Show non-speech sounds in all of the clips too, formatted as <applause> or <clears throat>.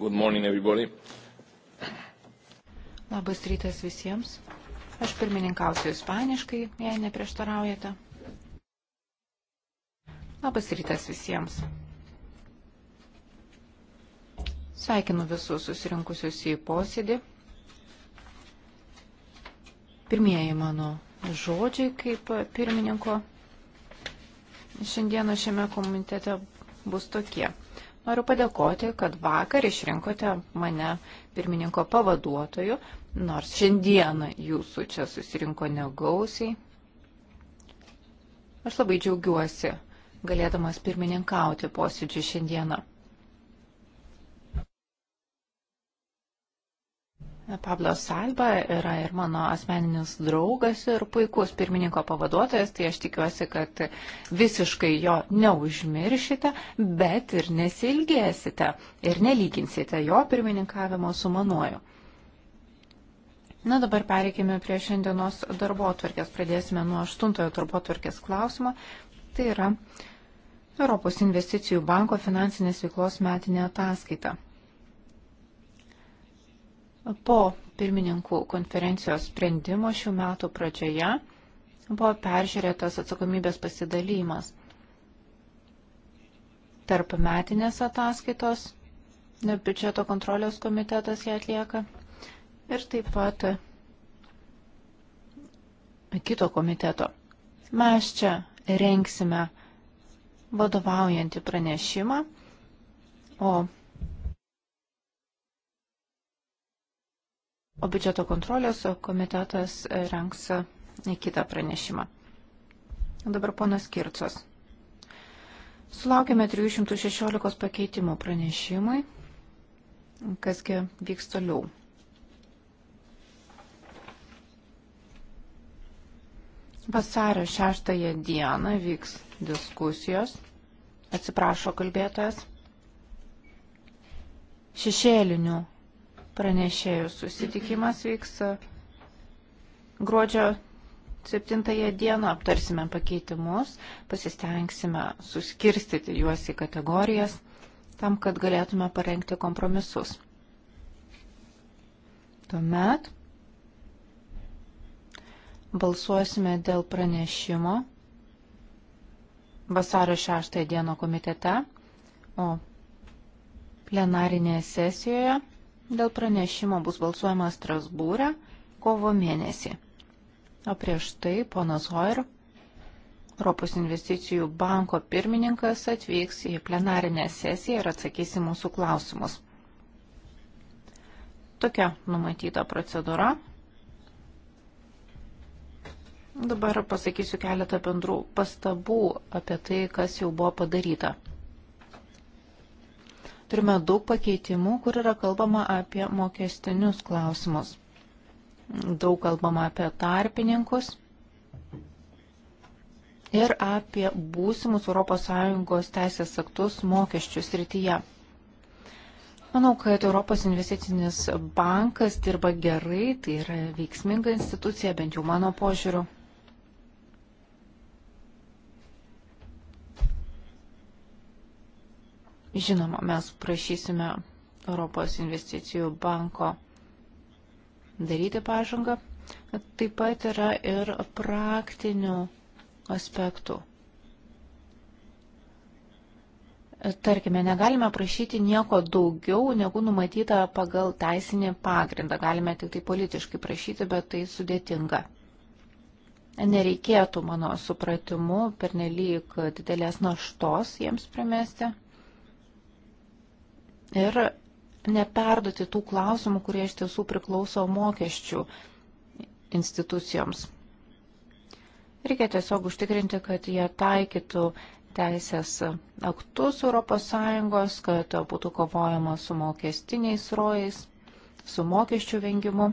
Good morning, everybody. Labas rytas visiems. Aš pirmininkausiu ispaniškai, jei neprieštaraujate. Labas rytas visiems. Sveikinu visus susirinkusius į posėdį. Pirmieji mano žodžiai kaip pirmininko šiandieną šiame komitete bus tokie. Noriu padėkoti, kad vakar išrinkote mane pirmininko pavaduotoju, nors šiandieną jūsų čia susirinko negausiai. Aš labai džiaugiuosi, galėdamas pirmininkauti posėdžiui šiandieną. Pablo Salba yra ir mano asmeninis draugas ir puikus pirmininko pavaduotojas, tai aš tikiuosi, kad visiškai jo neužmiršite, bet ir nesilgėsite ir nelyginsite jo pirmininkavimo su manuoju. Na dabar pereikime prie šiandienos darbo atvarkės. Pradėsime nuo aštuntojo darbo atvarkės klausimo. Tai yra Europos investicijų banko finansinės veiklos metinė ataskaita. Po pirmininkų konferencijos sprendimo šių metų pradžioje buvo peržiūrėtas atsakomybės pasidalymas tarp metinės ataskaitos, biudžeto kontrolės komitetas ją atlieka ir taip pat kito komiteto. Mes čia renksime vadovaujantį pranešimą, o O biudžeto kontrolės komitetas renks kitą pranešimą. Dabar ponas Kircos. Sulaukėme 316 pakeitimų pranešimui. Kasgi vyks toliau? Vasario 6 dieną vyks diskusijos. Atsiprašo kalbėtojas. Šešėlinių pranešėjų susitikimas vyks e, gruodžio 7 dieną, aptarsime pakeitimus, pasistengsime suskirstyti juos į kategorijas tam, kad galėtume parengti kompromisus. Tuomet balsuosime dėl pranešimo vasario 6 dieno komitete, o plenarinėje sesijoje Dėl pranešimo bus balsuojama Strasbūrė kovo mėnesį. O prieš tai ponas Hoir, Europos investicijų banko pirmininkas, atvyks į plenarinę sesiją ir atsakys į mūsų klausimus. Tokia numatyta procedūra. Dabar pasakysiu keletą bendrų pastabų apie tai, kas jau buvo padaryta. Turime daug pakeitimų, kur yra kalbama apie mokestinius klausimus. Daug kalbama apie tarpininkus ir apie būsimus ES teisės aktus mokesčių srityje. Manau, kad Europos investicinis bankas dirba gerai, tai yra veiksminga institucija, bent jau mano požiūriu. Žinoma, mes prašysime Europos investicijų banko daryti pažangą. Taip pat yra ir praktinių aspektų. Tarkime, negalime prašyti nieko daugiau, negu numatyta pagal teisinį pagrindą. Galime tik tai politiškai prašyti, bet tai sudėtinga. Nereikėtų, mano supratimu, pernelyg didelės naštos jiems primesti ir neperduoti tų klausimų, kurie iš tiesų priklauso mokesčių institucijoms. Reikia tiesiog užtikrinti, kad jie taikytų teisės aktus ES, kad būtų kovojama su mokestiniais rojais, su mokesčių vengimu.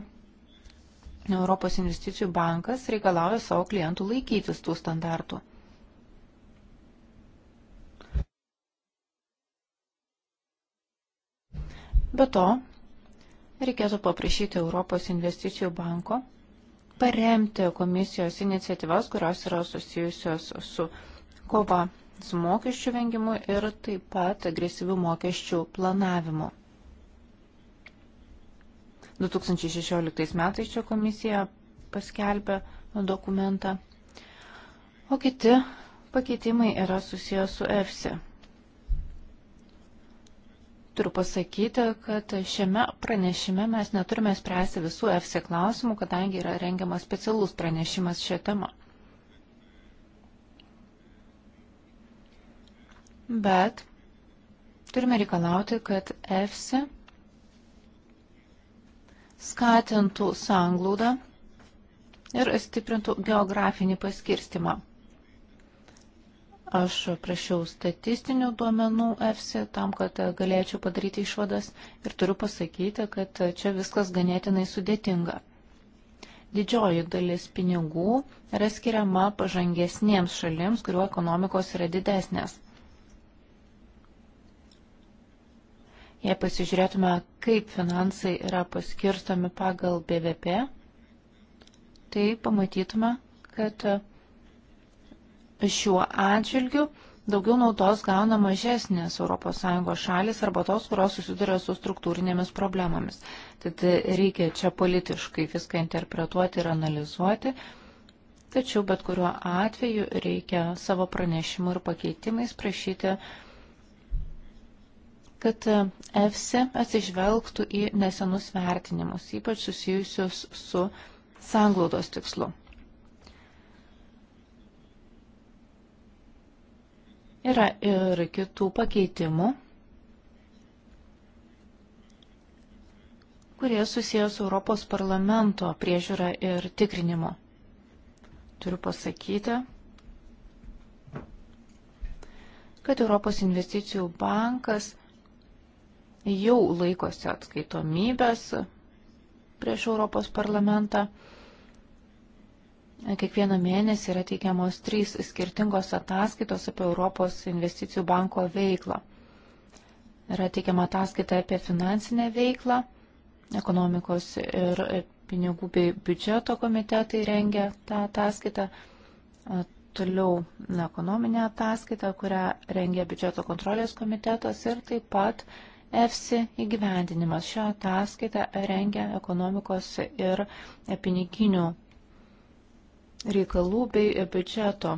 Europos investicijų bankas reikalauja savo klientų laikytis tų standartų. Be to, reikėtų paprašyti Europos investicijų banko paremti komisijos iniciatyvas, kurios yra susijusios su kova su mokesčių vengimu ir taip pat agresyvių mokesčių planavimu. 2016 metais čia komisija paskelbė dokumentą, o kiti pakeitimai yra susijęs su EFSI. Turiu pasakyti, kad šiame pranešime mes neturime spręsti visų EFSI klausimų, kadangi yra rengiamas specialus pranešimas šią temą. Bet turime reikalauti, kad EFSI skatintų sanglaudą ir stiprintų geografinį paskirstimą. Aš prašiau statistinių duomenų EFSI tam, kad galėčiau padaryti išvadas ir turiu pasakyti, kad čia viskas ganėtinai sudėtinga. Didžioji dalis pinigų yra skiriama pažangesniems šalims, kurių ekonomikos yra didesnės. Jei pasižiūrėtume, kaip finansai yra paskirstomi pagal BVP, tai pamatytume, kad šiuo atžvilgiu daugiau naudos gauna mažesnės ES šalis arba tos, kurios susiduria su struktūrinėmis problemomis. Tad reikia čia politiškai viską interpretuoti ir analizuoti, tačiau bet kuriuo atveju reikia savo pranešimu ir pakeitimais prašyti, kad EFSI atsižvelgtų į nesenus vertinimus, ypač susijusius su sanglaudos tikslu. Yra ir kitų pakeitimų, kurie susijęs su Europos parlamento priežiūra ir tikrinimu. Turiu pasakyti, kad Europos investicijų bankas jau laikosi atskaitomybės prieš Europos parlamentą Kiekvieną mėnesį yra teikiamos trys skirtingos ataskaitos apie Europos investicijų banko veiklą. Yra teikiama ataskaita apie finansinę veiklą, ekonomikos ir pinigų bei biudžeto komitetai rengia tą ataskaitą. Toliau ekonominė ataskaita, kurią rengia biudžeto kontrolės komitetas ir taip pat EFSI įgyvendinimas. Šią ataskaitą rengia ekonomikos ir piniginių reikalų bei biudžeto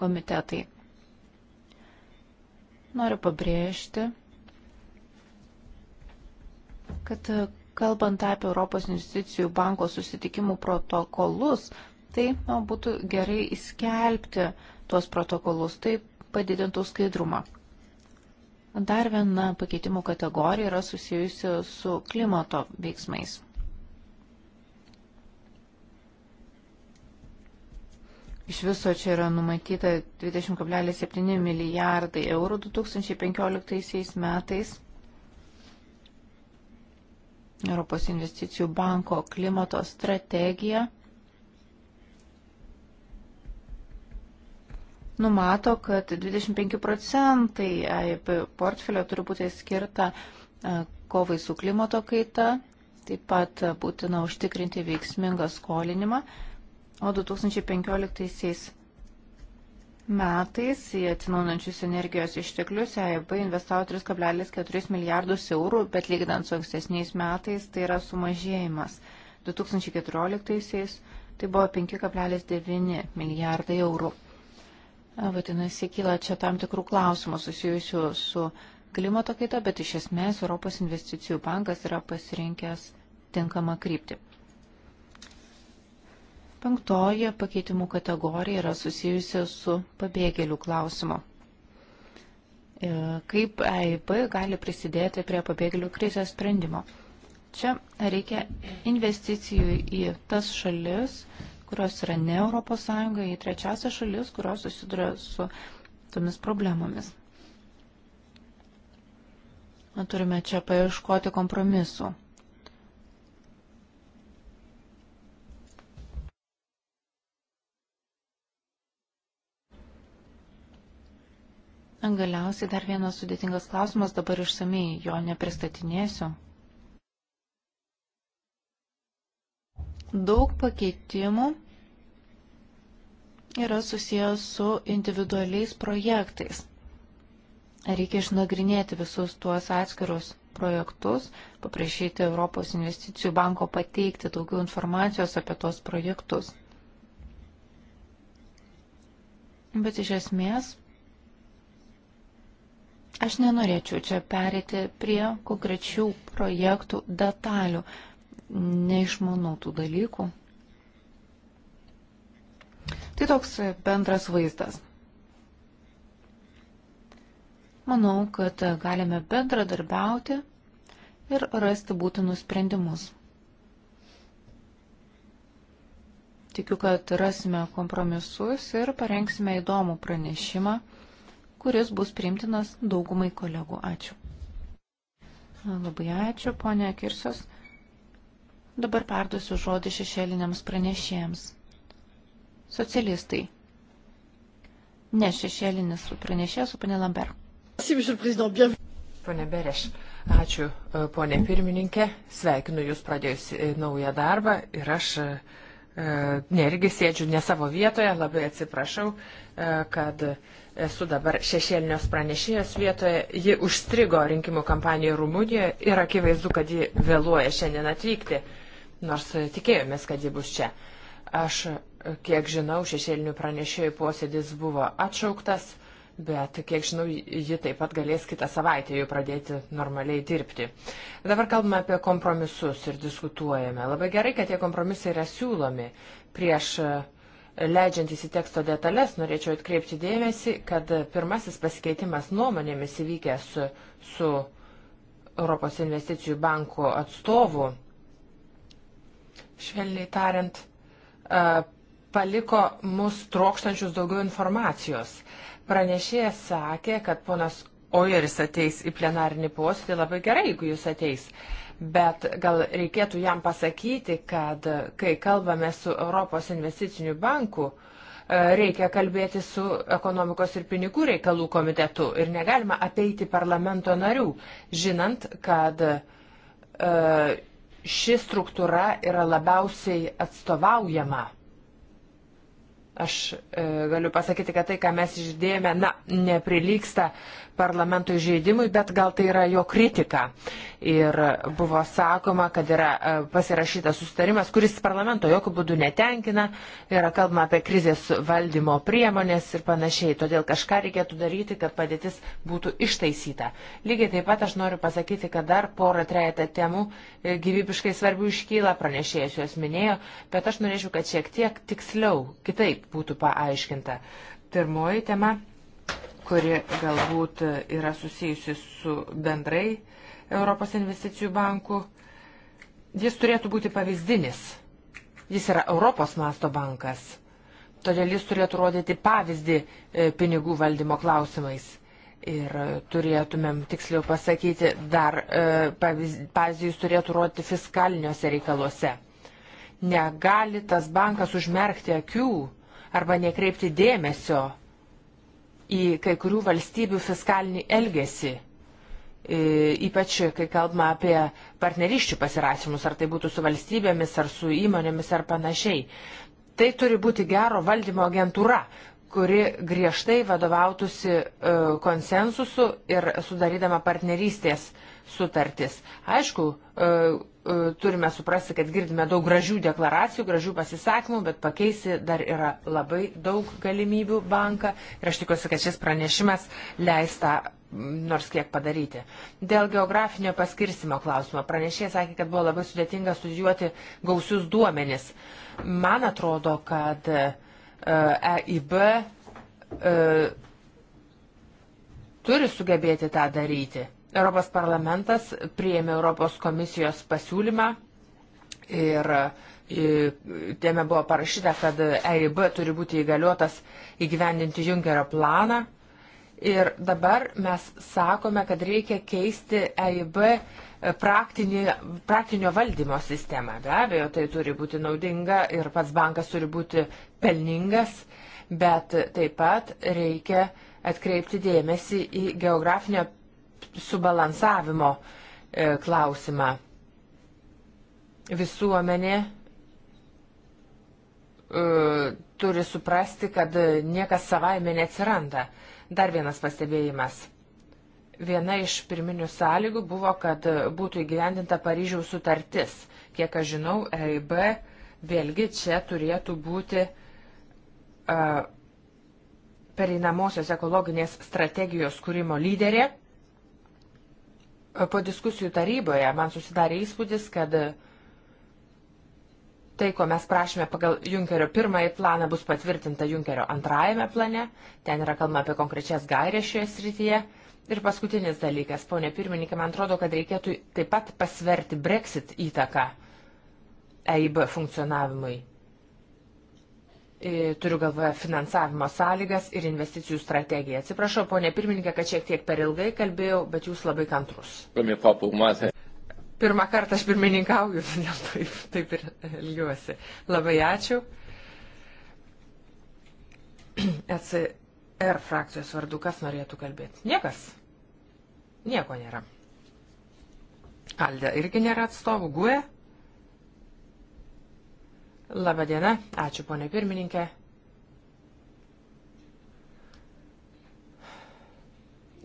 komitetai. Noriu pabrėžti, kad e, kalbant apie Europos investicijų banko susitikimų protokolus, tai na, būtų gerai įskelbti tuos protokolus, tai padidintų skaidrumą. Dar viena pakeitimų kategorija yra susijusi su klimato veiksmais. Iš viso čia yra numatyta 20,7 milijardai eurų 2015 metais. Europos investicijų banko klimato strategija numato, kad 25 procentai AIP portfelio turi būti skirta kovai su klimato kaita, taip pat būtina užtikrinti veiksmingą skolinimą o 2015 metais į atsinaunančius energijos išteklius EIB investavo 3,4 milijardus eurų, bet lyginant su ankstesniais metais tai yra sumažėjimas. 2014 tai buvo 5,9 milijardai eurų. E, vadinasi, kyla čia tam tikrų klausimų susijusių su klimato kaita, bet iš esmės Europos investicijų bankas yra pasirinkęs tinkamą kryptį. Penktoji pakeitimų kategorija yra susijusi su pabėgėlių klausimu. E, kaip EIB gali prisidėti prie pabėgėlių krizės sprendimo? Čia reikia investicijų į tas šalis, kurios yra ne Europos Sąjunga, į trečiasią šalis, kurios susiduria su tomis problemomis. Turime čia paieškoti kompromisu. Galiausiai dar vienas sudėtingas klausimas, dabar išsamei jo nepristatinėsiu. Daug pakeitimų yra susijęs su individualiais projektais. Reikia išnagrinėti visus tuos atskirus projektus, paprašyti Europos investicijų banko pateikti daugiau informacijos apie tuos projektus. Bet iš esmės Aš nenorėčiau čia perėti prie konkrečių projektų detalių. Neišmanau tų dalykų. Tai toks bendras vaizdas. Manau, kad galime bendradarbiauti ir rasti būtinus sprendimus. Tikiu, kad rasime kompromisus ir parengsime įdomų pranešimą kuris bus priimtinas daugumai kolegų. Ačiū. Labai ačiū, ponia Kirsios. Dabar perduosiu žodį šešėliniams pranešėjams. Socialistai. Ne šešėlinis pranešėjas, o ponė Lambert. Pone Bereš, ačiū e, ponė pirmininkė, sveikinu Jūs pradėjus e, naują darbą ir aš e, nergi sėdžiu ne savo vietoje, labai atsiprašau, kad esu dabar šešėlinės pranešėjos vietoje. Ji užstrigo rinkimų kampaniją Rumunijoje ir akivaizdu, kad ji vėluoja šiandien atvykti, nors tikėjomės, kad ji bus čia. Aš, kiek žinau, šešėlinių pranešėjų posėdis buvo atšauktas, bet, kiek žinau, ji taip pat galės kitą savaitę jau pradėti normaliai dirbti. Dabar kalbame apie kompromisus ir diskutuojame. Labai gerai, kad tie kompromisai yra siūlomi prieš uh, Leidžiantis į teksto detalės, norėčiau atkreipti dėmesį, kad pirmasis pasikeitimas nuomonėmis įvykęs su, su Europos investicijų banko atstovu, švelniai tariant, paliko mus trokštančius daugiau informacijos. Pranešėjas sakė, kad ponas Oiris ateis į plenarinį posėdį labai gerai, jeigu jis ateis bet gal reikėtų jam pasakyti, kad kai kalbame su Europos investicinių banku, e, reikia kalbėti su ekonomikos ir pinigų reikalų komitetu ir negalima apeiti parlamento narių, žinant, kad e, ši struktūra yra labiausiai atstovaujama. Aš e, galiu pasakyti, kad tai, ką mes išdėjome, na, neprilyksta uh, parlamento įžeidimui, bet gal tai yra jo kritika. Ir buvo sakoma, kad yra e, pasirašytas sustarimas, kuris parlamento jokių būdų netenkina, yra kalbama apie krizės valdymo priemonės ir panašiai. Todėl kažką reikėtų daryti, kad padėtis būtų ištaisyta. Lygiai taip pat aš noriu pasakyti, kad dar porą trejata temų e, gyvybiškai svarbių iškyla, pranešėjas juos minėjo, bet aš norėčiau, kad šiek tiek tiksliau, kitaip būtų paaiškinta. Pirmoji tema kuri galbūt yra susijusi su bendrai Europos investicijų banku. Jis turėtų būti pavyzdinis. Jis yra Europos masto bankas. Todėl jis turėtų rodyti pavyzdį e, pinigų valdymo klausimais. Ir turėtumėm tiksliau pasakyti, dar e, pavyzdį jis turėtų rodyti fiskaliniuose reikaluose. Negali tas bankas užmerkti akių arba nekreipti dėmesio į kai kurių valstybių fiskalinį elgesį, e, ypač kai kalbama apie partneriščių pasirašymus, ar tai būtų su valstybėmis, ar su įmonėmis, ar panašiai. Tai turi būti gero valdymo agentūra, kuri griežtai vadovautųsi e, konsensusu ir sudarydama partnerystės uh, sutartis. Aišku, e, e, turime suprasti, kad girdime daug gražių deklaracijų, gražių pasisakymų, bet pakeisti dar yra labai daug galimybių banką ir aš tikiuosi, kad šis pranešimas leis tą nors kiek padaryti. Dėl geografinio paskirsimo klausimo pranešėjai sakė, kad buvo labai sudėtinga studijuoti gausius duomenis. Man atrodo, kad EIB e turi sugebėti tą daryti Europos parlamentas priėmė Europos komisijos pasiūlymą ir tėme e, buvo parašyta, kad EIB turi būti įgaliotas įgyvendinti Junkerio planą. Ir dabar mes sakome, kad reikia keisti EIB e, praktinį, praktinio valdymo sistemą. Be abejo, tai turi būti naudinga ir pats bankas turi būti pelningas, bet taip pat reikia atkreipti dėmesį į geografinio subalansavimo e, klausimą. Visuomenė e, turi suprasti, kad niekas savaime neatsiranda. Dar vienas pastebėjimas. Viena iš pirminių sąlygų buvo, kad būtų įgyvendinta Paryžiaus sutartis. Kiek aš žinau, EIB vėlgi čia turėtų būti uh, pereinamosios ekologinės strategijos kūrimo lyderė po diskusijų taryboje man susidarė įspūdis, kad tai, ko mes prašome pagal Junkerio pirmąjį planą, bus patvirtinta Junkerio antrajame plane. Ten yra kalba apie konkrečias gairės šioje srityje. Ir paskutinis dalykas, ponė pirmininkė, man atrodo, kad reikėtų taip pat pasverti Brexit įtaką EIB funkcionavimui. E, turiu galvoje finansavimo sąlygas ir investicijų strategiją. Atsiprašau, ponė pirmininkė, kad šiek tiek per ilgai kalbėjau, bet jūs labai kantrus. Pirmą kartą aš pirmininkauju, <laughs> todėl taip, taip ir ilgiuosi. Labai ačiū. ECR <clears throat> e frakcijos vardu kas norėtų kalbėti? Niekas. Nieko nėra. Alde irgi nėra atstovų. Guė? Labadiena, ačiū ponė pirmininkė.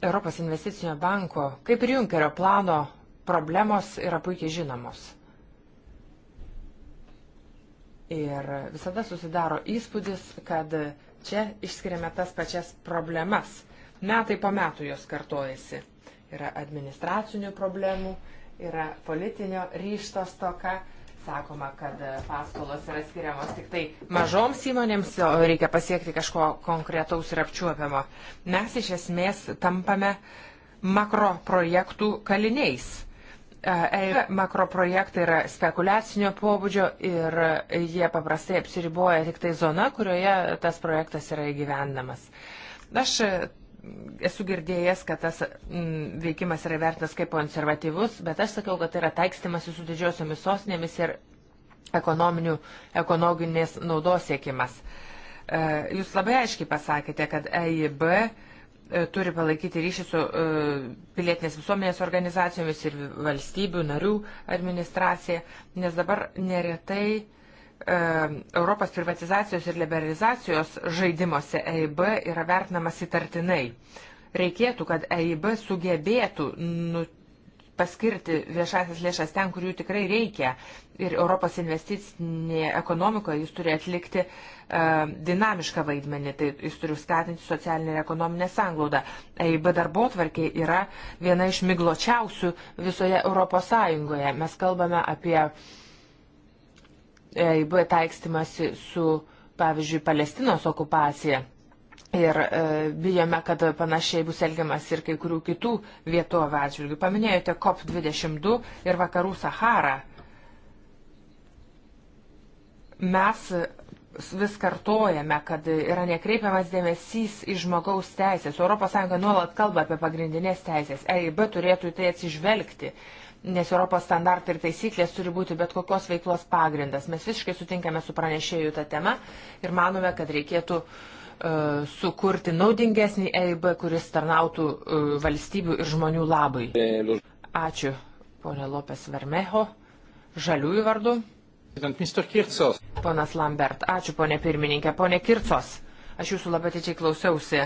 Europos investicinio banko, kaip ir Junkerio plano, problemos yra puikiai žinomos. Ir visada susidaro įspūdis, kad čia išskiriame tas pačias problemas. Metai po metų jos kartojasi. Yra administracinių problemų, yra politinio ryšto stoka sakoma, kad e, paskolos yra skiriamos tik tai mažoms įmonėms, o reikia pasiekti kažko konkretaus ir apčiuopiamo. Mes iš esmės tampame makroprojektų kaliniais. E, makroprojektai yra spekulacinio pobūdžio ir jie paprastai apsiriboja tik tai zona, kurioje tas projektas yra įgyvendamas. Aš esu girdėjęs, kad tas m, mm, veikimas yra vertas kaip konservatyvus, bet aš sakiau, kad tai yra taikstymas su didžiosiomis sosnėmis ir ekonominės naudos siekimas. E, jūs labai aiškiai pasakėte, kad EIB e, turi palaikyti ryšį su e, pilietinės visuomenės organizacijomis ir valstybių narių administracija, nes dabar neretai uh, E, Europos privatizacijos ir liberalizacijos žaidimuose EIB yra vertinamas įtartinai. Reikėtų, kad EIB sugebėtų nu, paskirti viešasias lėšas ten, kur jų tikrai reikia. Ir Europos investicinėje ekonomikoje jis turi atlikti uh, dinamišką vaidmenį, tai jis turi skatinti socialinę ir ekonominę sanglaudą. EIB darbo tvarkiai yra viena iš migločiausių visoje Europos Sąjungoje. Mes kalbame apie uh, EIB taikstimasi su, pavyzdžiui, Palestinos okupacija. Ir e, bijome, kad panašiai bus elgiamas ir kai kurių kitų vietovių atžvilgių. Paminėjote COP22 ir vakarų Saharą. Mes vis kartojame, kad yra nekreipiamas dėmesys į žmogaus teisės. ES nuolat kalba apie pagrindinės teisės. EIB turėtų į tai atsižvelgti nes Europos standartai ir taisyklės turi būti bet kokios veiklos pagrindas. Mes visiškai sutinkame su pranešėjų tą temą ir manome, kad reikėtų uh, sukurti naudingesnį EIB, kuris tarnautų uh, valstybių ir žmonių labai. Ačiū, ponė Lopes Vermeho, žaliųjų vardu. Ponas Lambert, ačiū, ponė pirmininkė. Ponė Kircos, aš jūsų labai tečiai klausiausi.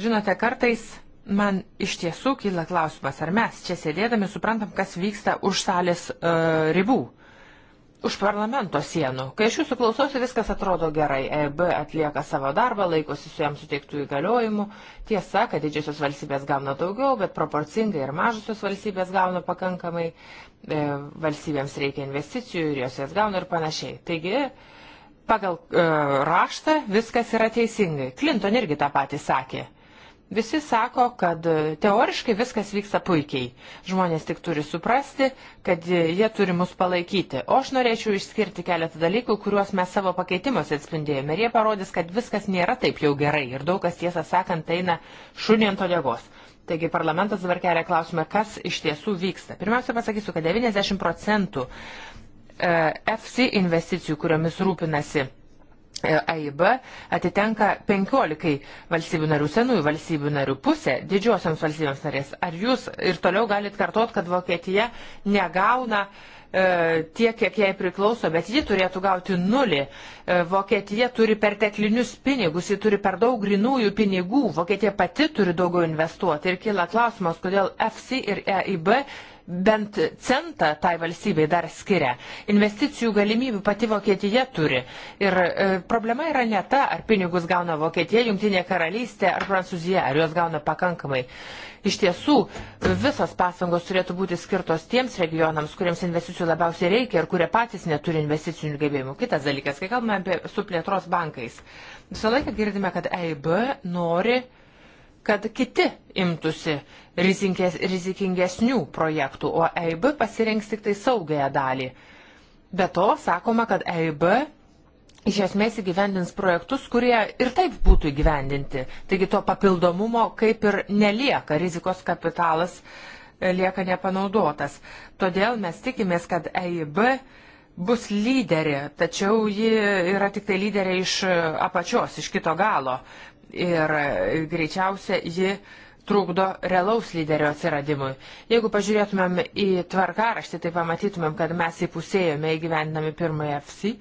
Žinote, kartais Man iš tiesų kyla klausimas, ar mes čia sėdėdami suprantam, kas vyksta už salės uh, ribų, už parlamento sienų. Kai aš jūsų klausausi, viskas atrodo gerai. EIB atlieka savo darbą, laikosi su jam suteiktų įgaliojimų. Tiesa, kad didžiosios valstybės gauna daugiau, bet proporcingai ir mažosios valstybės gauna pakankamai. E, valstybėms reikia investicijų ir jos jas gauna ir panašiai. Taigi, pagal e, raštą viskas yra teisingai. Clinton irgi tą patį sakė. Visi sako, kad e, teoriškai viskas vyksta puikiai. Žmonės tik turi suprasti, kad e, jie turi mus palaikyti. O aš norėčiau išskirti keletą dalykų, kuriuos mes savo pakeitimuose atspindėjome. Ir jie parodys, kad viskas nėra taip jau gerai. Ir daug kas tiesą sakant eina šunient odegos. Taigi parlamentas dabar kelia klausimą, kas iš tiesų vyksta. Pirmiausia, pasakysiu, kad 90 procentų e, FC investicijų, kuriomis rūpinasi AIB atitenka 15 valstybių narių, senųjų valstybių narių pusė, didžiosioms valstybėms narės. Ar jūs ir toliau galit kartot, kad Vokietija negauna e, tiek, kiek jai priklauso, bet ji turėtų gauti nulį. E, Vokietija turi perteklinius pinigus, ji turi per daug grinųjų pinigų, Vokietija pati turi daugiau investuoti. Ir kyla klausimas, kodėl FC ir EIB bent centą tai valstybei dar skiria. Investicijų galimybių pati Vokietija turi. Ir e, problema yra ne ta, ar pinigus gauna Vokietija, Junktinė karalystė ar Prancūzija, ar jos gauna pakankamai. Iš tiesų, visos pasangos turėtų būti skirtos tiems regionams, kuriems investicijų labiausiai reikia ir kurie patys neturi investicinių gebėjimų. Kitas dalykas, kai kalbame apie su plėtros bankais, visą laiką girdime, kad EIB nori uh, kad kiti imtųsi rizikingesnių projektų, o EIB pasirinks tik tai saugąją dalį. Be to, sakoma, kad EIB iš esmės įgyvendins projektus, kurie ir taip būtų įgyvendinti. Taigi to papildomumo kaip ir nelieka, rizikos kapitalas e, lieka nepanaudotas. Todėl mes tikimės, kad EIB bus lyderė, tačiau ji yra tik tai lyderė iš e, apačios, iš kito galo ir greičiausia ji trukdo realaus lyderio atsiradimui. Jeigu pažiūrėtumėm į tvarkaraštį, tai pamatytumėm, kad mes įpusėjome įgyvendinami pirmąją FC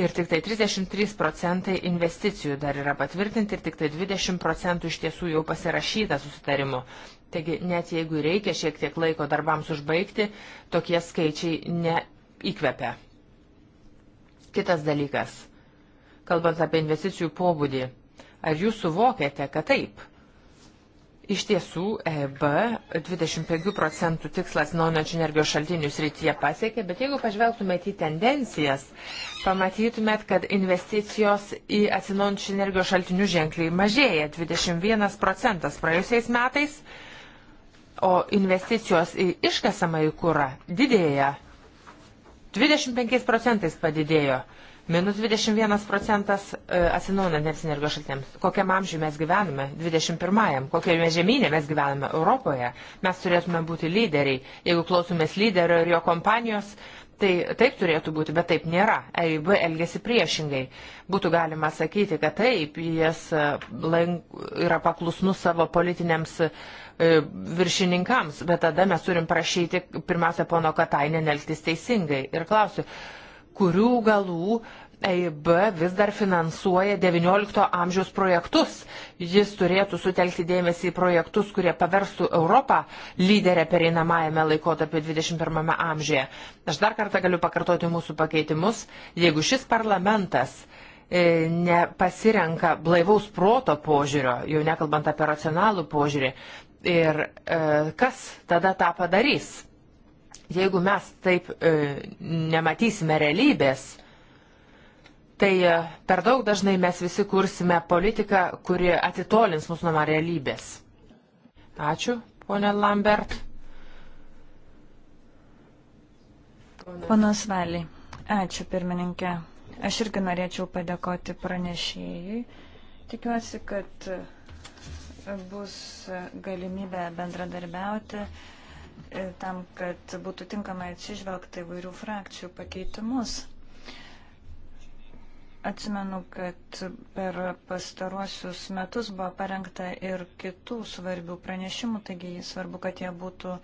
ir tik tai 33 procentai investicijų dar yra patvirtinti ir tik tai 20 procentų iš tiesų jau pasirašyta susitarimu. Taigi net jeigu reikia šiek tiek laiko darbams užbaigti, tokie skaičiai neįkvepia. Kitas dalykas, kalbant apie investicijų pobūdį Ar jūs suvokėte, kad taip? Iš tiesų, EB 25 procentų tikslas naunančių energijos šaltinių srityje pasiekė, bet jeigu pažvelgtumėt į tendencijas, pamatytumėt, kad investicijos į atsinaujančių energijos šaltinių ženkliai mažėja 21 procentas praėjusiais metais, o investicijos į iškasamą į kūrą didėja 25 procentais padidėjo. Minus 21 procentas e, atsinaujinantiems energijos šaltiniams. Kokiam amžiui mes gyvename? 21-ajam. Kokiame žemynė mes gyvename? Europoje. Mes turėtume būti lyderiai. Jeigu klausomės lyderio ir jo kompanijos, tai taip turėtų būti, bet taip nėra. EIB elgesi priešingai. Būtų galima sakyti, kad taip, jis e, yra paklusnus savo politiniams e, viršininkams, bet tada mes turim prašyti pirmiausia pono Katainė elgtis teisingai. Ir klausiu, kurių galų EIB vis dar finansuoja XIX amžiaus projektus. Jis turėtų sutelkti dėmesį į projektus, kurie paverstų Europą lyderę pereinamajame laikotarpiu 21 amžiuje. Aš dar kartą galiu pakartoti mūsų pakeitimus. Jeigu šis parlamentas e, nepasirenka blaivaus proto požiūrio, jau nekalbant apie racionalų požiūrį, ir e, kas tada tą padarys? Jeigu mes taip e, nematysime realybės, tai e, per daug dažnai mes visi kursime politiką, kuri atitolins mūsų nuo realybės. Ačiū, ponė Lambert. Panas Valį, ačiū pirmininkė. Aš irgi norėčiau padėkoti pranešėjui. Tikiuosi, kad bus galimybė bendradarbiauti E, tam, kad būtų tinkamai atsižvelgta įvairių frakcijų pakeitimus. Atsimenu, kad per pastaruosius metus buvo parengta ir kitų svarbių pranešimų, taigi svarbu, kad jie būtų e,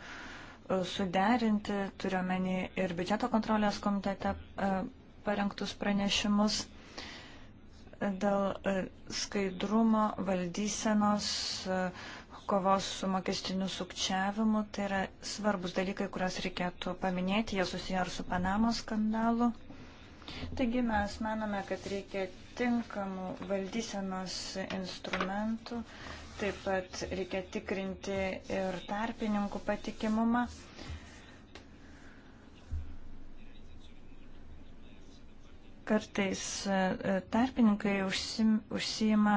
suderinti, turiuomenį ir biudžeto kontrolės komitete e, parengtus pranešimus dėl skaidrumo, valdysenos, uh, kovos su mokestiniu sukčiavimu. Tai yra svarbus dalykai, kuriuos reikėtų paminėti. Jie susiję ir su Panamos skandalu. Taigi mes manome, kad reikia tinkamų valdysenos instrumentų. Taip pat reikia tikrinti ir tarpininkų patikimumą. Kartais e, tarpininkai užsima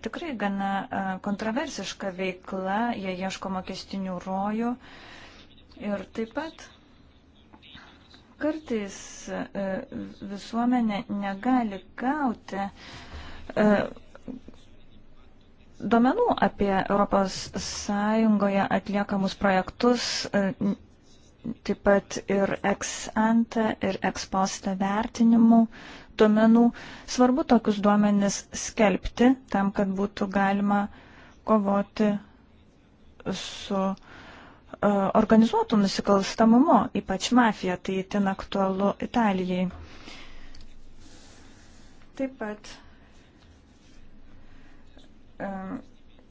tikrai gana e, kontroversiška veikla, jie ieško mokestinių rojų. Ir taip pat kartais e, visuomenė negali gauti e, duomenų apie ES atliekamus projektus, taip pat ir ex ante ir ex poste vertinimų. Uh, duomenų. Svarbu tokius duomenis skelbti tam, kad būtų galima kovoti su uh, e, organizuotų nusikalstamumu, ypač mafija, tai itin aktualu Italijai. Taip pat um,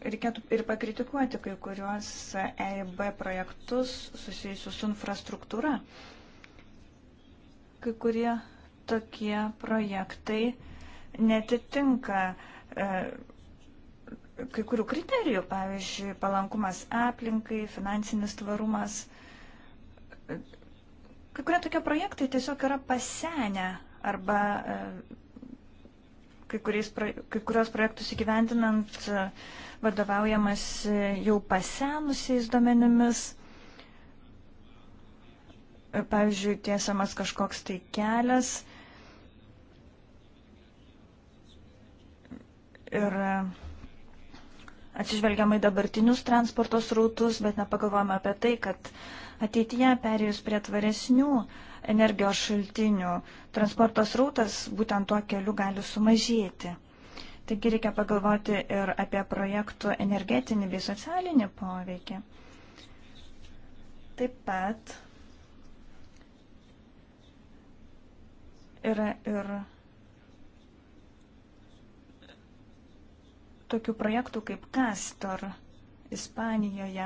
reikėtų ir pakritikuoti kai kuriuos EIB projektus susijusius su infrastruktūra. Kai kurie tokie projektai netitinka e, kai kurių kriterijų, pavyzdžiui, palankumas aplinkai, finansinis tvarumas. Kai kurie tokie projektai tiesiog yra pasenę arba e, kai, kuriais, kai kurios projektus įgyvendinant e, vadovaujamas jau pasenusiais duomenimis. Pavyzdžiui, tiesiamas kažkoks tai kelias ir e, atsižvelgiamai dabartinius transporto srautus, bet nepagalvojame apie tai, kad ateityje perėjus prie tvaresnių energijos šaltinių, transporto srautas būtent tuo keliu gali sumažėti. Taigi reikia pagalvoti ir apie projektų energetinį bei socialinį poveikį. Taip pat yra ir tokių projektų kaip Castor Ispanijoje,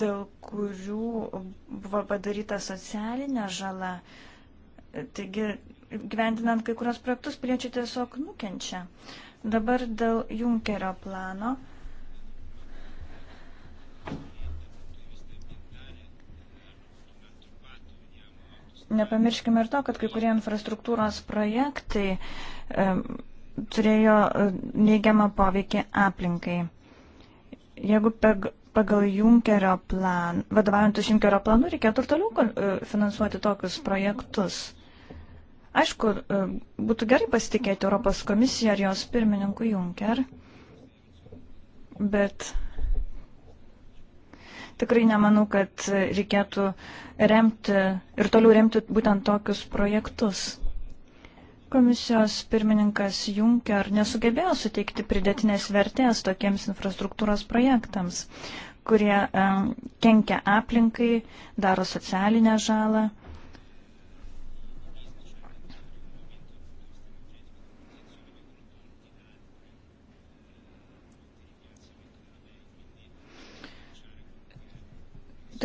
dėl kurių buvo padaryta socialinė žala. Taigi, gyventinant kai kurios projektus, piliečiai tiesiog nukenčia. Dabar dėl Junkerio plano. Nepamirškime ir to, kad kai kurie infrastruktūros projektai um, turėjo e, neigiamą poveikį aplinkai. Jeigu pagal Junkerio planą, vadovaujantis Junkerio planu, reikėtų ir toliau e, finansuoti tokius projektus. Aišku, e, būtų gerai pasitikėti Europos komisiją ar jos pirmininku Junker, bet tikrai nemanau, kad reikėtų remti ir toliau remti būtent tokius projektus. Komisijos pirmininkas Juncker nesugebėjo suteikti pridėtinės vertės tokiems infrastruktūros projektams, kurie e, kenkia aplinkai, daro socialinę žalą.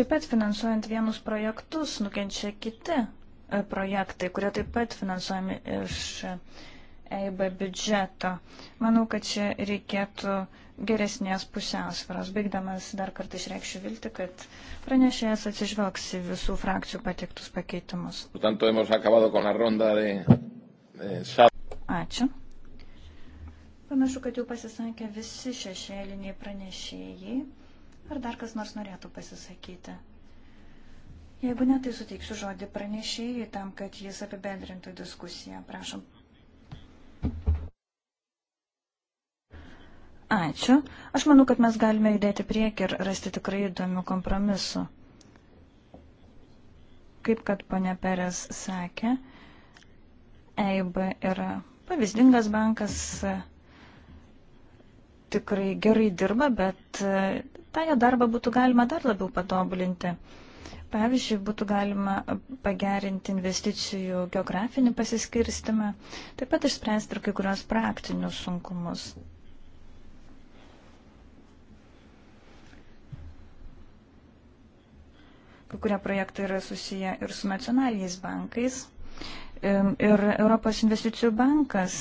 Taip pat finansuojant vienus projektus nukenčia kiti projektai, kurie taip pat finansuojami iš EIB biudžeto. Manau, kad čia reikėtų geresnės pusiausvėros. Baigdamas dar kartą išreikščiu vilti, kad pranešėjas atsižvelgs į visų frakcijų pateiktus pakeitimus. Ačiū. Panašu, kad jau pasisakė visi šešėliniai pranešėjai. Ar dar kas nors norėtų pasisakyti? Jeigu ne, tai suteiksiu žodį pranešėjai tam, kad jis apibendrintų diskusiją. Prašom. Ačiū. Aš manau, kad mes galime judėti priekį ir rasti tikrai įdomių kompromisų. Kaip kad ponia Peres sakė, EIB yra pavyzdingas bankas, tikrai gerai dirba, bet tą jo darbą būtų galima dar labiau patobulinti. Pavyzdžiui, būtų galima pagerinti investicijų geografinį pasiskirstimą, taip pat išspręsti ir kai kurios praktinius sunkumus. Kai kurie projektai yra susiję ir su nacionaliniais bankais. Ir Europos investicijų bankas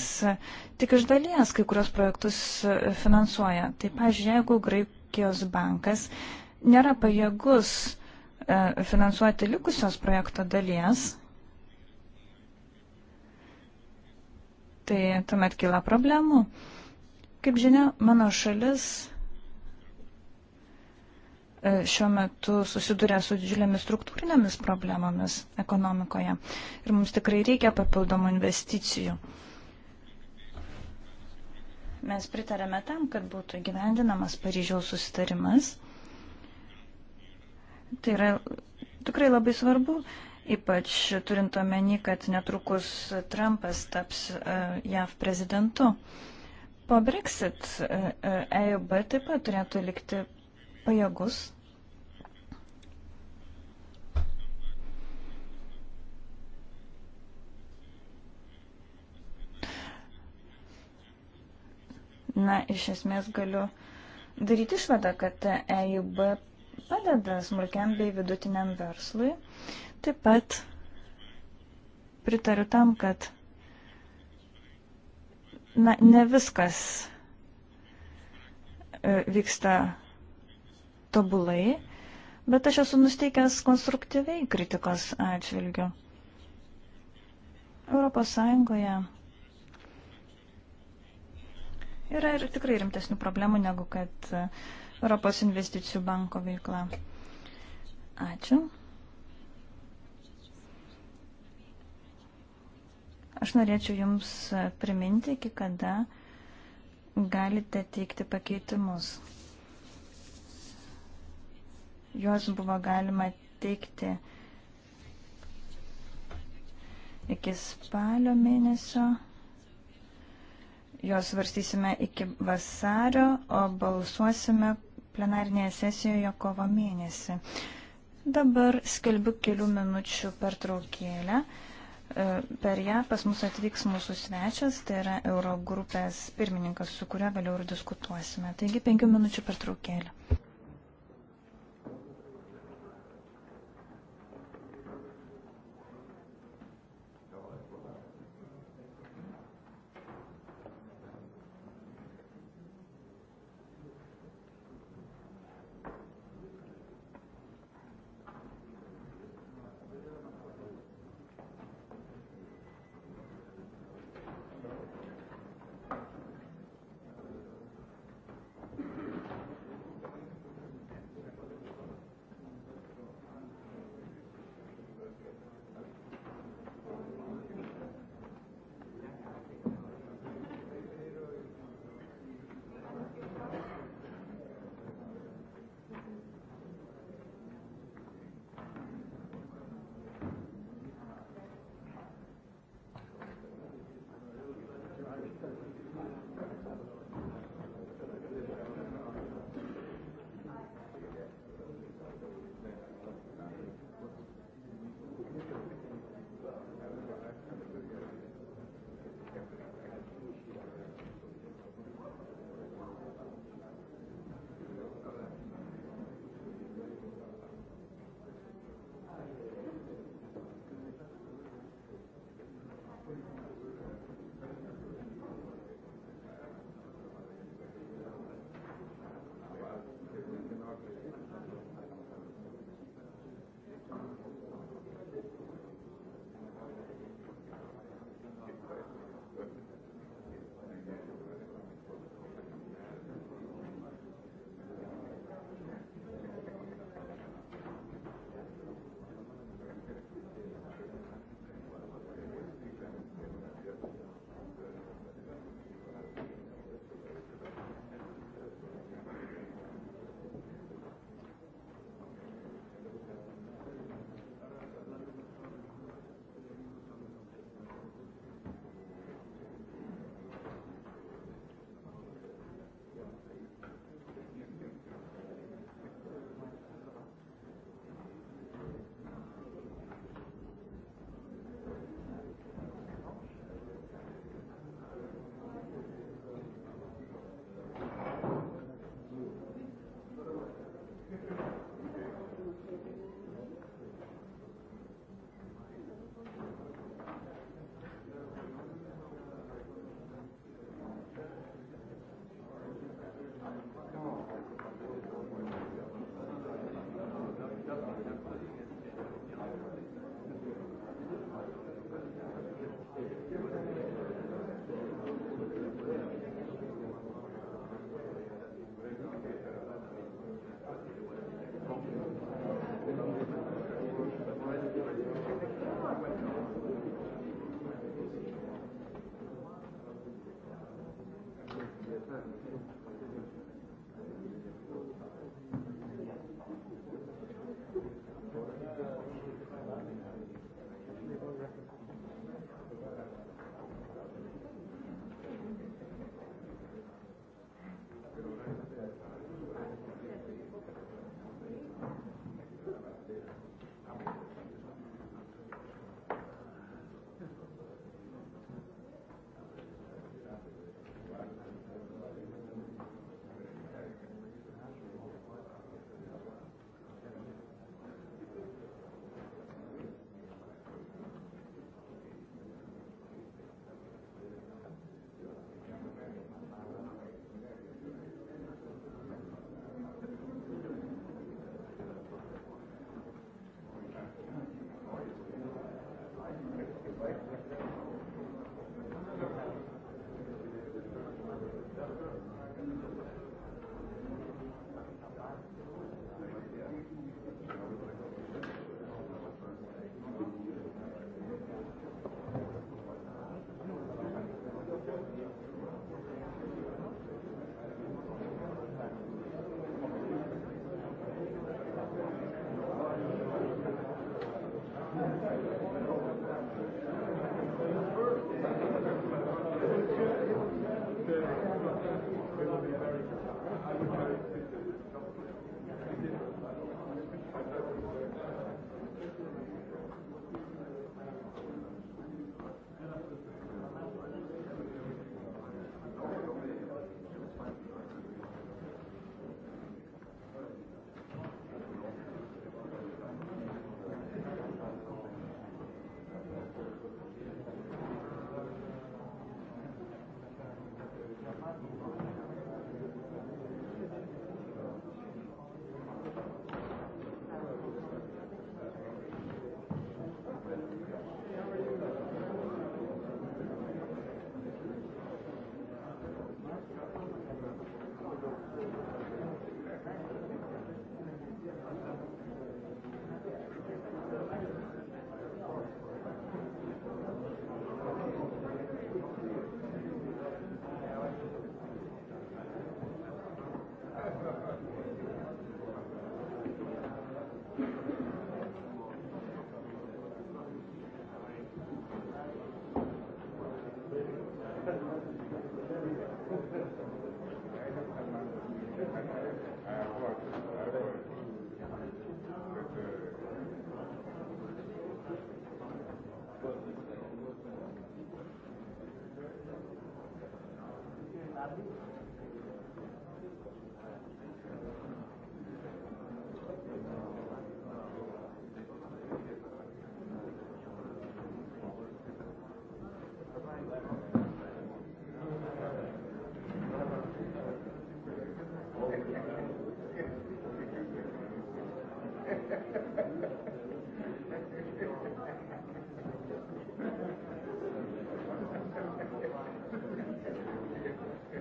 tik iš dalies kai kurios projektus e, finansuoja. Tai, pažiūrėjau, jeigu Graikijos bankas nėra pajėgus E, finansuoti likusios projekto dalies, tai tuomet kyla problemų. Kaip žinia, mano šalis e, šiuo metu susiduria su didžiulėmis struktūrinėmis problemomis ekonomikoje ir mums tikrai reikia papildomų investicijų. Mes pritarėme tam, kad būtų gyvendinamas Paryžiaus susitarimas. Tai yra tikrai labai svarbu, ypač turint omeny, kad netrukus Trumpas taps e, JAV prezidentu. Po Brexit EIB e, e taip pat turėtų likti pajėgus. Na, iš esmės galiu daryti išvadą, kad EIB padeda smulkiam bei vidutiniam verslui. Taip pat pritariu tam, kad na, ne viskas e, vyksta tobulai, bet aš esu nusteikęs konstruktyviai kritikos atžvilgiu. Europos Sąjungoje yra ir tikrai rimtesnių problemų negu kad uh, Europos investicijų banko veikla. Ačiū. Aš norėčiau Jums priminti, iki kada galite teikti pakeitimus. Juos buvo galima teikti iki spalio mėnesio. Jos varstysime iki vasario, o balsuosime plenarinėje sesijoje kovo mėnesį. Dabar skelbiu kelių minučių pertraukėlę. E, per ją pas mus atvyks mūsų svečias, tai yra Eurogrupės pirmininkas, su kuria vėliau ir diskutuosime. Taigi penkių minučių pertraukėlė.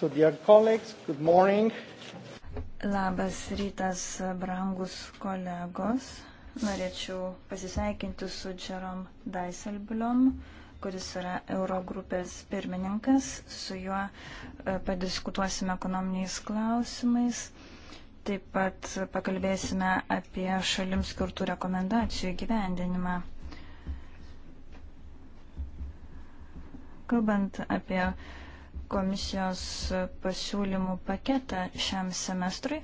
So dear colleagues, good morning. Labas rytas, brangus kolegos. Norėčiau pasisveikinti su Džerom Daiselbliom, kuris yra Eurogrupės pirmininkas. Su juo e, padiskutuosime ekonominiais klausimais. Taip pat pakalbėsime apie šalims skirtų rekomendacijų gyvendinimą. Kalbant apie uh, komisijos pasiūlymų paketą šiam semestrui.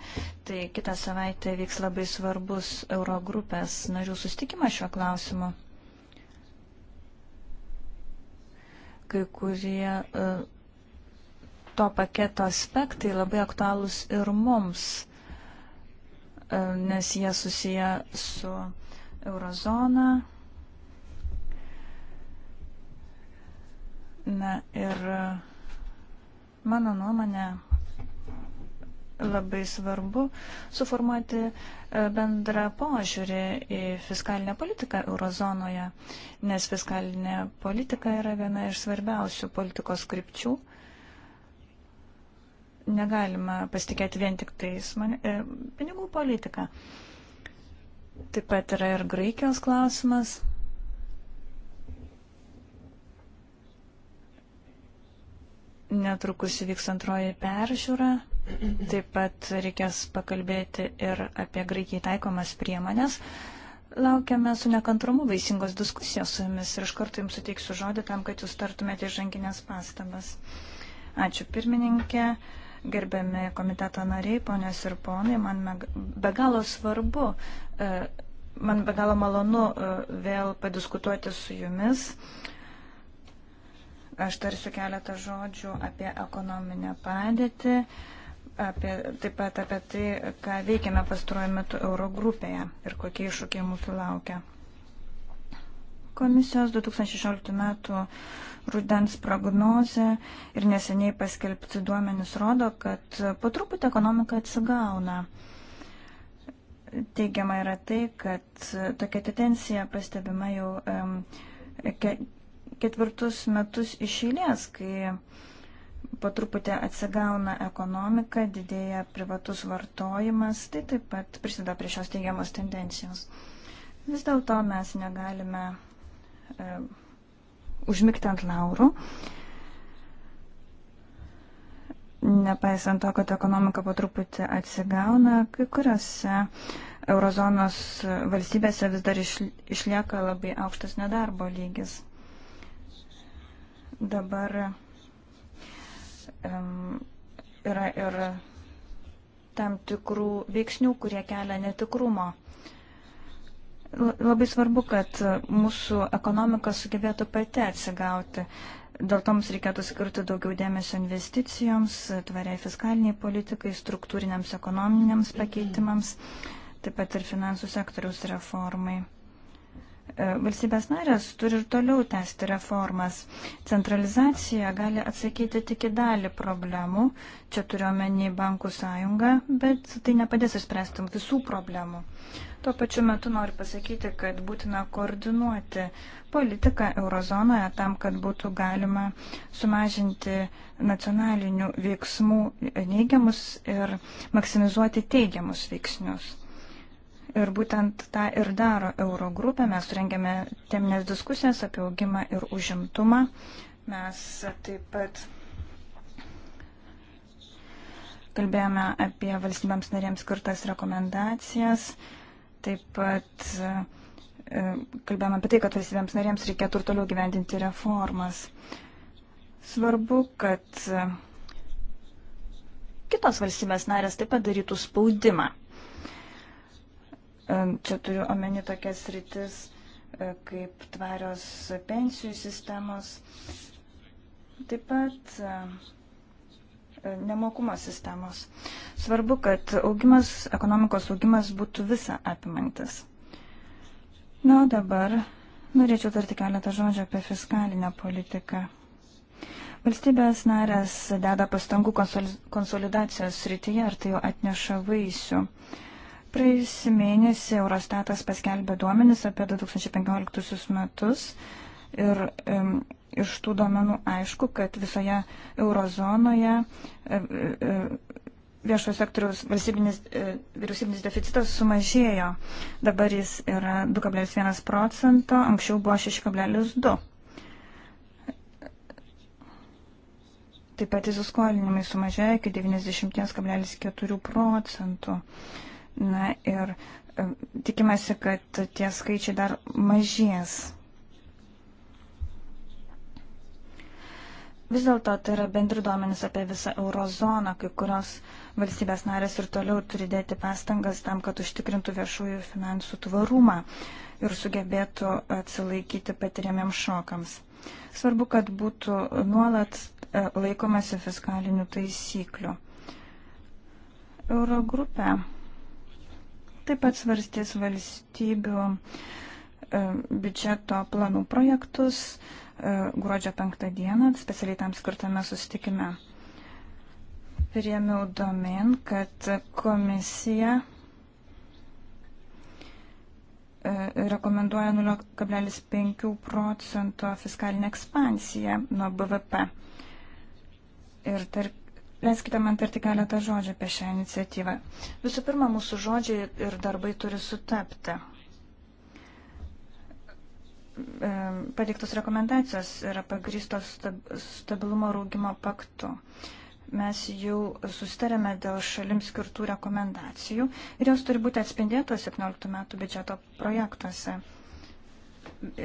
Tai kitą savaitę vyks labai svarbus Eurogrupės narių sustikimas šiuo klausimu. Kai kurie e, to paketo aspektai labai aktualūs ir mums, e, nes jie susiję su eurozona, na ir e, Mano nuomonė labai svarbu suformuoti e, bendrą požiūrį į fiskalinę politiką eurozonoje, nes fiskalinė politika yra viena iš svarbiausių politikos krypčių. Negalima pasitikėti vien tik tais man, e, pinigų politiką. Taip pat yra ir Graikijos klausimas. Netrukus vyks antroji peržiūra. Taip pat reikės pakalbėti ir apie Graikijai taikomas priemonės. Laukiame su nekantrumu vaisingos diskusijos su jumis ir iš karto jums suteiksiu žodį tam, kad jūs tartumėte žanginės pastabas. Ačiū pirmininkė, gerbiami komiteto nariai, ponios ir ponai, man be galo svarbu, e, man be galo malonu e, vėl padiskutuoti su jumis. Aš tarsiu keletą žodžių apie ekonominę padėtį, apie, taip pat apie tai, ką veikiame pastaruoju metu Eurogrupėje ir kokie iššūkiai mūsų laukia. Komisijos 2016 metų rudens prognozė ir neseniai paskelbti duomenys rodo, kad po truputį ekonomika atsigauna. Teigiama yra tai, kad tokia tendencija pastebima jau um, ketvirtus metus iš eilės, kai po truputį atsigauna ekonomika, didėja privatus vartojimas, tai taip pat prisideda prie šios teigiamos tendencijos. Vis dėlto mes negalime e, užmigti ant laurų. Nepaisant to, kad ekonomika po truputį atsigauna, kai kuriuose eurozonos valstybėse vis dar išlieka labai aukštas nedarbo lygis. Dabar um, yra ir tam tikrų veiksnių, kurie kelia netikrumo. Labai svarbu, kad mūsų ekonomika sugebėtų pati atsigauti. Dėl to mums reikėtų skirti daugiau dėmesio investicijoms, tvariai fiskaliniai politikai, struktūriniams ekonominiams pakeitimams, taip pat ir finansų sektoriaus reformai. E, valstybės narės turi ir toliau tęsti reformas. Centralizacija gali atsakyti tik į dalį problemų, čia turiuomenį bankų sąjungą, bet tai nepadės išspręsti visų problemų. Tuo pačiu metu noriu pasakyti, kad būtina koordinuoti politiką eurozonoje tam, kad būtų galima sumažinti nacionalinių veiksmų neigiamus ir maksimizuoti teigiamus veiksnius. Ir būtent tą ir daro Eurogrupė. Mes surengėme teminės diskusijas apie augimą ir užimtumą. Mes taip pat kalbėjome apie valstybėms narėms skirtas rekomendacijas. Taip pat e, kalbėjome apie tai, kad valstybėms narėms reikėtų ir toliau gyvendinti reformas. Svarbu, kad kitos valstybės narės taip pat darytų spaudimą Čia turiu omeny tokias rytis e, kaip tvarios pensijų sistemos. Taip pat e, e, nemokumo sistemos. Svarbu, kad augimas, ekonomikos augimas būtų visa apimantis. Na, o dabar norėčiau tarti keletą žodžių apie fiskalinę politiką. Valstybės narės deda pastangų konsolidacijos srityje, ar tai jau atneša vaisių. Uh, Praėjusį mėnesį Eurostatas paskelbė duomenis apie 2015 metus ir um, iš tų duomenų aišku, kad visoje eurozonoje viešojo sektoriaus valstybinis, e, vyriausybinis deficitas sumažėjo. Dabar jis yra 2,1 procento, anksčiau buvo 6,2. Taip pat įsiskolinimai sumažėjo iki 90,4 procentų. Na ir e, tikimasi, kad tie skaičiai dar mažės. Vis dėlto tai yra bendri duomenys apie visą eurozoną, kai kurios valstybės narės ir toliau turi dėti pastangas tam, kad užtikrintų viešųjų finansų tvarumą ir sugebėtų atsilaikyti patiriamiam šokams. Svarbu, kad būtų nuolat e, laikomasi fiskalinių taisyklių. Eurogrupė Taip pat svarstys valstybių e, biudžeto planų projektus e, gruodžio 5 dieną, specialiai tam skirtame sustikime. Priemiau domen, kad komisija e, rekomenduoja 0,5 procento fiskalinę ekspansiją nuo BVP. Ir tarp Leiskite man tarti keletą žodžių apie šią iniciatyvą. Visų pirma, mūsų žodžiai ir darbai turi sutapti. E, Pateiktos rekomendacijos yra pagrįstos stabilumo rūgimo paktu. Mes jau sustarėme dėl šalim skirtų rekomendacijų ir jos turi būti atspindėtos 17 metų biudžeto projektuose.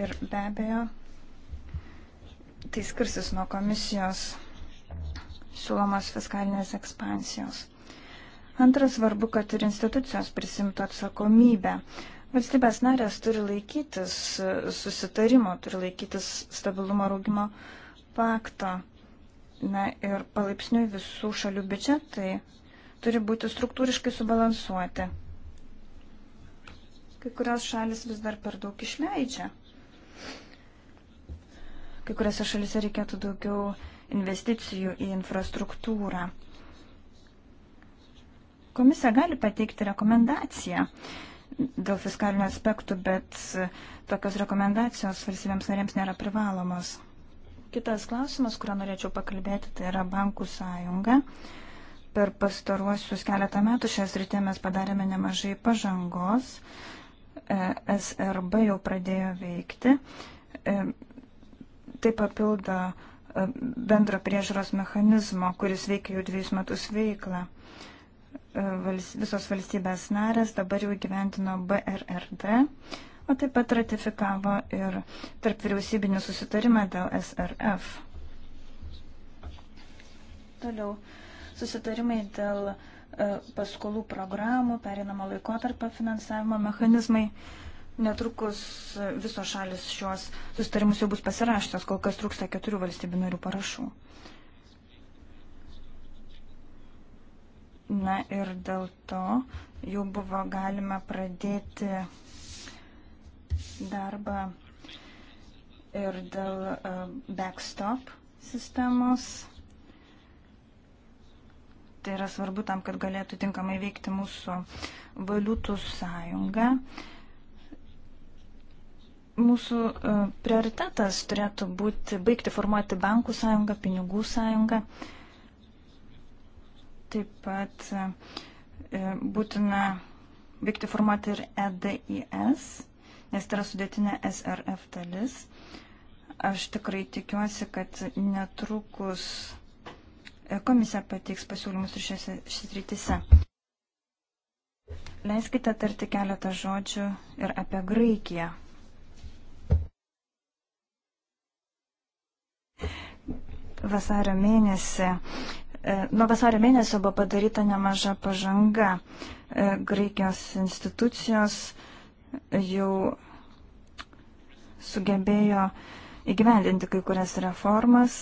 Ir be abejo, tai skirsis nuo komisijos siūlomos fiskalinės ekspansijos. Antras svarbu, kad ir institucijos prisimtų atsakomybę. Valstybės narės turi laikytis susitarimo, turi laikytis stabilumo rūgimo pakto. Na ir palaipsniui visų šalių biudžetai turi būti struktūriškai subalansuoti. Kai kurios šalis vis dar per daug išleidžia. Kai kuriuose šalise reikėtų daugiau investicijų į infrastruktūrą. Komisija gali pateikti rekomendaciją dėl fiskalinių aspektų, bet tokios rekomendacijos valstybėms narėms nėra privalomos. Kitas klausimas, kurio norėčiau pakalbėti, tai yra bankų sąjunga. Per pastaruosius keletą metų šią sritį mes padarėme nemažai pažangos. E, SRB jau pradėjo veikti. E, tai papildo E, bendro priežaros mechanizmo, kuris veikia jau dviejus metus veiklą. E, visos valstybės narės dabar jau gyventino BRRD, o taip pat ratifikavo ir tarp vyriausybinį susitarimą dėl SRF. Toliau susitarimai dėl e, paskolų programų, perinamo laikotarpio finansavimo mechanizmai. Netrukus visos šalis šiuos sustarimus jau bus pasirašytos, kol kas trūksta keturių valstybių narių parašų. Na ir dėl to jau buvo galima pradėti darbą ir dėl e, backstop sistemos. Tai yra svarbu tam, kad galėtų tinkamai veikti mūsų valiutų sąjunga. Uh, Mūsų e, prioritetas turėtų būti baigti formuoti bankų sąjungą, pinigų sąjungą. Taip pat e, e, būtina veikti formuoti ir EDIS, nes tai yra sudėtinė SRF dalis. Aš tikrai tikiuosi, kad netrukus komisija pateiks pasiūlymus ir šiose srityse. Leiskite tarti keletą žodžių ir apie Graikiją. Vasario mėnesį. E, nuo vasario mėnesio buvo padaryta nemaža pažanga. E, Graikijos institucijos jau sugebėjo įgyvendinti kai kurias reformas,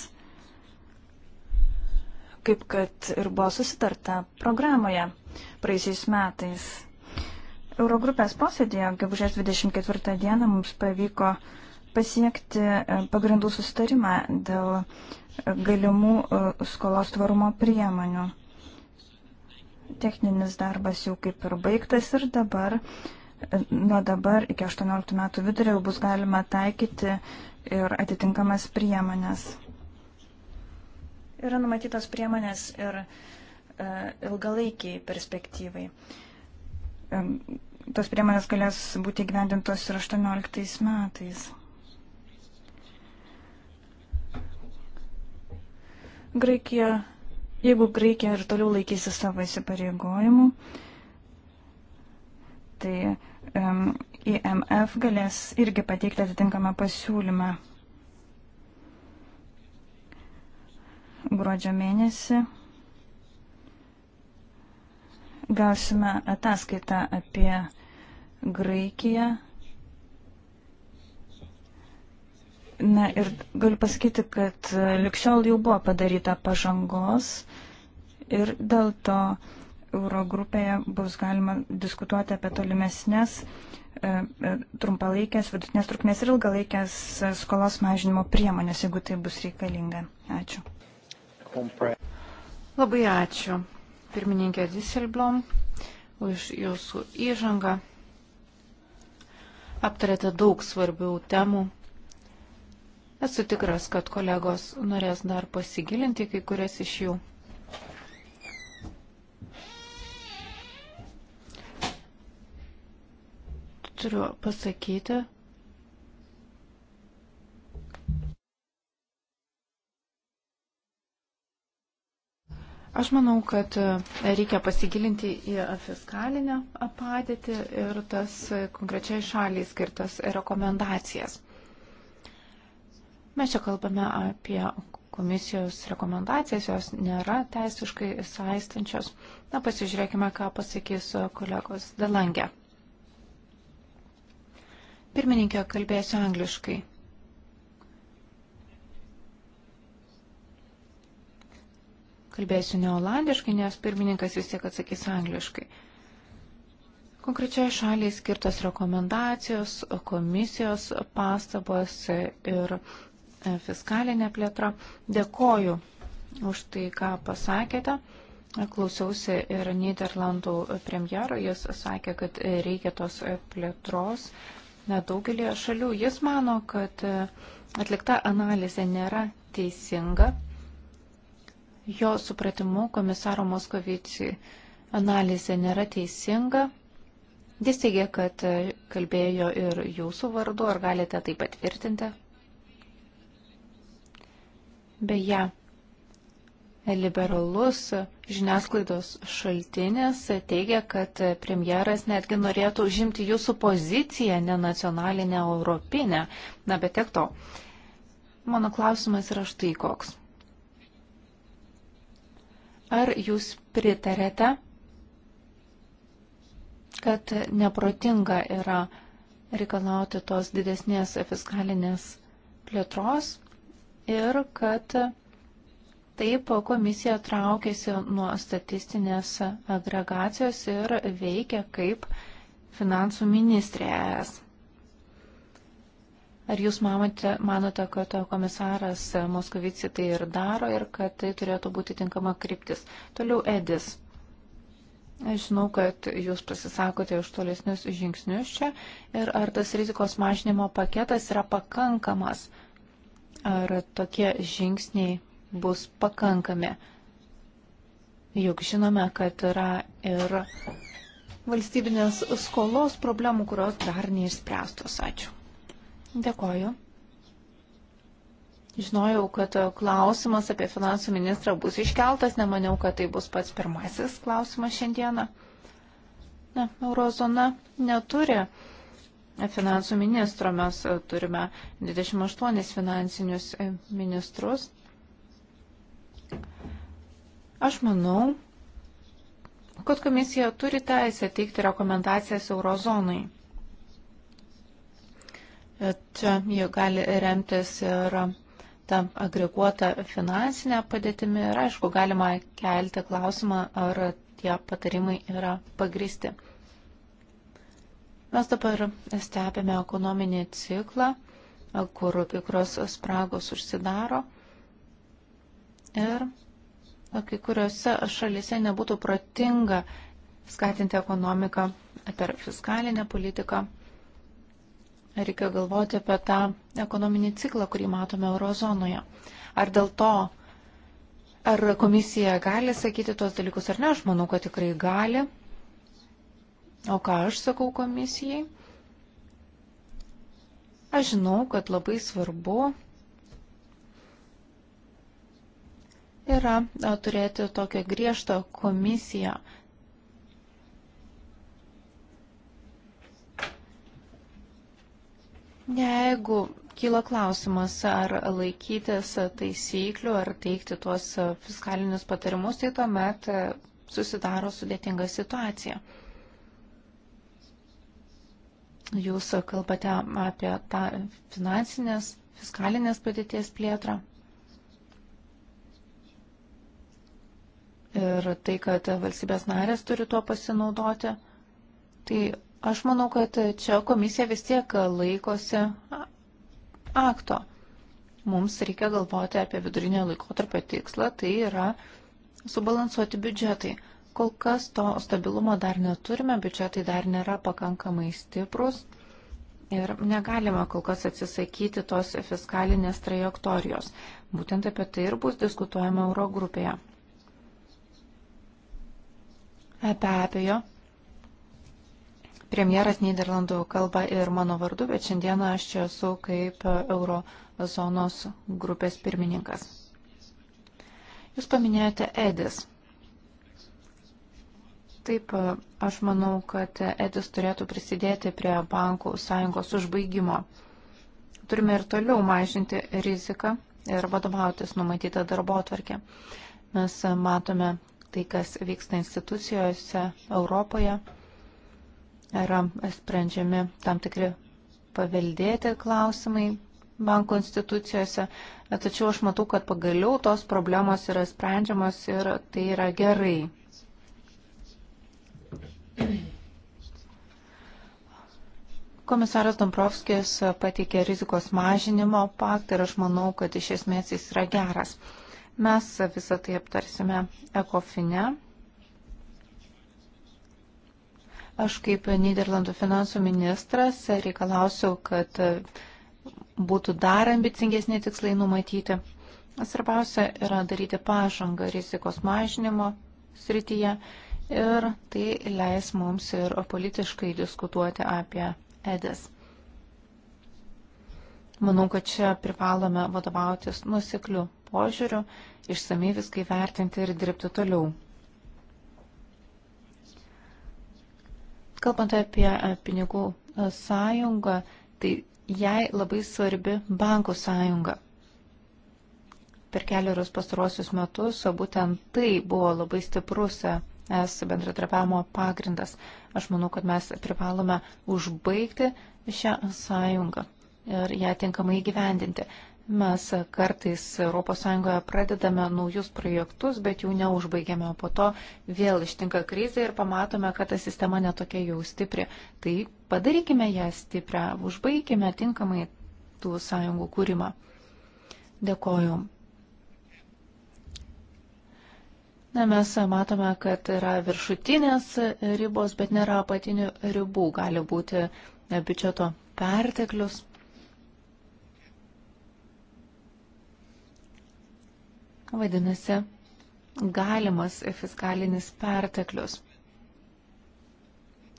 kaip kad ir buvo susitarta programoje praeisiais metais. Eurogrupės posėdėje, gegužės 24 dieną, mums pavyko uh, pasiekti e, pagrindų sustarimą dėl e, galimų e, skolos tvarumo priemonių. Techninis darbas jau kaip ir baigtas ir dabar, nuo dabar iki 18 metų vidurio jau bus galima taikyti ir atitinkamas priemonės. Yra numatytos priemonės ir e, ilgalaikiai perspektyvai. E, tos priemonės galės būti gyvendintos ir 18 metais. Graikija, jeigu Graikija ir toliau laikysi savo įsipareigojimų, tai um, IMF galės irgi pateikti atitinkamą pasiūlymą. Gruodžio mėnesį gausime ataskaitą apie Graikiją Na ir galiu pasakyti, kad e, likščiol jau buvo padaryta pažangos ir dėl to Eurogrupėje bus galima diskutuoti apie tolimesnės e, e, trumpalaikės, vidutinės trukmės ir ilgalaikės skolos mažinimo priemonės, jeigu tai bus reikalinga. Ačiū. Labai ačiū, pirmininkė Diselblom, už jūsų įžangą. Aptarėte daug svarbių temų Esu tikras, kad kolegos norės dar pasigilinti kai kurias iš jų. Turiu pasakyti, Aš manau, kad reikia pasigilinti į fiskalinę padėtį ir tas konkrečiai šaliai skirtas rekomendacijas. Mes čia kalbame apie komisijos rekomendacijas, jos nėra teisiškai saistančios. Na, pasižiūrėkime, ką pasakys kolegos Delangė. Pirmininkė, kalbėsiu angliškai. Kalbėsiu ne olandiškai, nes pirmininkas vis tiek atsakys angliškai. Konkrečiai šaliai skirtos rekomendacijos, komisijos pastabos ir E, fiskalinė plėtra. Dėkoju už tai, ką pasakėte. Klausiausi ir Niderlandų premjero, jis sakė, kad reikia tos plėtros nedaugelį šalių. Jis mano, kad atlikta analizė nėra teisinga. Jo supratimu, komisaro Moskovici analizė nėra teisinga. Jis teigia, kad kalbėjo ir jūsų vardu, ar galite tai patvirtinti? Beje, liberalus žiniasklaidos šaltinis teigia, kad premjeras netgi norėtų užimti jūsų poziciją, ne nacionalinę, europinę. Na, bet tiek to. Mano klausimas yra štai koks. Ar jūs pritarėte, kad neprotinga yra reikalauti tos didesnės fiskalinės plėtros ir kad taip komisija traukėsi nuo statistinės agregacijos ir veikia kaip finansų ministrė ES. Ar jūs manote, manote, kad komisaras Moskovici tai ir daro ir kad tai turėtų būti tinkama kryptis? Toliau Edis. Aš žinau, kad jūs pasisakote už tolesnius žingsnius čia ir ar tas rizikos mažinimo paketas yra pakankamas, Ar tokie žingsniai bus pakankami? Juk žinome, kad yra ir valstybinės skolos problemų, kurios dar neišspręstos. Ačiū. Dėkoju. Žinojau, kad klausimas apie finansų ministrą bus iškeltas, nemaniau, kad tai bus pats pirmasis klausimas šiandieną. Ne, eurozona neturi finansų ministro. Mes e, turime 28 finansinius e, ministrus. Aš manau, kad komisija turi teisę teikti rekomendacijas eurozonai. E, čia jie gali remtis ir tą agreguotą finansinę padėtimi ir aišku, galima kelti klausimą, ar tie patarimai yra pagristi. Mes dabar stebime ekonominį ciklą, kur tikros spragos užsidaro ir kai kuriuose šalise nebūtų protinga skatinti ekonomiką per fiskalinę politiką. Reikia galvoti apie tą ekonominį ciklą, kurį matome eurozonoje. Ar dėl to, ar komisija gali sakyti tuos dalykus ar ne, aš manau, kad tikrai gali. O ką aš sakau komisijai? Aš žinau, kad labai svarbu yra turėti tokią griežtą komisiją. Jeigu kyla klausimas, ar laikytis taisyklių, ar teikti tuos fiskalinius patarimus, tai tuomet susidaro sudėtinga situacija. Jūs kalbate apie tą finansinės, fiskalinės padėties plėtrą. Ir tai, kad valstybės narės turi tuo pasinaudoti. Tai aš manau, kad čia komisija vis tiek laikosi akto. Mums reikia galvoti apie vidurinio laikotarpio tikslą, tai yra subalansuoti biudžetai. Kol kas to stabilumo dar neturime, biudžetai dar nėra pakankamai stiprus ir negalime kol kas atsisakyti tos fiskalinės trajektorijos. Būtent apie tai ir bus diskutuojama Eurogrupėje. Apie abejo. Premjeras Niderlandų kalba ir mano vardu, bet šiandieną aš čia esu kaip Eurozonos grupės pirmininkas. Jūs paminėjote Edis. Taip, aš manau, kad Edis turėtų prisidėti prie bankų sąjungos užbaigimo. Turime ir toliau mažinti riziką ir vadovautis numatytą darbo atvarkę. Mes matome tai, kas vyksta institucijose Europoje. Yra sprendžiami tam tikri paveldėti klausimai banko institucijose, tačiau aš matau, kad pagaliau tos problemos yra sprendžiamos ir tai yra gerai. Komisaras Dombrovskis pateikė rizikos mažinimo paktą ir aš manau, kad iš esmės jis yra geras. Mes visą tai aptarsime ekofine. Aš kaip Niderlandų finansų ministras reikalausiu, kad būtų dar ambicingesni tikslai numatyti. Svarbiausia yra daryti pažangą rizikos mažinimo srityje ir tai leis mums ir politiškai diskutuoti apie edis. Manau, kad čia privalome vadovautis nusikliu požiūriu, išsamei viską įvertinti ir dirbti toliau. Kalbant apie e, pinigų e, sąjungą, tai jai labai svarbi bankų sąjunga. Per keliarius pastarosius metus būtent tai buvo labai stiprus e, es bendradarbiavimo pagrindas. Aš manau, kad mes privalome užbaigti šią sąjungą ir ją tinkamai įgyvendinti. Mes kartais ES pradedame naujus projektus, bet jų neužbaigiame, o po to vėl ištinka krizė ir pamatome, kad ta sistema netokia jau stipri. Tai padarykime ją stiprią, užbaigime tinkamai tų sąjungų kūrimą. Dėkoju Na, mes matome, kad yra viršutinės ribos, bet nėra apatinių ribų. Gali būti e, biudžeto perteklius. Vadinasi, galimas fiskalinis perteklius.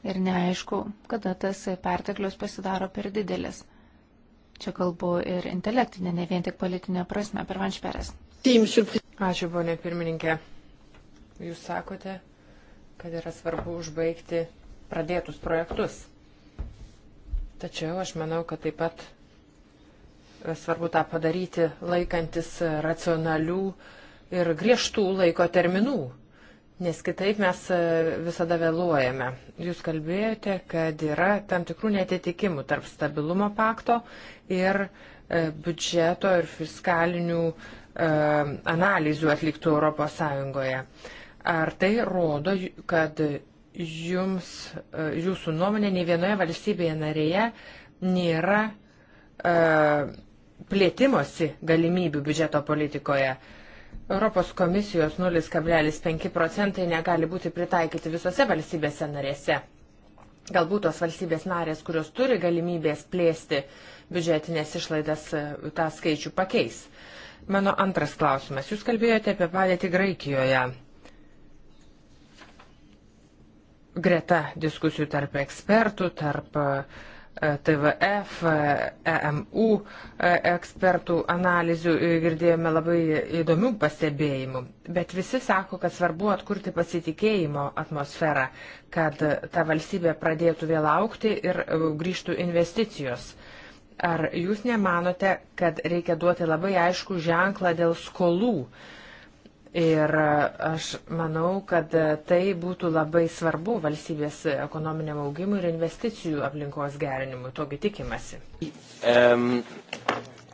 Ir neaišku, kada tas perteklius pasidaro per didelis. Čia kalbu ir intelektinė, ne vien tik politinė prasme, per Vanšperės. Ačiū, ponė pirmininkė. Jūs sakote, kad yra svarbu užbaigti pradėtus projektus. Tačiau aš manau, kad taip pat e, svarbu tą padaryti laikantis racionalių ir griežtų laiko terminų, nes kitaip mes e, visada vėluojame. Jūs kalbėjote, kad yra tam tikrų netitikimų tarp stabilumo pakto ir e, biudžeto ir fiskalinių analizių atliktų ES. Ar tai rodo, kad jums, e, jūsų nuomonė, nei vienoje valstybėje narėje nėra uh, plėtimosi galimybių biudžeto politikoje? Europos komisijos 0,5 procentai negali būti pritaikyti visose valstybėse narėse. Galbūt tos valstybės narės, kurios turi galimybės plėsti biudžetinės išlaidas, e, tą skaičių pakeis. Mano antras klausimas. Jūs kalbėjote apie padėtį Graikijoje greta diskusijų tarp ekspertų, tarp e, TVF, EMU e e, ekspertų analizių girdėjome labai įdomių pastebėjimų. Bet visi sako, kad svarbu atkurti pasitikėjimo atmosferą, kad ta valstybė pradėtų vėl aukti ir grįžtų investicijos. Ar jūs nemanote, kad reikia duoti labai aišku ženklą dėl skolų? Uh, Ir aš manau, kad tai būtų labai svarbu valstybės ekonominiam augimui ir investicijų aplinkos gerinimui. Togi tikimasi. Um,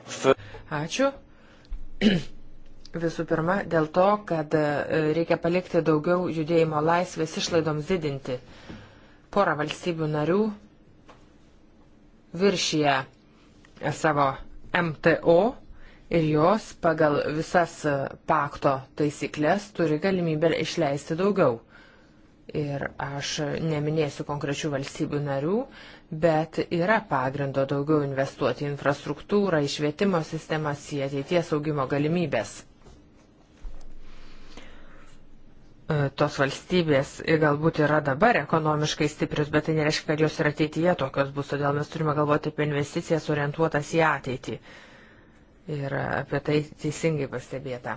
for... Ačiū. <clears throat> Visų pirma, dėl to, kad e, reikia palikti daugiau judėjimo laisvės išlaidoms didinti. Pora valstybių narių viršyje savo MTO ir jos pagal visas e, pakto taisyklės turi galimybę išleisti daugiau. Ir aš neminėsiu konkrečių valstybių narių, bet yra pagrindo daugiau investuoti į infrastruktūrą, į švietimo sistemas, į ateities augimo galimybės. E, tos valstybės galbūt yra dabar ekonomiškai stiprius, bet tai nereiškia, kad jos ir ateityje tokios bus, todėl mes turime galvoti apie investicijas orientuotas į ateitį. Uh, Ir apie tai teisingai pastebėta.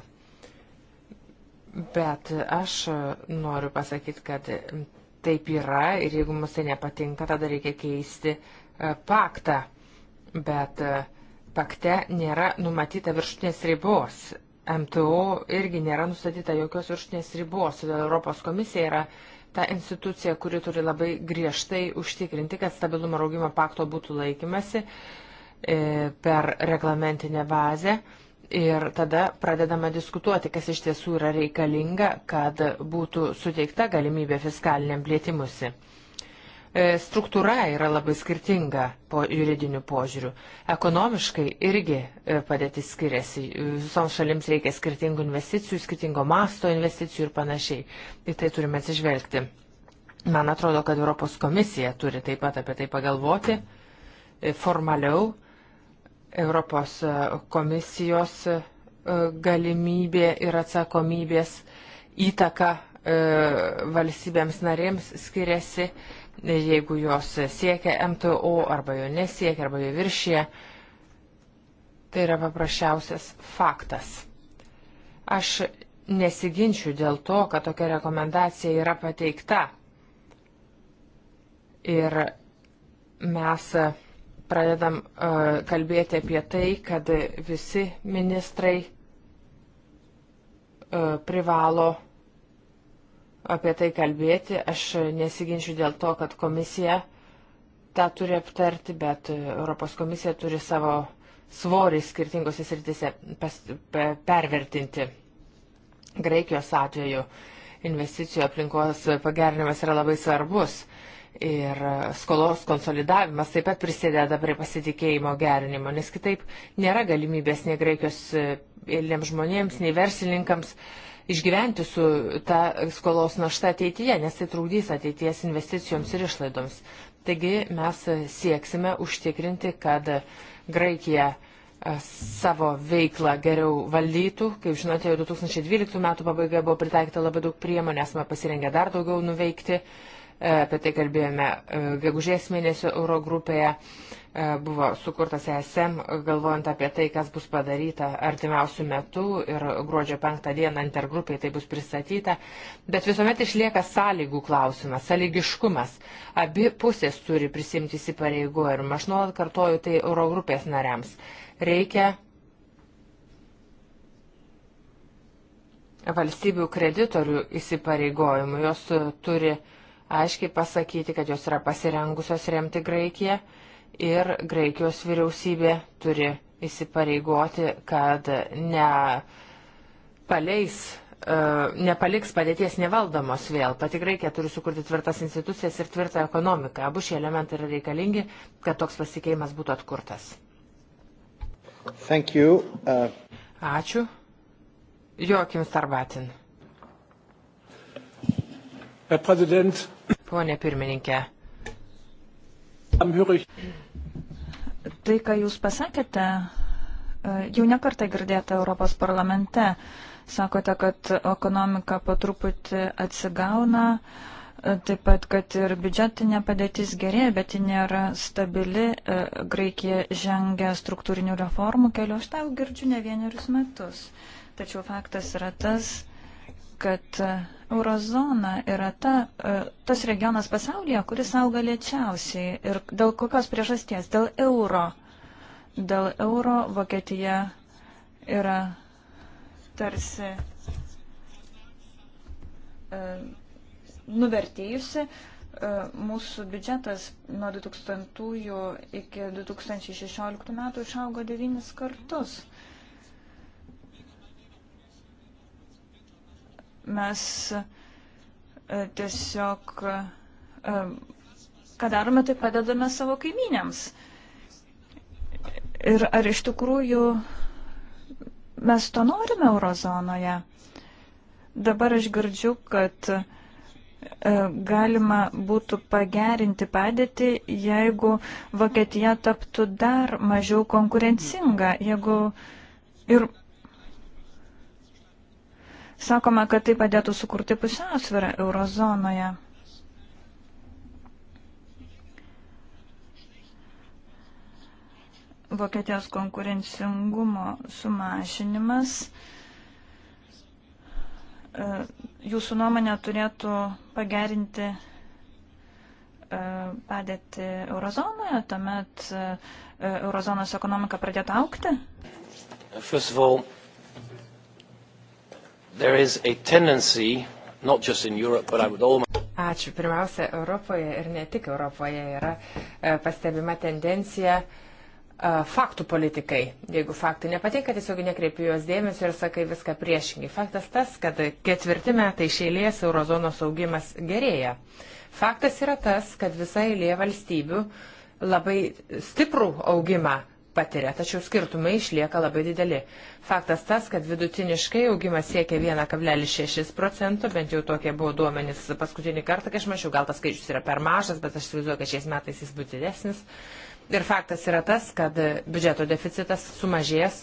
Bet aš noriu pasakyti, kad taip yra ir jeigu mums tai nepatinka, tada reikia keisti e, paktą. Bet e, pakte nėra numatyta viršutinės ribos. MTO irgi nėra nustatyta jokios viršutinės ribos. Todėl Europos komisija yra ta institucija, kuri turi labai griežtai užtikrinti, kad stabilumo raugimo pakto būtų laikymasi. Uh, E, per reglamentinę bazę ir tada pradedama diskutuoti, kas iš tiesų yra reikalinga, kad būtų suteikta galimybė fiskaliniam plėtimusi e, struktūra yra labai skirtinga po juridiniu požiūriu. Ekonomiškai irgi e, padėtis skiriasi. Visoms šalims reikia skirtingų investicijų, skirtingo masto investicijų ir panašiai. Į tai turime atsižvelgti. Man atrodo, kad Europos komisija turi taip pat apie tai pagalvoti formaliau Europos e, komisijos e, galimybė ir atsakomybės įtaka e, valstybėms narėms skiriasi, jeigu jos siekia MTO arba jo nesiekia arba jo viršyje. Tai yra paprasčiausias faktas. Aš nesiginčiu dėl to, kad tokia rekomendacija yra pateikta. Ir mes pradedam uh, kalbėti apie tai, kad visi ministrai uh, privalo apie tai kalbėti. Aš nesiginčiu dėl to, kad komisija tą turi aptarti, bet Europos komisija turi savo svorį skirtingose sritise pervertinti. Graikijos atveju investicijų aplinkos pagerinimas yra labai svarbus. Uh, ir skolos konsolidavimas taip pat prisideda prie pasitikėjimo gerinimo, nes kitaip nėra galimybės nei Graikijos e, eiliniams žmonėms, nei verslininkams išgyventi su ta skolos našta ateityje, nes tai trukdys ateities investicijoms ir išlaidoms. Taigi mes sieksime užtikrinti, kad Graikija e, savo veiklą geriau valdytų. Kaip žinote, jau 2012 metų pabaigoje buvo pritaikyta labai daug priemonės, mes pasirengę dar daugiau nuveikti. E, apie tai kalbėjome e, gegužės mėnesio Eurogrupėje, e, buvo sukurtas ESM, galvojant apie tai, kas bus padaryta artimiausių metų ir gruodžio penktą dieną intergrupiai tai bus pristatyta, bet visuomet išlieka sąlygų klausimas, sąlygiškumas. Abi pusės turi prisimti įsipareigojimą. Aš nuolat kartoju tai Eurogrupės nariams. Reikia valstybių kreditorių įsipareigojimų. Jos turi uh, aiškiai pasakyti, kad jos yra pasirengusios remti Graikiją ir Graikijos vyriausybė turi įsipareigoti, kad ne paleis, e, nepaliks padėties nevaldomos vėl. Pati Graikija turi sukurti tvirtas institucijas ir tvirtą ekonomiką. Abu šie elementai yra reikalingi, kad toks pasikeimas būtų atkurtas. Thank you. Uh... Ačiū. Joakim Starbatin. Herr Präsident, Pone pirmininkė. Tai, ką Jūs pasakėte, e, jau nekartą girdėta Europos parlamente. Sakote, kad ekonomika po truputį atsigauna, e, taip pat, kad ir biudžetinė padėtis gerėja, bet ji nėra stabili. E, Graikija žengia struktūrinių reformų keliu, aš tau girdžiu ne vienerius metus. Tačiau faktas yra tas, kad e, eurozona yra ta, e, tas regionas pasaulyje, kuris auga lėčiausiai. Ir dėl kokios priežasties? Dėl euro. Dėl euro Vokietija yra tarsi e, nuvertėjusi. Mūsų biudžetas nuo 2000 iki 2016 metų išaugo devynis kartus. mes e, tiesiog, e, ką darome, tai padedame savo kaiminėms. Ir ar iš tikrųjų mes to norime eurozonoje? Dabar aš girdžiu, kad e, galima būtų pagerinti padėtį, jeigu Vokietija taptų dar mažiau konkurencinga, jeigu ir Sakoma, kad tai padėtų sukurti pusiausvyrą eurozonoje. Vokietijos konkurencingumo sumažinimas e, jūsų nuomonė turėtų pagerinti e, padėti eurozonoje, tuomet e, eurozonos ekonomika pradėtų aukti? First of all, Ačiū. Pirmiausia, Europoje ir ne tik Europoje yra e, pastebima tendencija e, faktų politikai. Jeigu faktai nepatinka, tiesiog nekreipi juos dėmesio ir sakai viską priešingai. Faktas tas, kad ketvirti metai išėlės eurozonos augimas gerėja. Faktas yra tas, kad visai lie valstybių labai stiprų augimą patiria, tačiau skirtumai išlieka labai dideli. Faktas tas, kad vidutiniškai augimas siekia 1,6 procento, bent jau tokie buvo duomenys paskutinį kartą, kai aš mačiau, gal tas skaičius yra per mažas, bet aš įsivaizduoju, kad šiais metais jis bus didesnis. Ir faktas yra tas, kad biudžeto deficitas sumažės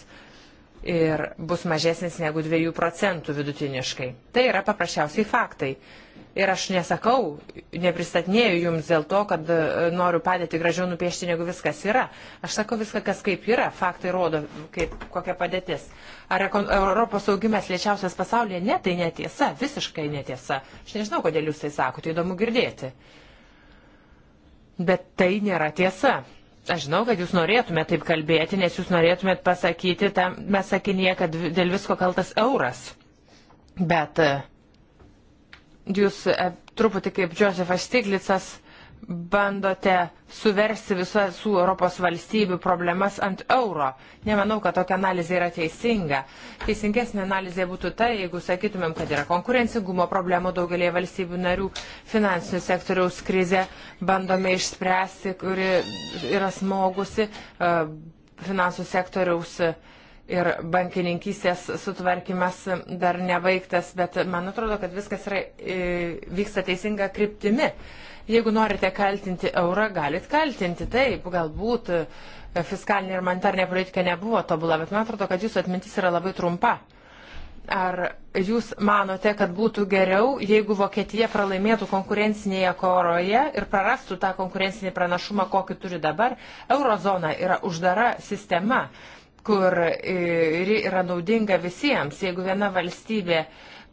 ir bus mažesnis negu 2 procentų vidutiniškai. Tai yra paprasčiausiai faktai. Ir aš nesakau, nepristatinėjau jums dėl to, kad e, noriu padėti gražiau nupiešti, negu viskas yra. Aš sakau viską, kas kaip yra. Faktai rodo, kaip, kokia padėtis. Ar Europos augimas lėčiausias pasaulyje? Ne, tai netiesa. Visiškai netiesa. Aš nežinau, kodėl jūs tai sakote. Įdomu girdėti. Bet tai nėra tiesa. Aš žinau, kad jūs norėtumėte taip kalbėti, nes jūs norėtumėte pasakyti tame sakinyje, kad dėl visko kaltas euras. Bet uh, Jūs e, truputį kaip Josefas Stiglicas bandote suversti visų Europos valstybių problemas ant euro. Nemanau, kad tokia analizė yra teisinga. Teisingesnė analizė būtų ta, jeigu sakytumėm, kad yra konkurencingumo problemų daugelėje valstybių narių, finansinio sektoriaus krizė, bandome išspręsti, kuri yra smogusi e, finansų sektoriaus uh, ir bankininkystės sutvarkymas dar nebaigtas, bet man atrodo, kad viskas yra, e, vyksta teisinga kryptimi. Jeigu norite kaltinti eurą, galit kaltinti. Taip, galbūt e, fiskalinė ir monetarinė politika nebuvo tobula, bet man atrodo, kad jūsų atmintis yra labai trumpa. Ar jūs manote, kad būtų geriau, jeigu Vokietija pralaimėtų konkurencinėje koroje ir prarastų tą konkurencinį pranašumą, kokį turi dabar? Eurozona yra uždara sistema kur e, yra naudinga visiems. Jeigu viena valstybė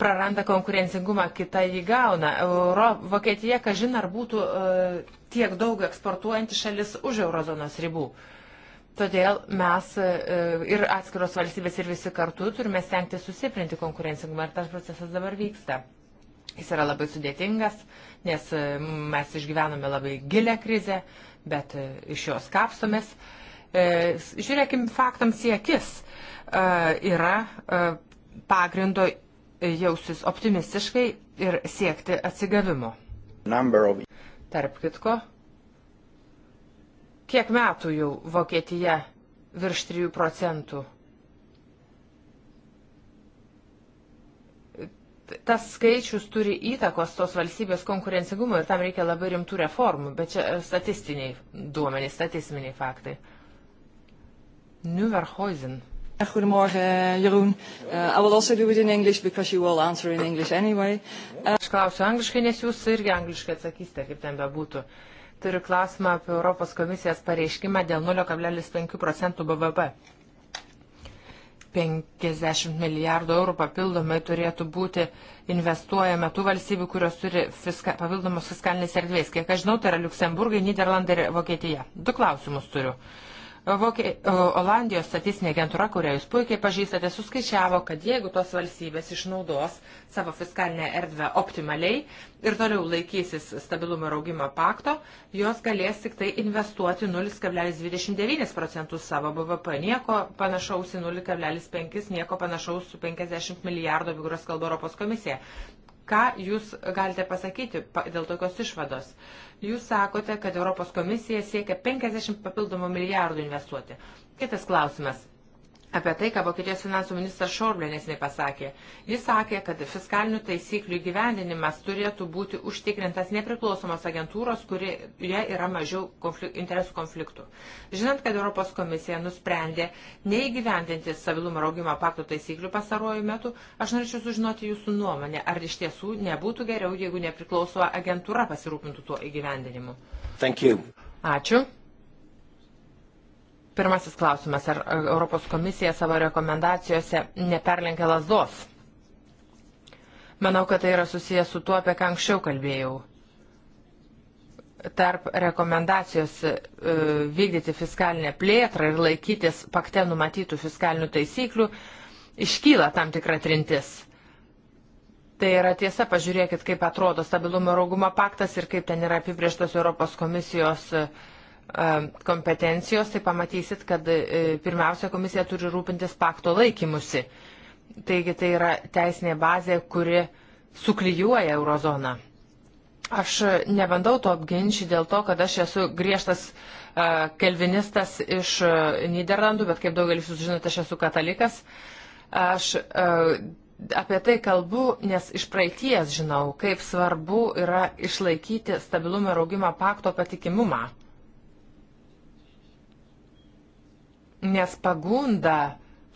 praranda konkurencingumą, kita jį gauna. Euro, Vokietija, kažin ar būtų e, tiek daug eksportuojanti šalis už eurozonos ribų. Todėl mes e, ir atskiros valstybės ir visi kartu turime stengti susiprinti konkurencingumą ir tas procesas dabar vyksta. Jis yra labai sudėtingas, nes mes išgyvenome labai gilę krizę, bet iš jos kapstomės. Uh, E, žiūrėkim faktams į akis. E, yra e, pagrindo jausis optimistiškai ir siekti atsigavimo. Tarp kitko, kiek metų jau Vokietija virš 3 procentų? Tas skaičius turi įtakos tos valstybės konkurencingumui ir tam reikia labai rimtų reformų, bet čia statistiniai duomenys, statistiniai faktai. Nuverhuizen. Goedemorgen, eh, Jeroen. Uh, I will also do it in English because you will answer in English anyway. Uh... Aš klausiu angliškai, nes jūs irgi angliškai atsakysite, kaip ten bebūtų. Turiu klausimą apie Europos komisijos pareiškimą dėl 0,5 procentų BVP. 50 milijardų eurų papildomai turėtų būti investuojama tų valstybių, kurios turi fiska, papildomos fiskalinės erdvės. Kiek aš žinau, tai yra Luksemburgai, Niderlandai ir Vokietija. Du klausimus turiu. Uh, Vokie, Olandijos statistinė agentūra, kurią jūs puikiai pažįstate, suskaičiavo, kad jeigu tos valstybės išnaudos savo fiskalinę erdvę optimaliai ir toliau laikysis stabilumo ir augimo pakto, jos galės tik tai investuoti 0,29 procentus savo BVP, nieko panašaus į 0,5, nieko panašaus su 50 milijardo, apie kurias kalba Europos komisija. Ką Jūs galite pasakyti dėl tokios išvados? Jūs sakote, kad Europos komisija siekia 50 papildomų milijardų investuoti. Kitas klausimas apie tai, ką Vokietijos finansų ministras Šorblė nesiniai pasakė. Jis sakė, kad fiskalinių taisyklių gyvendinimas turėtų būti užtikrintas nepriklausomos agentūros, kurioje yra mažiau konflik interesų konfliktų. Žinant, kad Europos komisija nusprendė neįgyvendinti savilumo augimo pakto taisyklių pastaruoju metu, aš norėčiau sužinoti jūsų nuomonę, ar iš tiesų nebūtų geriau, jeigu nepriklausoma agentūra pasirūpintų tuo įgyvendinimu. Ačiū. Pirmasis klausimas, ar e, Europos komisija savo rekomendacijose neperlenkia lasdos? Manau, kad tai yra susijęs su tuo, apie ką anksčiau kalbėjau. Tarp rekomendacijos e, vykdyti fiskalinę plėtrą ir laikytis pakte numatytų fiskalinių taisyklių iškyla tam tikra trintis. Tai yra tiesa, pažiūrėkit, kaip atrodo stabilumo raugumo paktas ir kaip ten yra apibrieštos Europos komisijos uh, kompetencijos, tai pamatysit, kad e, pirmiausia komisija turi rūpintis pakto laikymusi. Taigi tai yra teisinė bazė, kuri suklyjuoja eurozoną. Aš nebandau to apginčyti dėl to, kad aš esu griežtas kelvinistas iš Niderlandų, bet kaip daugelis jūs žinote, aš esu katalikas. Aš apie tai kalbu, nes iš praeities žinau, kaip svarbu yra išlaikyti stabilumą ir augimą pakto patikimumą. nes pagunda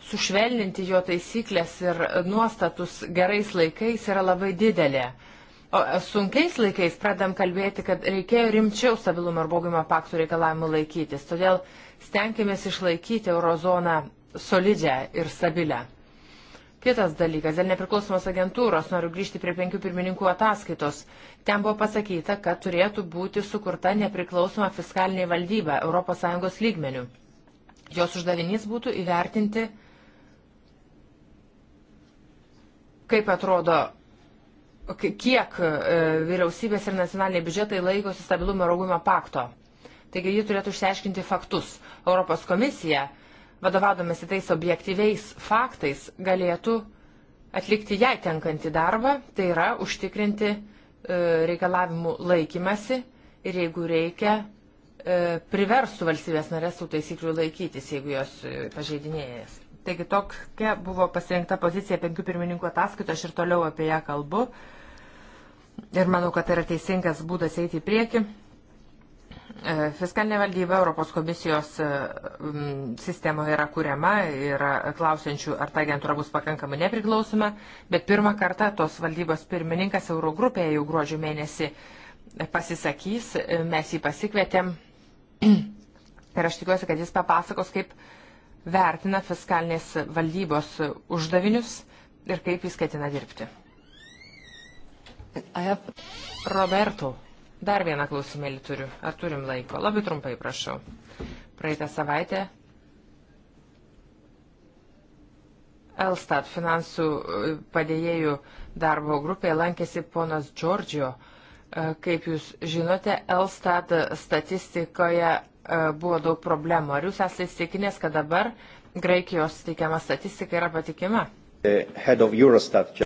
sušvelninti jo taisyklės ir nuostatus gerais laikais yra labai didelė. O e, sunkiais laikais pradam kalbėti, kad reikėjo rimčiau stabilumo ir baugimo paktų reikalavimų laikytis. Todėl stenkimės išlaikyti eurozoną solidžią ir stabilę. Kitas dalykas, dėl nepriklausomos agentūros noriu grįžti prie penkių pirmininkų ataskaitos. Ten buvo pasakyta, kad turėtų būti sukurta nepriklausoma fiskalinė valdyba ES lygmenių. Jos uždavinys būtų įvertinti, kaip atrodo, kiek e, vyriausybės ir nacionaliniai biudžetai laikosi stabilumo ir augimo pakto. Taigi ji turėtų išsiaiškinti faktus. Europos komisija, vadovaudomasi tais objektyviais faktais, galėtų atlikti jai tenkantį darbą, tai yra užtikrinti e, reikalavimų laikymasi ir jeigu reikia, E, priverstų valstybės narės tų taisyklių laikytis, jeigu jos e, pažeidinėjęs. Taigi tokia buvo pasirinkta pozicija penkių pirmininkų ataskaito, aš ir toliau apie ją kalbu. Ir manau, kad tai yra teisingas būdas eiti į priekį. E, fiskalinė valdyba Europos komisijos sistemoje yra kuriama ir klausiančių, ar ta agentūra bus pakankamai nepriklausoma, bet pirmą kartą tos valdybos pirmininkas Eurogrupėje jau gruodžio mėnesį pasisakys, mes jį pasikvietėm Ir aš tikiuosi, kad jis papasakos, kaip vertina fiskalinės valdybos uždavinius ir kaip jis ketina dirbti. Have... Roberto, dar vieną klausimėlį turiu. Ar turim laiko? Labai trumpai prašau. Praeitą savaitę Elstat finansų e, padėjėjų darbo grupėje lankėsi ponas Džordžio E, kaip jūs žinote, Elstat statistikoje e, buvo daug problemų. Ar jūs esate įsitikinęs, kad dabar Graikijos teikiama statistika yra patikima? Eurostat.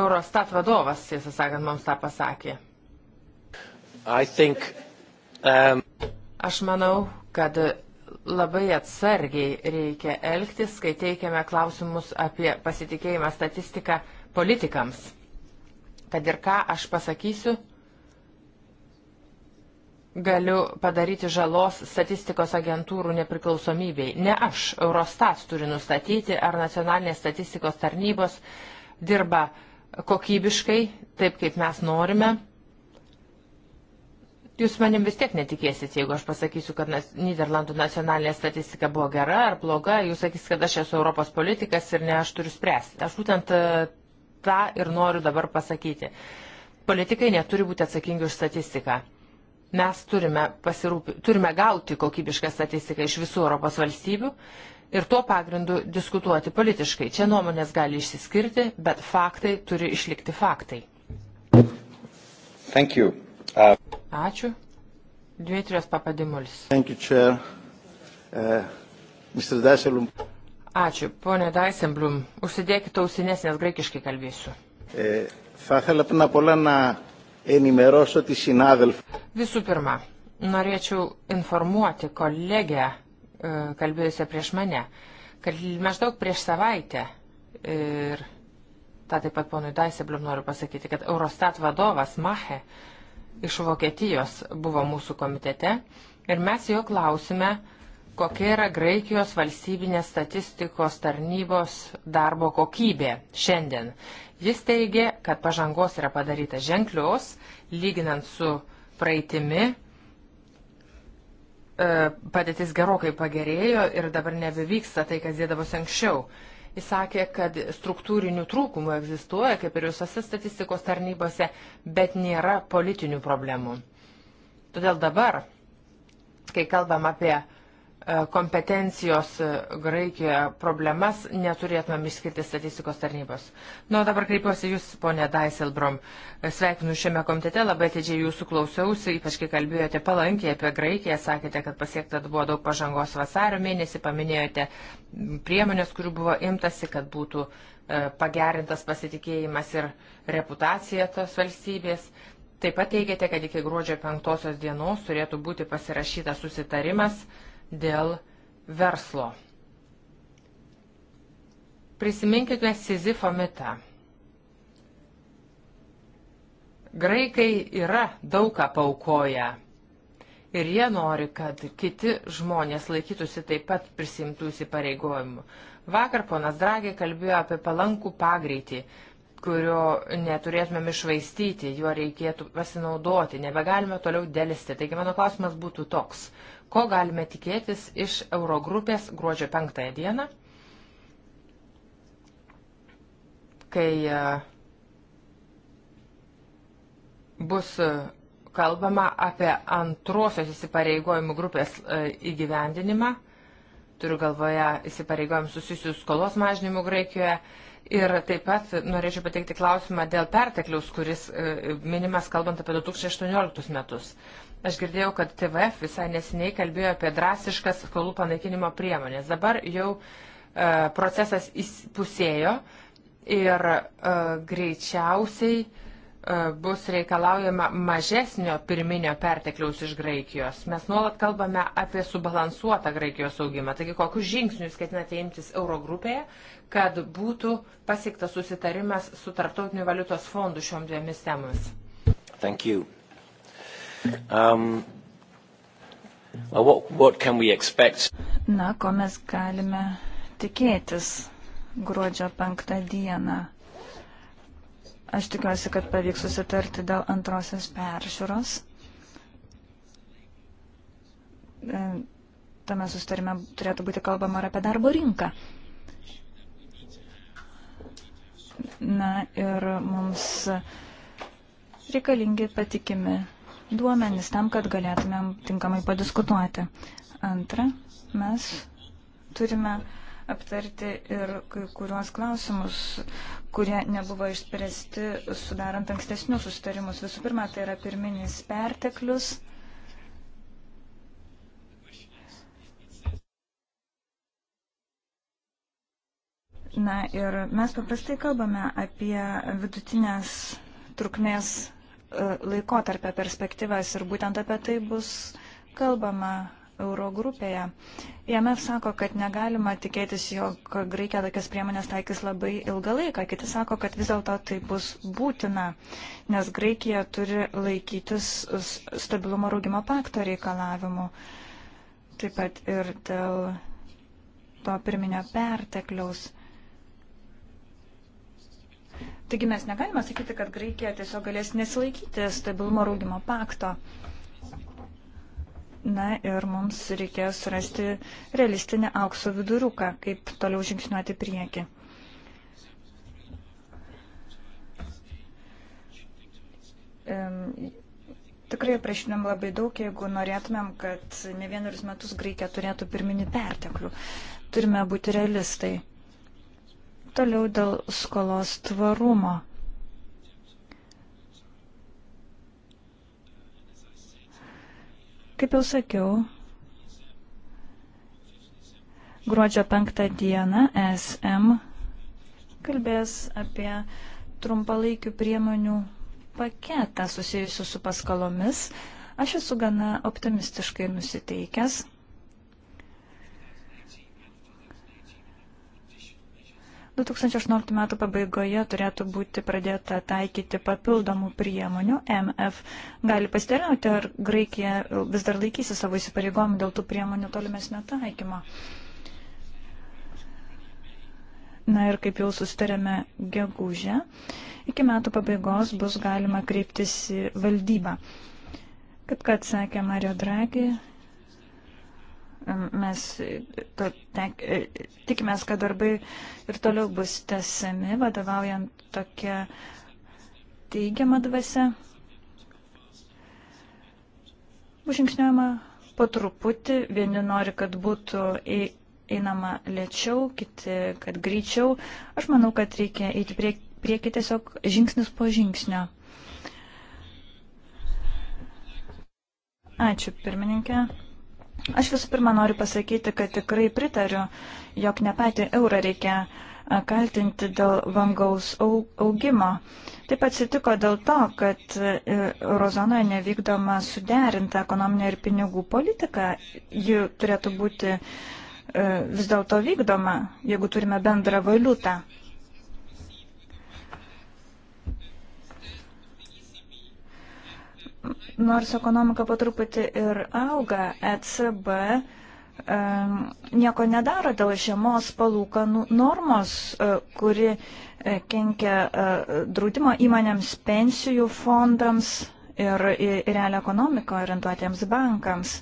Eurostat vadovas, tiesą sakant, mums tą pasakė. Think, um... Aš manau, kad labai atsargiai reikia elgtis, kai teikiame klausimus apie pasitikėjimą statistiką politikams kad ir ką aš pasakysiu, galiu padaryti žalos statistikos agentūrų nepriklausomybei. Ne aš, Eurostat turi nustatyti, ar nacionalinės statistikos tarnybos dirba kokybiškai, taip kaip mes norime. Jūs manim vis tiek netikėsit, jeigu aš pasakysiu, kad Niderlandų nacionalinė statistika buvo gera ar bloga, jūs sakys, kad aš esu Europos politikas ir ne aš turiu spręsti. Aš būtent tą ir noriu dabar pasakyti. Politikai neturi būti atsakingi už statistiką. Mes turime, pasirūpi, turime gauti kokybišką statistiką iš visų Europos valstybių ir tuo pagrindu diskutuoti politiškai. Čia nuomonės gali išsiskirti, bet faktai turi išlikti faktai. Thank you. Uh... Ačiū. Dmitrijos Papadimulis. Thank you, Chair. Uh, Mr. Daselum. Ačiū. Pone Daisemblum, užsidėkite ausinės, nes graikiškai kalbėsiu. E, Visų pirma, norėčiau informuoti kolegę, e, kalbėjusią prieš mane, kad maždaug prieš savaitę ir tą taip pat ponui Daiseblum noriu pasakyti, kad Eurostat vadovas Mahe iš Vokietijos buvo mūsų komitete ir mes jo klausime, kokia yra Graikijos valstybinės statistikos tarnybos darbo kokybė šiandien. Jis teigia, kad pažangos yra padaryta ženklios, lyginant su praeitimi. E, padėtis gerokai pagerėjo ir dabar nebevyksta tai, kas dėdavosi anksčiau. Jis sakė, kad struktūrinių trūkumų egzistuoja, kaip ir visose statistikos tarnybose, bet nėra politinių problemų. Todėl dabar, kai kalbam apie uh, E, kompetencijos e, Graikijoje problemas neturėtumėm išskirti statistikos tarnybos. Nu, dabar kreipiuosi Jūs, ponė Daiselbrom. E, sveikinu šiame komitete, labai atidžiai Jūsų klausiausi, ypač kai kalbėjote palankiai apie Graikiją, sakėte, kad pasiekta buvo daug pažangos vasario mėnesį, paminėjote priemonės, kurių buvo imtasi, kad būtų pagerintas pasitikėjimas ir reputacija tos valstybės. Taip pat teigiate, kad iki gruodžio penktosios dienos turėtų būti pasirašytas susitarimas, dėl verslo. Prisiminkime Sizifo mitą. Graikai yra daugą paukoję ir jie nori, kad kiti žmonės laikytųsi taip pat prisimtų įsipareigojimų. Vakar ponas Dragė kalbėjo apie palankų pagreitį, kurio neturėtumėm išvaistyti, juo reikėtų pasinaudoti, nebegalime toliau dėlisti. Taigi mano klausimas būtų toks. Uh, ko galime tikėtis iš Eurogrupės gruodžio 5 dieną, kai e, bus e, kalbama apie antrosios įsipareigojimų grupės e, įgyvendinimą, turiu galvoje įsipareigojimus susijusius skolos mažinimu Graikijoje. Ir taip pat norėčiau pateikti klausimą dėl pertekliaus, kuris minimas kalbant apie 2018 metus. Aš girdėjau, kad TVF visai nesiniai kalbėjo apie drastiškas skolų panaikinimo priemonės. Dabar jau e, procesas įpusėjo ir e, greičiausiai e, bus reikalaujama mažesnio pirminio pertekliaus iš Graikijos. Mes nuolat kalbame apie subalansuotą Graikijos augimą. Taigi, kokius žingsnius ketinate imtis Eurogrupėje, kad būtų pasiektas susitarimas su Tartautiniu valiutos fondu šiom dviemis temomis? Thank you. Um, well, what, what can we expect? Na, ko mes galime tikėtis gruodžio penktą dieną? Aš tikiuosi, kad pavyks susitarti dėl antrosios peržiūros. E, tame sustarime turėtų būti kalbama ir apie darbo rinką. Na ir mums reikalingi patikimi duomenis tam, kad galėtumėm tinkamai padiskutuoti. Antra, mes turime aptarti ir kai kuriuos klausimus, kurie nebuvo išspręsti sudarant ankstesnius sustarimus. Visų pirma, tai yra pirminis perteklius. Na ir mes paprastai kalbame apie vidutinės trukmės E, laikotarpio perspektyvas ir būtent apie tai bus kalbama Eurogrupėje. JMF sako, kad negalima tikėtis, jog Graikija tokias priemonės taikys labai ilgą laiką. Kiti sako, kad vis dėlto tai bus būtina, nes Graikija turi laikytis stabilumo rūgimo pakto reikalavimų. Taip pat ir dėl to pirminio pertekliaus. Taigi mes negalime sakyti, kad Graikija tiesiog galės nesilaikyti stabilumo rūgimo pakto. Na ir mums reikės surasti realistinį aukso viduriuką, kaip toliau žingsniuoti prieki. Um, tikrai prašinam labai daug, jeigu norėtumėm, kad ne vienerius metus Graikija turėtų pirminį perteklių. Turime būti realistai. Toliau dėl skolos tvarumo. Kaip jau sakiau, gruodžio 5 dieną SM kalbės apie trumpalaikių priemonių paketą susijusiu su paskalomis. Aš esu gana optimistiškai nusiteikęs. 2018 metų pabaigoje turėtų būti pradėta taikyti papildomų priemonių. MF gali pasiteirauti, ar Graikija vis dar laikysi savo įsipareigojimų dėl tų priemonių tolimesnio taikymo. Na ir kaip jau sustarėme gegužę, iki metų pabaigos bus galima kreiptis į valdybą. Kaip kad sakė Mario Draghi, Mes to, tek, e, tikimės, kad darbai ir toliau bus tesami, vadovaujant tokia teigiama dvasia. Bus žingsniuojama po truputį, vieni nori, kad būtų einama lėčiau, kiti, kad greičiau. Aš manau, kad reikia eiti prie, prieki tiesiog žingsnis po žingsnio. Ačiū, pirmininkė. Aš visų pirma noriu pasakyti, kad tikrai pritariu, jog ne patį eurą reikia kaltinti dėl vangaus augimo. Taip atsitiko dėl to, kad e, eurozonoje nevykdoma suderinta ekonominė ir pinigų politika, ji turėtų būti e, vis dėlto vykdoma, jeigu turime bendrą valiutą. nors ekonomika patruputį ir auga, ECB um, nieko nedaro dėl žiemos palūkanų normos, uh, kuri uh, kenkia uh, draudimo įmonėms, pensijų fondams ir į, į realią ekonomiką orientuotiems bankams.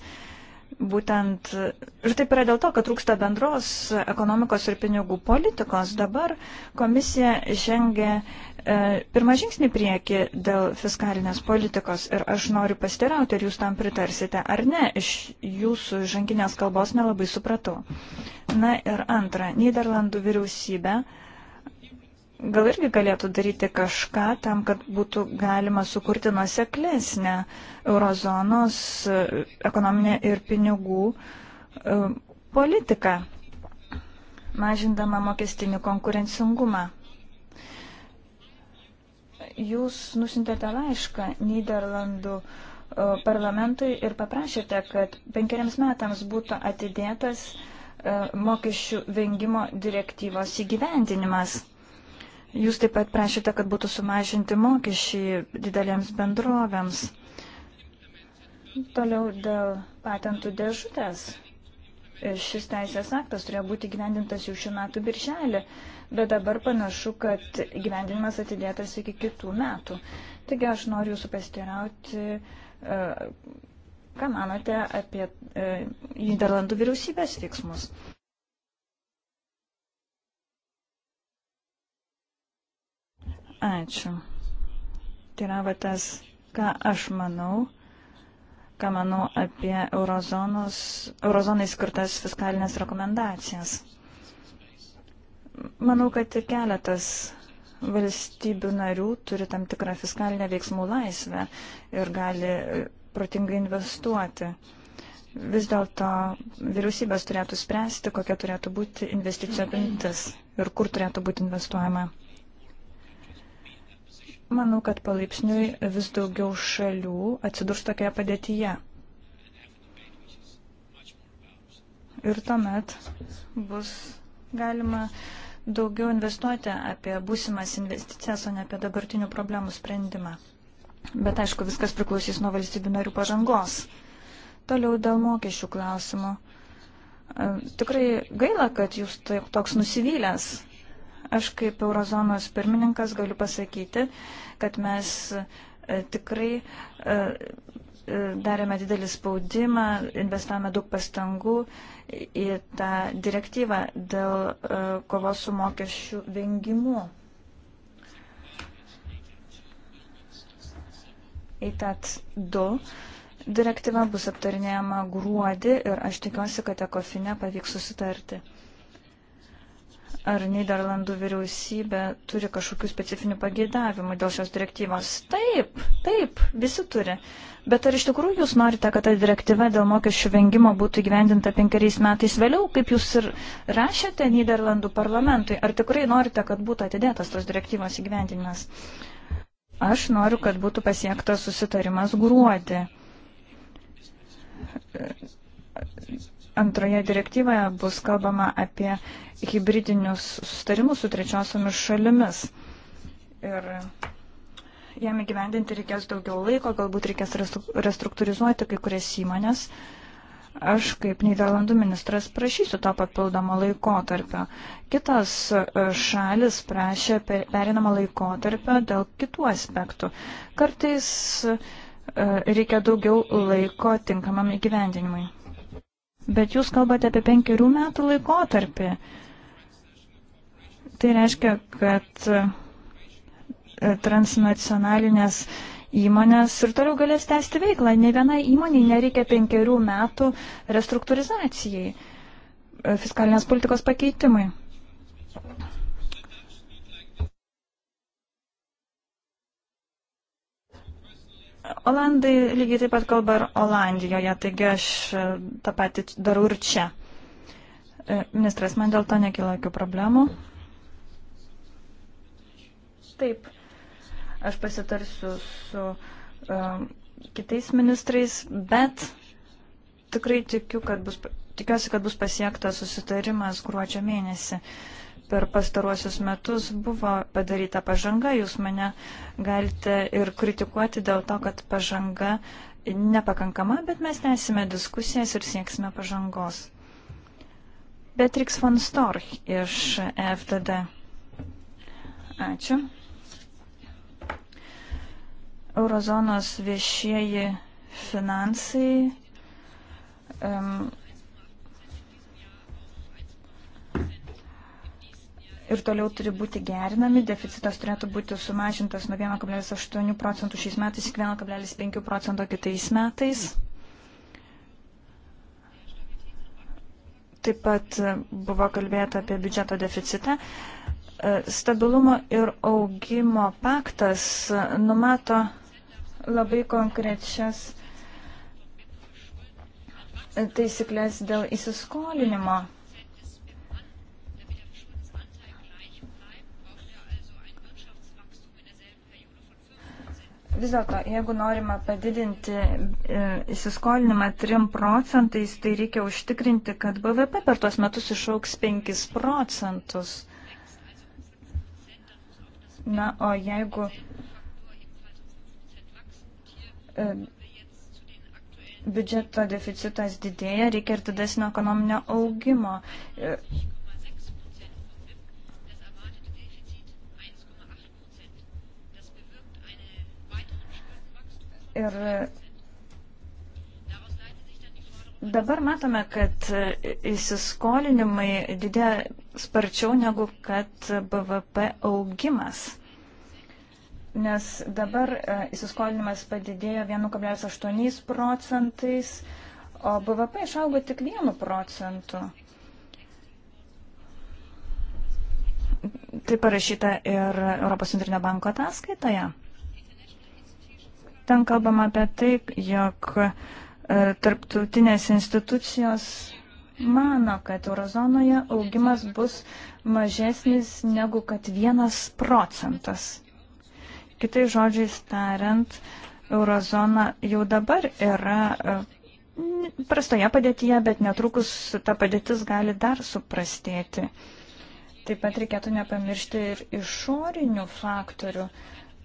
Būtent ir taip yra dėl to, kad trūksta bendros ekonomikos ir pinigų politikos. Dabar komisija žengia E, pirmą žingsnį prieki dėl fiskalinės politikos ir aš noriu pasiteirauti, ar jūs tam pritarsite ar ne, iš jūsų žanginės kalbos nelabai supratau. Na ir antra, Niderlandų vyriausybė gal irgi galėtų daryti kažką tam, kad būtų galima sukurti nuseklesnę eurozonos e, ekonominę ir pinigų e, politiką, mažindama mokestinį konkurencingumą jūs nusintėte laišką Niderlandų e, parlamentui ir paprašėte, kad penkeriams metams būtų atidėtas e, mokesčių vengimo direktyvos įgyvendinimas. Jūs taip pat prašėte, kad būtų sumažinti mokesčiai didelėms bendrovėms. Toliau dėl patentų dėžutės. Šis teisės aktas turėjo būti gyvendintas jau šių metų birželį, bet dabar panašu, kad gyvendinimas atidėtas iki kitų metų. Taigi aš noriu jūsų pasitirauti, e, ką manote apie e, Niderlandų vyriausybės veiksmus. Ačiū. Tiravatės, ką aš manau, ką manau apie eurozonai skirtas fiskalinės rekomendacijas. Manau, kad ir keletas valstybių narių turi tam tikrą fiskalinę veiksmų laisvę ir gali e, protingai investuoti. Vis dėlto vyriausybės turėtų spręsti, kokia turėtų būti investicijų apimtis ir kur turėtų būti investuojama. Manau, kad palaipsniui vis daugiau šalių atsidurs tokioje padėtyje. Ir tuomet bus galima uh, daugiau investuoti apie būsimas investicijas, o ne apie dabartinių problemų sprendimą. Bet aišku, viskas priklausys nuo valstybių narių pažangos. Toliau dėl mokesčių klausimų. E, tikrai gaila, kad jūs tai toks nusivylęs. Aš kaip Eurozonos pirmininkas galiu pasakyti, kad mes e, tikrai e, E, darėme didelį spaudimą, investavome daug pastangų į tą direktyvą dėl e, kovos su mokesčių vengimu. Įtat 2 direktyva bus aptarinėjama gruodį ir aš tikiuosi, kad ekofine pavyks susitarti. Ar Niderlandų vyriausybė turi kažkokių specifinių pageidavimų dėl šios direktyvos? Taip, taip, visi turi. Uh, Bet ar iš tikrųjų jūs norite, kad ta direktyva dėl mokesčių vengimo būtų gyvendinta penkeriais metais vėliau, kaip jūs ir rašėte Niderlandų parlamentui? Ar tikrai norite, kad būtų atidėtas tos direktyvos įgyvendinimas? Aš noriu, kad būtų pasiektas susitarimas gruodį. Antroje direktyvoje bus kalbama apie hybridinius sustarimus su trečiosiomis šalimis. Ir jam įgyvendinti reikės daugiau laiko, galbūt reikės restruktūrizuoti kai kurias įmonės. Aš kaip Niderlandų ministras prašysiu to papildomo laikotarpio. Kitos e, šalis prašė perinamą laikotarpio dėl kitų aspektų. Kartais e, reikia daugiau laiko tinkamam įgyvendinimui. Bet jūs kalbate apie penkerių metų laikotarpį. Tai reiškia, kad E, transnacionalinės įmonės ir toliau galės tęsti veiklą. Ne vienai įmoniai nereikia penkerių metų restruktūrizacijai, e, fiskalinės politikos pakeitimui. Olandai lygiai taip pat kalba ir Olandijoje, taigi aš e, tą patį darau ir čia. Ministras, man dėl to nekilo jokių problemų. Taip. Aš pasitarsiu su um, kitais ministrais, bet tikrai tikiu, kad bus, tikiuosi, kad bus pasiektas susitarimas gruodžio mėnesį. Per pastaruosius metus buvo padaryta pažanga, jūs mane galite ir kritikuoti dėl to, kad pažanga nepakankama, bet mes tęsime diskusijas ir sieksime pažangos. Beatrix von Storch iš e FTD. Ačiū. Eurozonos viešieji finansai. Um, ir toliau turi būti gerinami. Deficitas turėtų būti sumažintas nuo 1,8 procentų šiais metais iki 1,5 procento kitais metais. Taip pat e, buvo kalbėta apie biudžeto deficitą. E, stabilumo ir augimo paktas e, numato labai konkrečias taisyklės dėl įsiskolinimo. Vis dėlto, jeigu norima padidinti e, įsiskolinimą 3 procentais, tai reikia užtikrinti, kad BVP per tuos metus išauks 5 procentus. Na, o jeigu uh, E, biudžeto deficitas didėja, reikia ir didesnio ekonominio augimo. E, ir e, dabar matome, kad įsiskolinimai didėja sparčiau negu kad BVP augimas nes dabar e, įsiskolinimas padidėjo 1,8 procentais, o BVP išaugo tik 1 procentu. Tai parašyta ir Europos centrinio banko ataskaitoje. Ten kalbama apie tai, jog e, tarptautinės institucijos mano, kad eurozonoje augimas bus mažesnis negu kad vienas procentas. Kitai žodžiais tariant, eurozona jau dabar yra e, prastoje padėtyje, bet netrukus ta padėtis gali dar suprastėti. Taip pat reikėtų nepamiršti ir išorinių faktorių,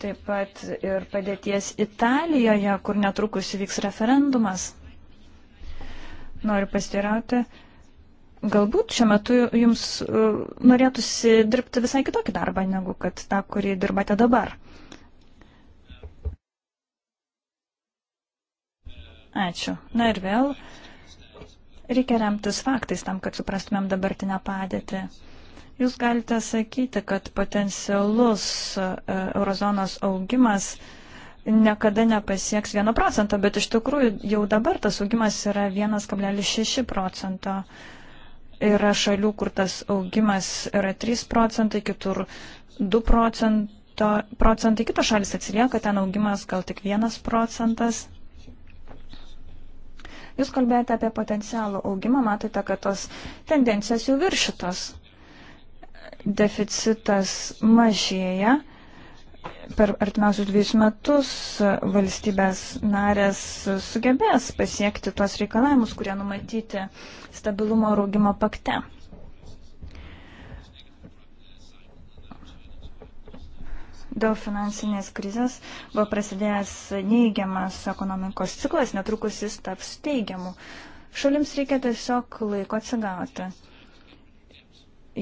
taip pat ir padėties Italijoje, kur netrukus vyks referendumas. Noriu pastirauti, galbūt šiuo metu jums e, norėtųsi dirbti visai kitokį darbą, negu kad tą, kurį dirbate dabar. Ačiū. Na ir vėl reikia remtis faktais tam, kad suprastumėm dabartinę padėtį. Jūs galite sakyti, kad potencialus e, eurozonos augimas niekada nepasieks 1 procento, bet iš tikrųjų jau dabar tas augimas yra 1,6 procento. Yra šalių, kur tas augimas yra 3 procentai, kitur 2 procento, procentai, kitos šalis atsilieka, ten augimas gal tik 1 procentas. Jūs kalbėjote apie potencialų augimą, matote, kad tos tendencijos jau viršytos. Deficitas mažėja. Per artimiausius dviejus metus valstybės narės sugebės pasiekti tuos reikalavimus, kurie numatyti stabilumo ir augimo pakte. dėl finansinės krizės buvo prasidėjęs neįgiamas ekonomikos ciklas, netrukus jis taps teigiamu. Šalims reikia tiesiog laiko atsigauti.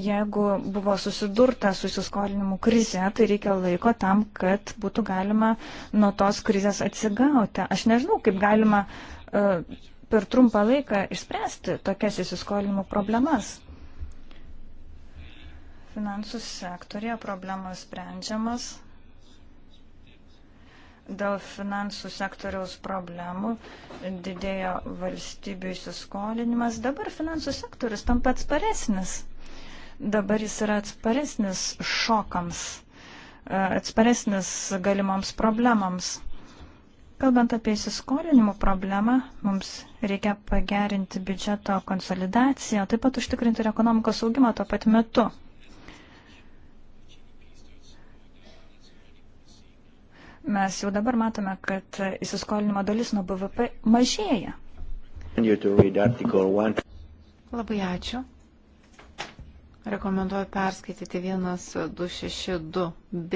Jeigu buvo susidurta susiskolinimų krize, tai reikia laiko tam, kad būtų galima nuo tos krizės atsigauti. Aš nežinau, kaip galima uh, per trumpą laiką išspręsti tokias įsiskolinimų problemas finansų sektorėje problemos sprendžiamas. Dėl finansų sektoriaus problemų didėjo valstybių įsiskolinimas. Dabar finansų sektorius tam pats paresnis. Dabar jis yra atsparesnis šokams, e, atsparesnis galimoms problemams. Kalbant apie įsiskolinimų problemą, mums reikia pagerinti biudžeto konsolidaciją, taip pat užtikrinti ir ekonomikos augimą tuo pat metu. Mes jau dabar matome, kad įsiskolinimo dalis nuo BVP mažėja. Labai ačiū. Rekomenduoju perskaityti 1262b.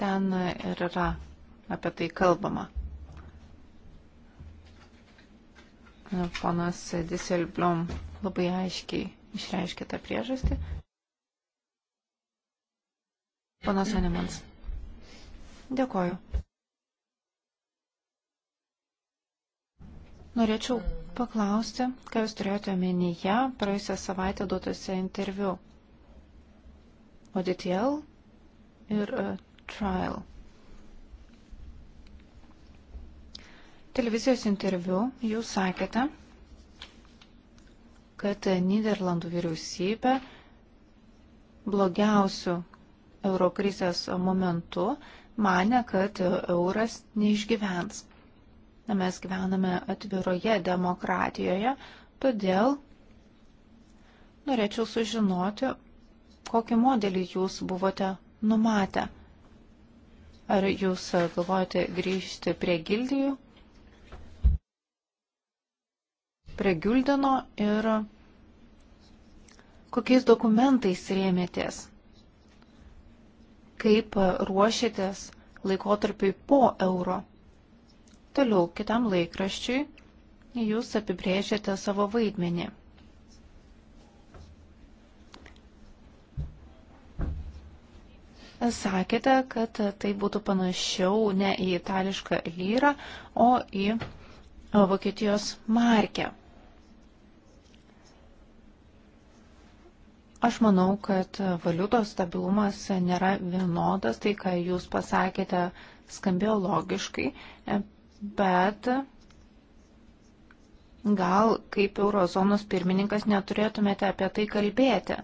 Ten ir yra apie tai kalbama. Ponas Diselblom labai aiškiai išreiškė tą priežastį. Ponas Animans. Dėkoju. Norėčiau paklausti, ką Jūs turėjote omenyje praėjusią savaitę duotose interviu. ODTL ir uh, Trial. Televizijos interviu Jūs sakėte, kad Niderlandų vyriausybė blogiausių eurokrizės momentu uh, mane, kad euras neišgyvens. Na, mes gyvename atviroje demokratijoje, todėl norėčiau sužinoti, kokį modelį jūs buvote numatę. Ar jūs galvojate grįžti prie gildijų, prie Gildeno ir kokiais dokumentais rėmėtės? kaip ruošėtės laikotarpiui po euro. Toliau kitam laikraščiui jūs apibrėžėte savo vaidmenį. Sakėte, kad tai būtų panašiau ne į itališką lyrą, o į Vokietijos markę. Aš manau, kad valiutos stabilumas nėra vienodas, tai ką jūs pasakėte skambėjo logiškai, bet gal kaip eurozonos pirmininkas neturėtumėte apie tai kalbėti.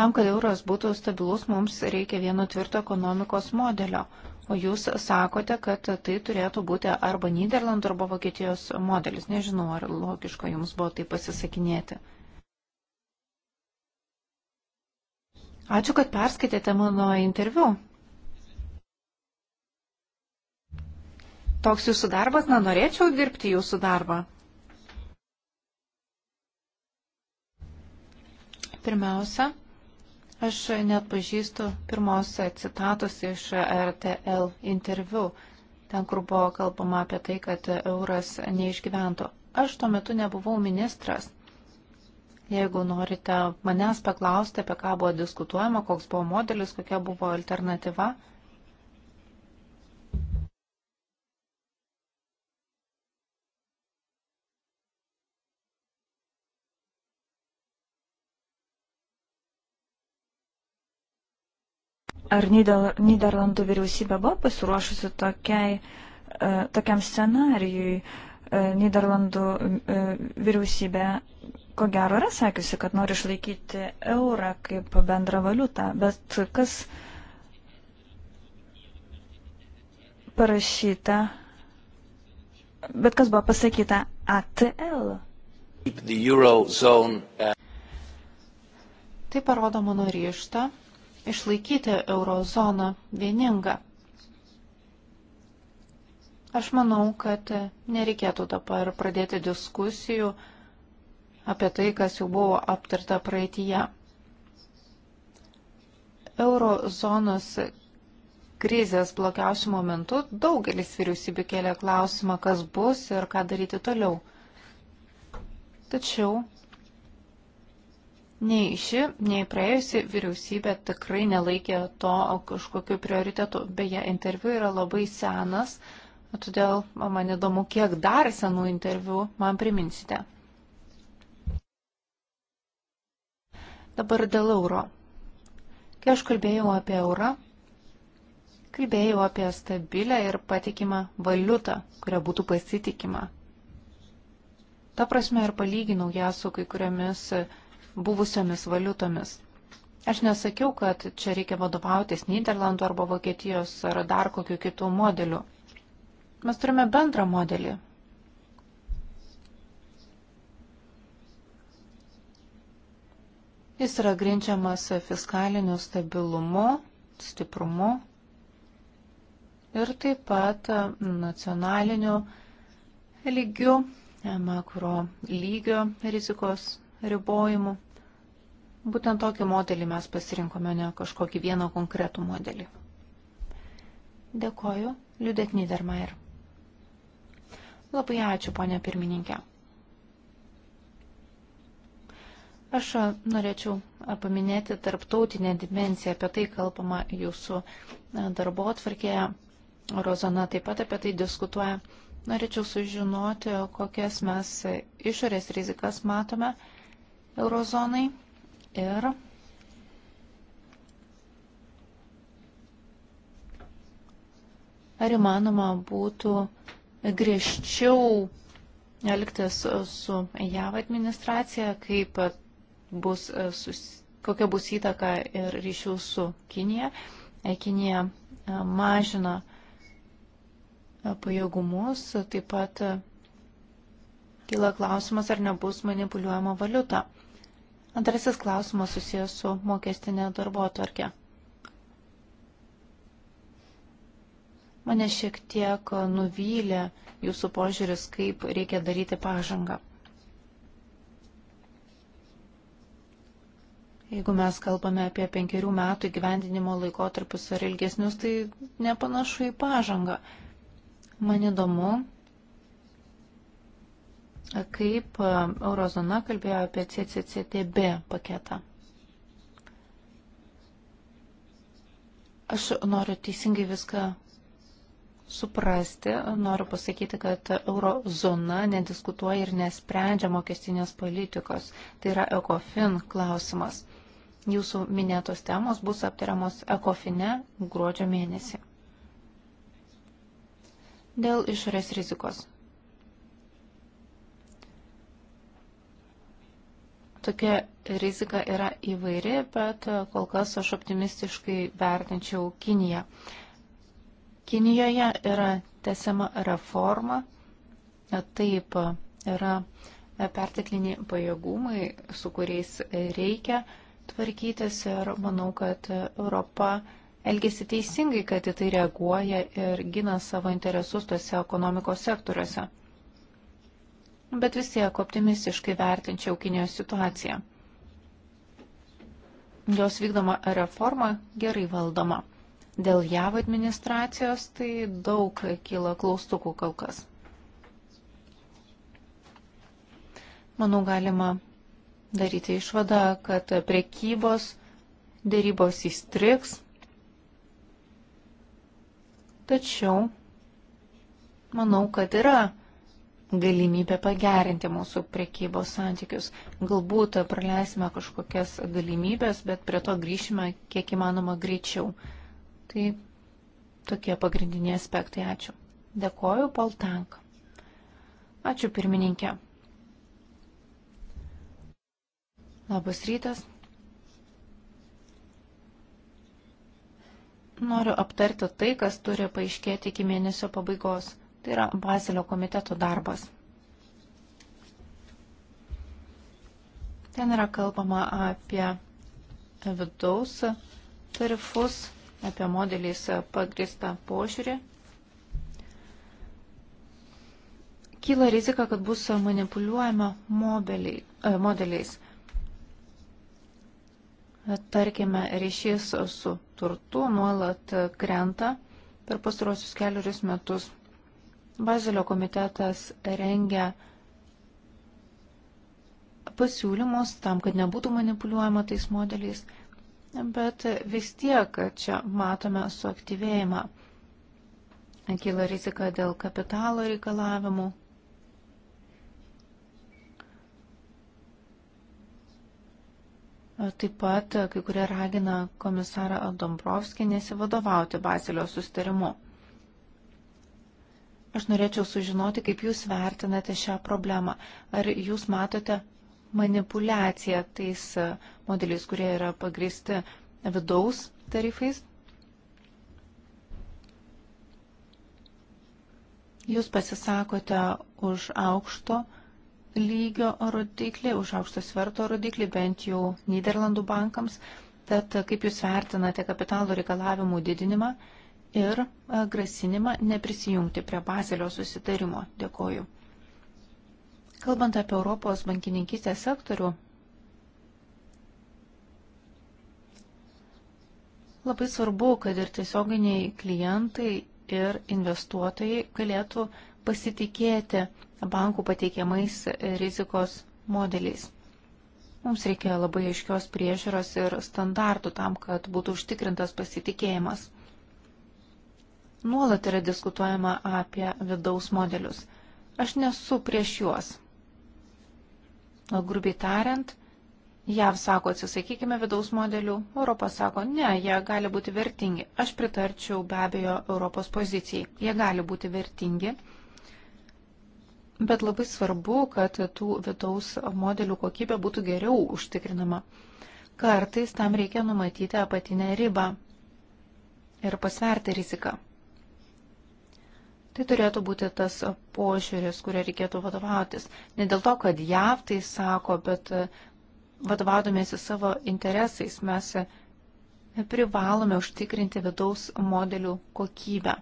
Tam, kad euras būtų stabilus, mums reikia vieno tvirto ekonomikos modelio o jūs sakote, kad tai turėtų būti arba Niderlandų, arba Vokietijos modelis. Nežinau, ar logiška jums buvo tai pasisakinėti. Ačiū, kad perskaitėte mano interviu. Toks jūsų darbas, na, norėčiau dirbti jūsų darbą. Pirmiausia, Aš net pažįstu pirmos citatos iš RTL interviu, ten, kur buvo kalbama apie tai, kad euras neišgyventų. Aš tuo metu nebuvau ministras. Jeigu norite manęs paklausti, apie ką buvo diskutuojama, koks buvo modelis, kokia buvo alternatyva, Ar Niderlandų vyriausybė buvo pasiruošusi tokiai, e, tokiam scenarijui? E, Niderlandų e, vyriausybė ko gero yra sakiusi, kad nori išlaikyti eurą kaip bendrą valiutą, bet kas parašyta, bet kas buvo pasakyta ATL? Uh, tai parodo mano ryštą išlaikyti eurozoną vieningą. Aš manau, kad nereikėtų dabar pradėti diskusijų apie tai, kas jau buvo aptarta praeitie. Eurozonos krizės blogiausių momentų daugelis vyriausybių kėlė klausimą, kas bus ir ką daryti toliau. Tačiau Nei ši, nei praėjusi vyriausybė tikrai nelaikė to kažkokiu prioritetu. Beje, interviu yra labai senas, todėl man įdomu, kiek dar senų interviu man priminsite. Dabar dėl euro. Kai aš kalbėjau apie eurą, kalbėjau apie stabilę ir patikimą valiutą, kuria būtų pasitikima. Ta prasme ir palyginau ją su kai kuriomis buvusiomis valiutomis. Aš nesakiau, kad čia reikia vadovautis Niderlandų arba Vokietijos ar dar kokiu kitų modelių. Mes turime bendrą modelį. Jis yra grindžiamas fiskaliniu stabilumu, stiprumu ir taip pat nacionaliniu lygiu, makro lygio rizikos ribojimų. Būtent tokį modelį mes pasirinkome, ne kažkokį vieną konkretų modelį. Dėkoju, Liudet Niedermayer. Labai ačiū, ponė pirmininkė. Aš norėčiau paminėti tarptautinę dimenciją, apie tai kalbama jūsų darbo atvarkėje. Rozana taip pat apie tai diskutuoja. Norėčiau sužinoti, kokias mes išorės rizikas matome eurozonai ir ar įmanoma būtų griežčiau elgtis su JAV administracija, kaip bus, sus, kokia bus įtaka ir ryšių su Kinija. Kinija mažina pajėgumus, taip pat kyla klausimas, ar nebus manipuliuojama valiuta. Antrasis klausimas susijęs su mokestinė darbo atvarkė. Mane šiek tiek nuvylė jūsų požiūris, kaip reikia daryti pažangą. Jeigu mes kalbame apie penkerių metų gyvendinimo laikotarpius ar ilgesnius, tai nepanašu į pažangą. Man įdomu, kaip e, Eurozona kalbėjo apie CCCTB paketą. Aš noriu teisingai viską suprasti, noriu pasakyti, kad eurozona nediskutuoja ir nesprendžia mokestinės politikos. Tai yra ECOFIN klausimas. Jūsų minėtos temos bus aptariamos ECOFINE gruodžio mėnesį. Dėl išorės rizikos. Tokia rizika yra įvairi, bet e, kol kas aš optimistiškai vertinčiau Kiniją. Kinijoje yra tesiama reforma, e, taip e, yra pertekliniai pajėgumai, su kuriais reikia tvarkytis ir manau, kad Europa elgesi teisingai, kad į tai reaguoja ir gina savo interesus tose ekonomikos sektoriuose bet vis tiek optimistiškai vertinčiau Kinijos situaciją. Jos vykdoma reforma gerai valdoma. Dėl JAV administracijos tai daug kyla klaustukų kol kas. Manau, galima daryti išvadą, kad prekybos dėrybos įstriks. Tačiau manau, kad yra galimybę pagerinti mūsų prekybos santykius. Galbūt praleisime kažkokias galimybės, bet prie to grįšime kiek įmanoma greičiau. Tai tokie pagrindiniai aspektai. Ačiū. Dėkoju, Poltank. Ačiū, pirmininkė. Labas rytas. Noriu aptarti tai, kas turi paaiškėti iki mėnesio pabaigos. Tai yra Bazelio komiteto darbas. Ten yra kalbama apie vidaus tarifus, apie modeliais pagristą požiūrį. Kyla rizika, kad bus manipuliuojama e, modeliais. Tarkime, ryšys su turtu nuolat krenta per pastarosius keliurius metus. Bazilio komitetas rengia pasiūlymus tam, kad nebūtų manipuliuojama tais modeliais, bet vis tiek čia matome suaktyvėjimą. Kyla rizika dėl kapitalo reikalavimų. Taip pat kai kurie ragina komisarą Dombrovskį nesivadovauti Basilio sustarimu. Aš norėčiau sužinoti, kaip Jūs vertinate šią problemą. Ar Jūs matote manipulaciją tais e, modeliais, kurie yra pagristi vidaus tarifais? Jūs pasisakote už aukšto lygio rodiklį, už aukšto sverto rodiklį, bent jau Niderlandų bankams. Tad e, kaip Jūs vertinate kapitalo reikalavimų didinimą? ir e, grasinimą neprisijungti prie Bazelio susitarimo. Dėkoju. Kalbant apie Europos bankininkystės sektorių, labai svarbu, kad ir tiesioginiai klientai ir investuotojai galėtų pasitikėti bankų pateikiamais rizikos modeliais. Mums reikia labai aiškios priežiūros ir standartų tam, kad būtų užtikrintas pasitikėjimas nuolat yra diskutuojama apie vidaus modelius. Aš nesu prieš juos. O grubiai tariant, JAV sako atsisakykime vidaus modelių, Europos sako ne, jie gali būti vertingi. Aš pritarčiau be abejo Europos pozicijai. Jie gali būti vertingi. Bet labai svarbu, kad tų vidaus modelių kokybė būtų geriau užtikrinama. Kartais tam reikia numatyti apatinę ribą ir pasverti riziką. Tai turėtų būti tas požiūris, kurio reikėtų vadovautis. Ne dėl to, kad JAV tai sako, bet e, vadovaudomėsi savo interesais mes e, privalome užtikrinti vidaus modelių kokybę.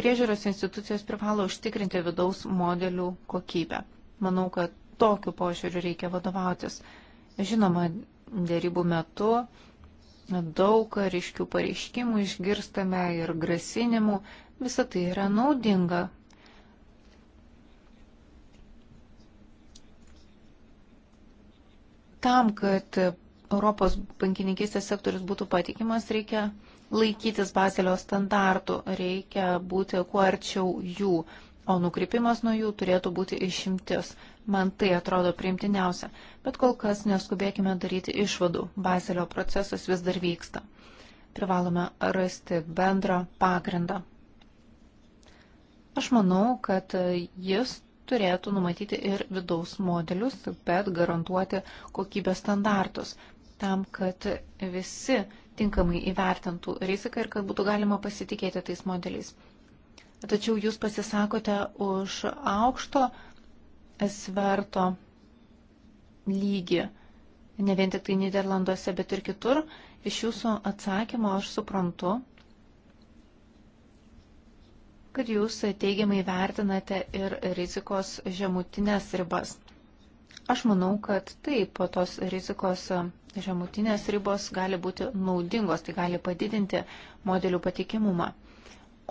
Priežiūros institucijos privalo užtikrinti vidaus modelių kokybę. Manau, kad tokiu požiūriu reikia vadovautis. Žinoma, dėrybų metu daug ryškių pareiškimų išgirstame ir grasinimų. Visą tai yra naudinga. Tam, kad Europos bankininkystės sektorius būtų patikimas, reikia laikytis Bazelio standartų, reikia būti kuo arčiau jų o nukrypimas nuo jų turėtų būti išimtis. Man tai atrodo priimtiniausia, bet kol kas neskubėkime daryti išvadų. Bazelio procesas vis dar vyksta. Privalome rasti bendrą pagrindą. Aš manau, kad jis turėtų numatyti ir vidaus modelius, bet garantuoti kokybės standartus, tam, kad visi tinkamai įvertintų riziką ir kad būtų galima pasitikėti tais modeliais tačiau jūs pasisakote už aukšto sverto lygį, ne vien tik tai Niderlanduose, bet ir kitur. Iš jūsų atsakymo aš suprantu, kad jūs teigiamai vertinate ir rizikos žemutinės ribas. Aš manau, kad taip, tos rizikos žemutinės ribos gali būti naudingos, tai gali padidinti modelių patikimumą.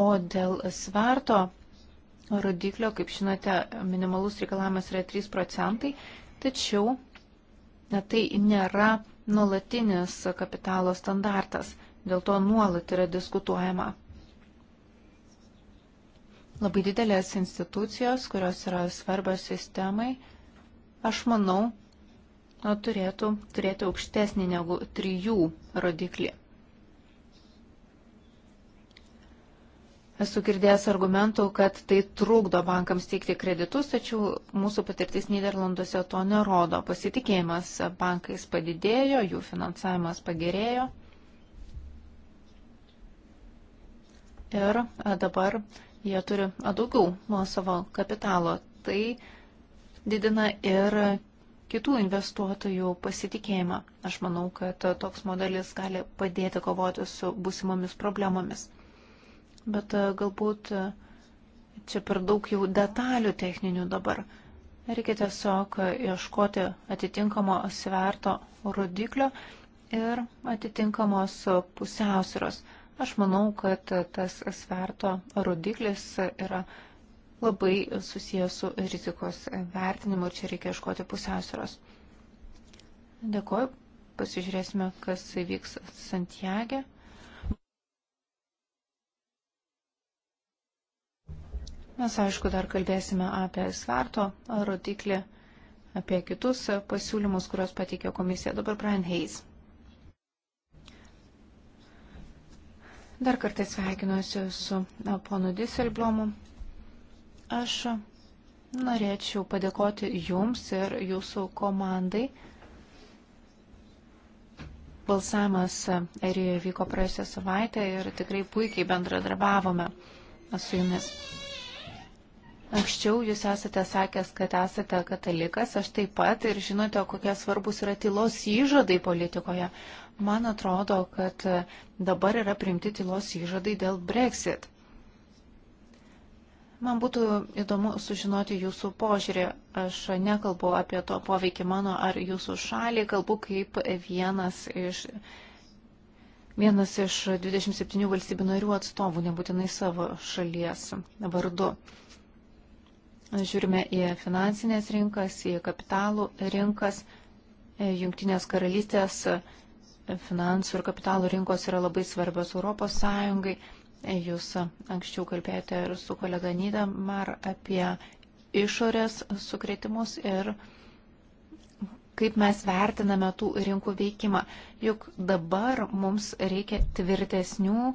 O dėl svarto rodiklio, kaip žinote, minimalus reikalavimas yra 3 procentai, tačiau na, tai nėra nuolatinis kapitalo standartas, dėl to nuolat yra diskutuojama. Labai didelės institucijos, kurios yra svarbios sistemai, aš manau, turėtų turėti aukštesnį negu 3 rodiklį. Esu girdėjęs argumentų, kad tai trukdo bankams teikti kreditus, tačiau mūsų patirtis Niderlanduose to nerodo. Pasitikėjimas bankais padidėjo, jų finansavimas pagerėjo. Ir e, dabar jie turi daugiau nuo savo kapitalo. Tai didina ir kitų investuotojų pasitikėjimą. Aš manau, kad toks modelis gali padėti kovoti su būsimomis problemomis bet e, galbūt e, čia per daug jau detalių techninių dabar. Reikia tiesiog ieškoti atitinkamo sverto rodiklio ir atitinkamos pusiausvėros. Aš manau, kad tas sverto rodiklis yra labai susijęs su rizikos vertinimu ir čia reikia ieškoti pusiausvėros. Dėkuoju, pasižiūrėsime, kas vyks Santiagė. Mes, aišku, dar kalbėsime apie svarto rodiklį, apie kitus pasiūlymus, kuriuos pateikė komisija dabar Brian Hayes. Dar kartą sveikinuosi su ponu Diselblomu. Aš norėčiau padėkoti jums ir jūsų komandai. Balsavimas Airijoje vyko praėjusią savaitę ir tikrai puikiai bendradarbiavome su jumis. Anksčiau jūs esate sakęs, kad esate katalikas, aš taip pat ir žinote, kokie svarbus yra tylos įžadai politikoje. Man atrodo, kad dabar yra primti tylos įžadai dėl Brexit. Man būtų įdomu sužinoti jūsų požiūrį. Aš nekalbu apie to poveikį mano ar jūsų šaliai, kalbu kaip vienas iš, vienas iš 27 valstybių narių atstovų, nebūtinai savo šalies vardu. Žiūrime į finansinės rinkas, į kapitalų rinkas. E, Junktinės karalystės e, finansų ir kapitalų rinkos yra labai svarbios Europos Sąjungai. E, Jūs anksčiau kalbėjote ir su kolega Nydamar apie išorės sukretimus ir kaip mes vertiname tų rinkų veikimą. Juk dabar mums reikia tvirtesnių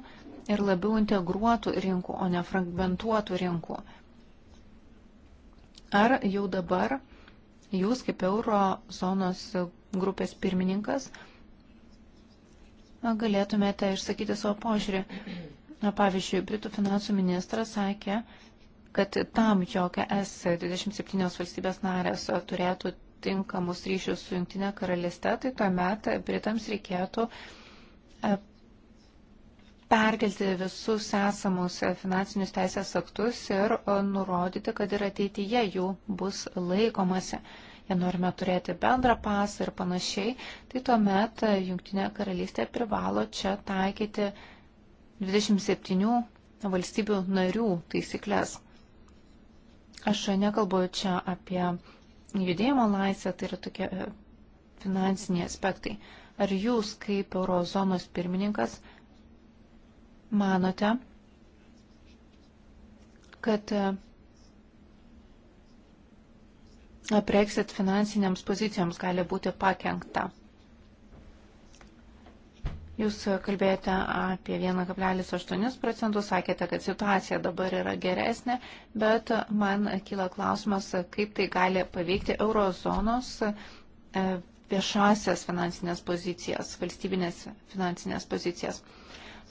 ir labiau integruotų rinkų, o ne fragmentuotų rinkų. Ar jau dabar jūs kaip euro zonos grupės pirmininkas galėtumėte išsakyti savo požiūrį? Pavyzdžiui, Britų finansų ministras sakė, kad tam, jog ES 27 valstybės narės turėtų tinkamus ryšius su Junktinė karalystė, tai tuomet Britams reikėtų perkelti visus esamus finansinius teisės aktus ir e, nurodyti, kad ir ateityje jų bus laikomasi. Jei norime turėti bendrą pasą ir panašiai, tai tuomet e, Junktinė karalystė privalo čia taikyti 27 valstybių narių taisyklės. Aš nekalbu čia apie judėjimo laisvę, tai yra tokie e, finansiniai aspektai. Ar jūs kaip eurozonos pirmininkas manote, kad e, Brexit finansiniams pozicijoms gali būti pakengta. Jūs kalbėjote apie 1,8 procentus, sakėte, kad situacija dabar yra geresnė, bet man kyla klausimas, kaip tai gali paveikti eurozonos e, viešasias finansinės pozicijas, valstybinės finansinės pozicijas.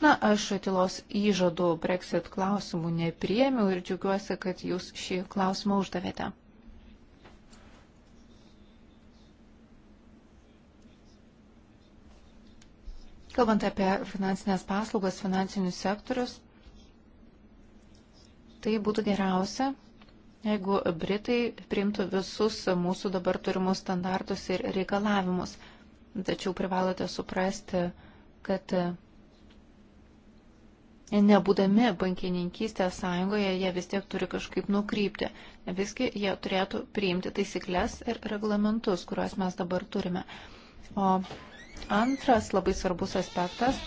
Na, aš atilos įžadų Brexit klausimų nepriemiau ir džiugiuosi, kad jūs šį klausimą uždavėte. Kalbant apie finansinės paslaugas, finansinius sektorius, tai būtų geriausia, jeigu Britai priimtų visus mūsų dabar turimus standartus ir reikalavimus. Tačiau privalote suprasti, kad nebūdami bankininkystės sąjungoje, jie vis tiek turi kažkaip nukrypti. Visgi jie turėtų priimti taisyklės ir reglamentus, kuriuos mes dabar turime. O antras labai svarbus aspektas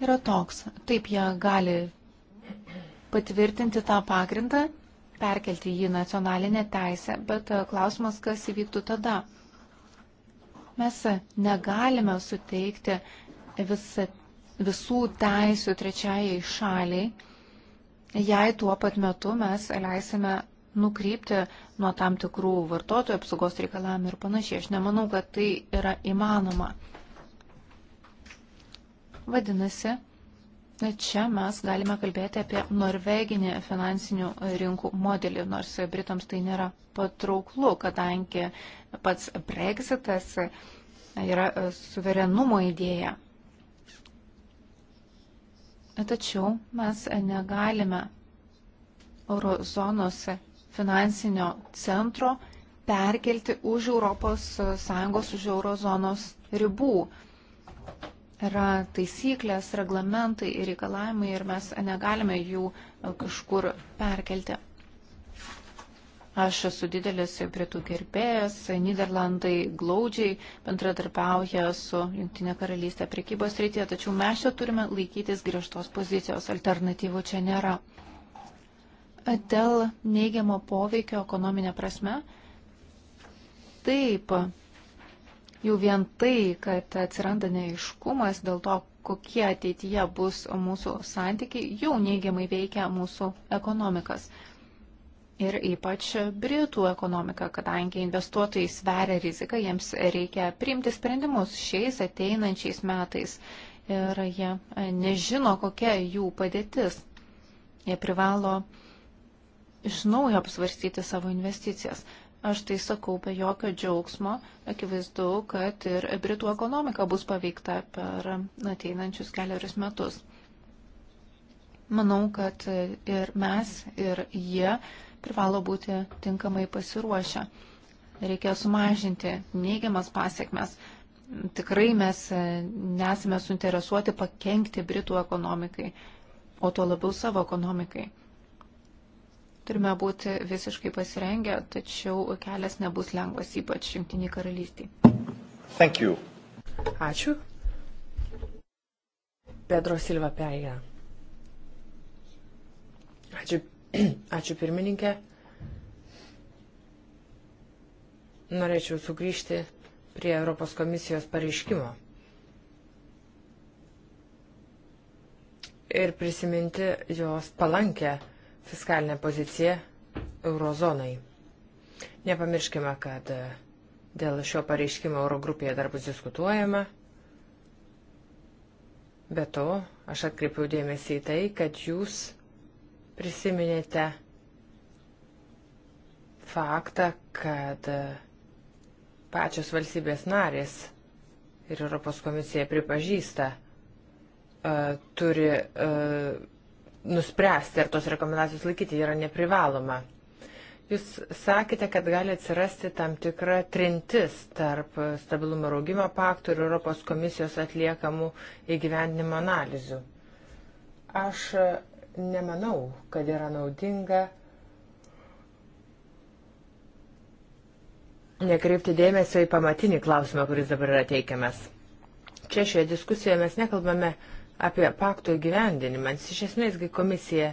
yra toks. Taip jie gali patvirtinti tą pagrindą, perkelti jį nacionalinę teisę, bet e, klausimas, kas įvyktų tada. Mes negalime suteikti visą visų teisių trečiajai šaliai, jei tuo pat metu mes leisime nukrypti nuo tam tikrų vartotojų apsaugos reikalavimų ir panašiai. Aš nemanau, kad tai yra įmanoma. Vadinasi, Čia mes galime kalbėti apie norveginį finansinių rinkų modelį, nors Britams tai nėra patrauklu, kadangi pats Brexitas yra suverenumo idėja. Tačiau mes negalime eurozonos finansinio centro perkelti už ES, už eurozonos ribų. Yra taisyklės, reglamentai ir reikalavimai ir mes negalime jų kažkur perkelti. Aš esu didelis Britų gerbėjas. Niderlandai glaudžiai bendradarbiauja su Junktinė karalystė prekybos rytyje, tačiau mes čia turime laikytis griežtos pozicijos. Alternatyvų čia nėra. Dėl neigiamo poveikio ekonominė prasme. Taip, jau vien tai, kad atsiranda neaiškumas dėl to, kokie ateityje bus mūsų santykiai, jau neigiamai veikia mūsų ekonomikas ir ypač Britų ekonomika, kadangi investuotojai sveria riziką, jiems reikia priimti sprendimus šiais ateinančiais metais ir jie e, nežino, kokia jų padėtis. Jie privalo iš naujo apsvarstyti savo investicijas. Aš tai sakau be jokio džiaugsmo, akivaizdu, kad ir Britų ekonomika bus paveikta per ateinančius keliarius metus. Manau, kad ir mes, ir jie privalo būti tinkamai pasiruošę. Reikia sumažinti neigiamas pasiekmes. Tikrai mes e, nesame suinteresuoti pakengti Britų ekonomikai, o tuo labiau savo ekonomikai. Turime būti visiškai pasirengę, tačiau kelias nebus lengvas, ypač Junktiniai karalystiai. Ačiū. Pedro Silva Pereira. Ačiū Ačiū pirmininkė. Norėčiau sugrįžti prie Europos komisijos pareiškimo. Ir prisiminti jos palankę fiskalinę poziciją eurozonai. Nepamirškime, kad dėl šio pareiškimo Eurogrupėje dar bus diskutuojama. Be to, aš atkreipiau dėmesį į tai, kad jūs prisiminėte faktą, kad pačios valstybės narės ir Europos komisija pripažįsta, e, turi e, nuspręsti, ar tos rekomendacijos laikyti yra neprivaloma. Jūs sakėte, kad gali atsirasti tam tikra trintis tarp stabilumo raugimo paktų ir Europos komisijos atliekamų įgyvendinimo analizių. Aš nemanau, kad yra naudinga nekreipti dėmesio į pamatinį klausimą, kuris dabar yra teikiamas. Čia šioje diskusijoje mes nekalbame apie pakto įgyvendinimą, nes iš esmėsgi komisija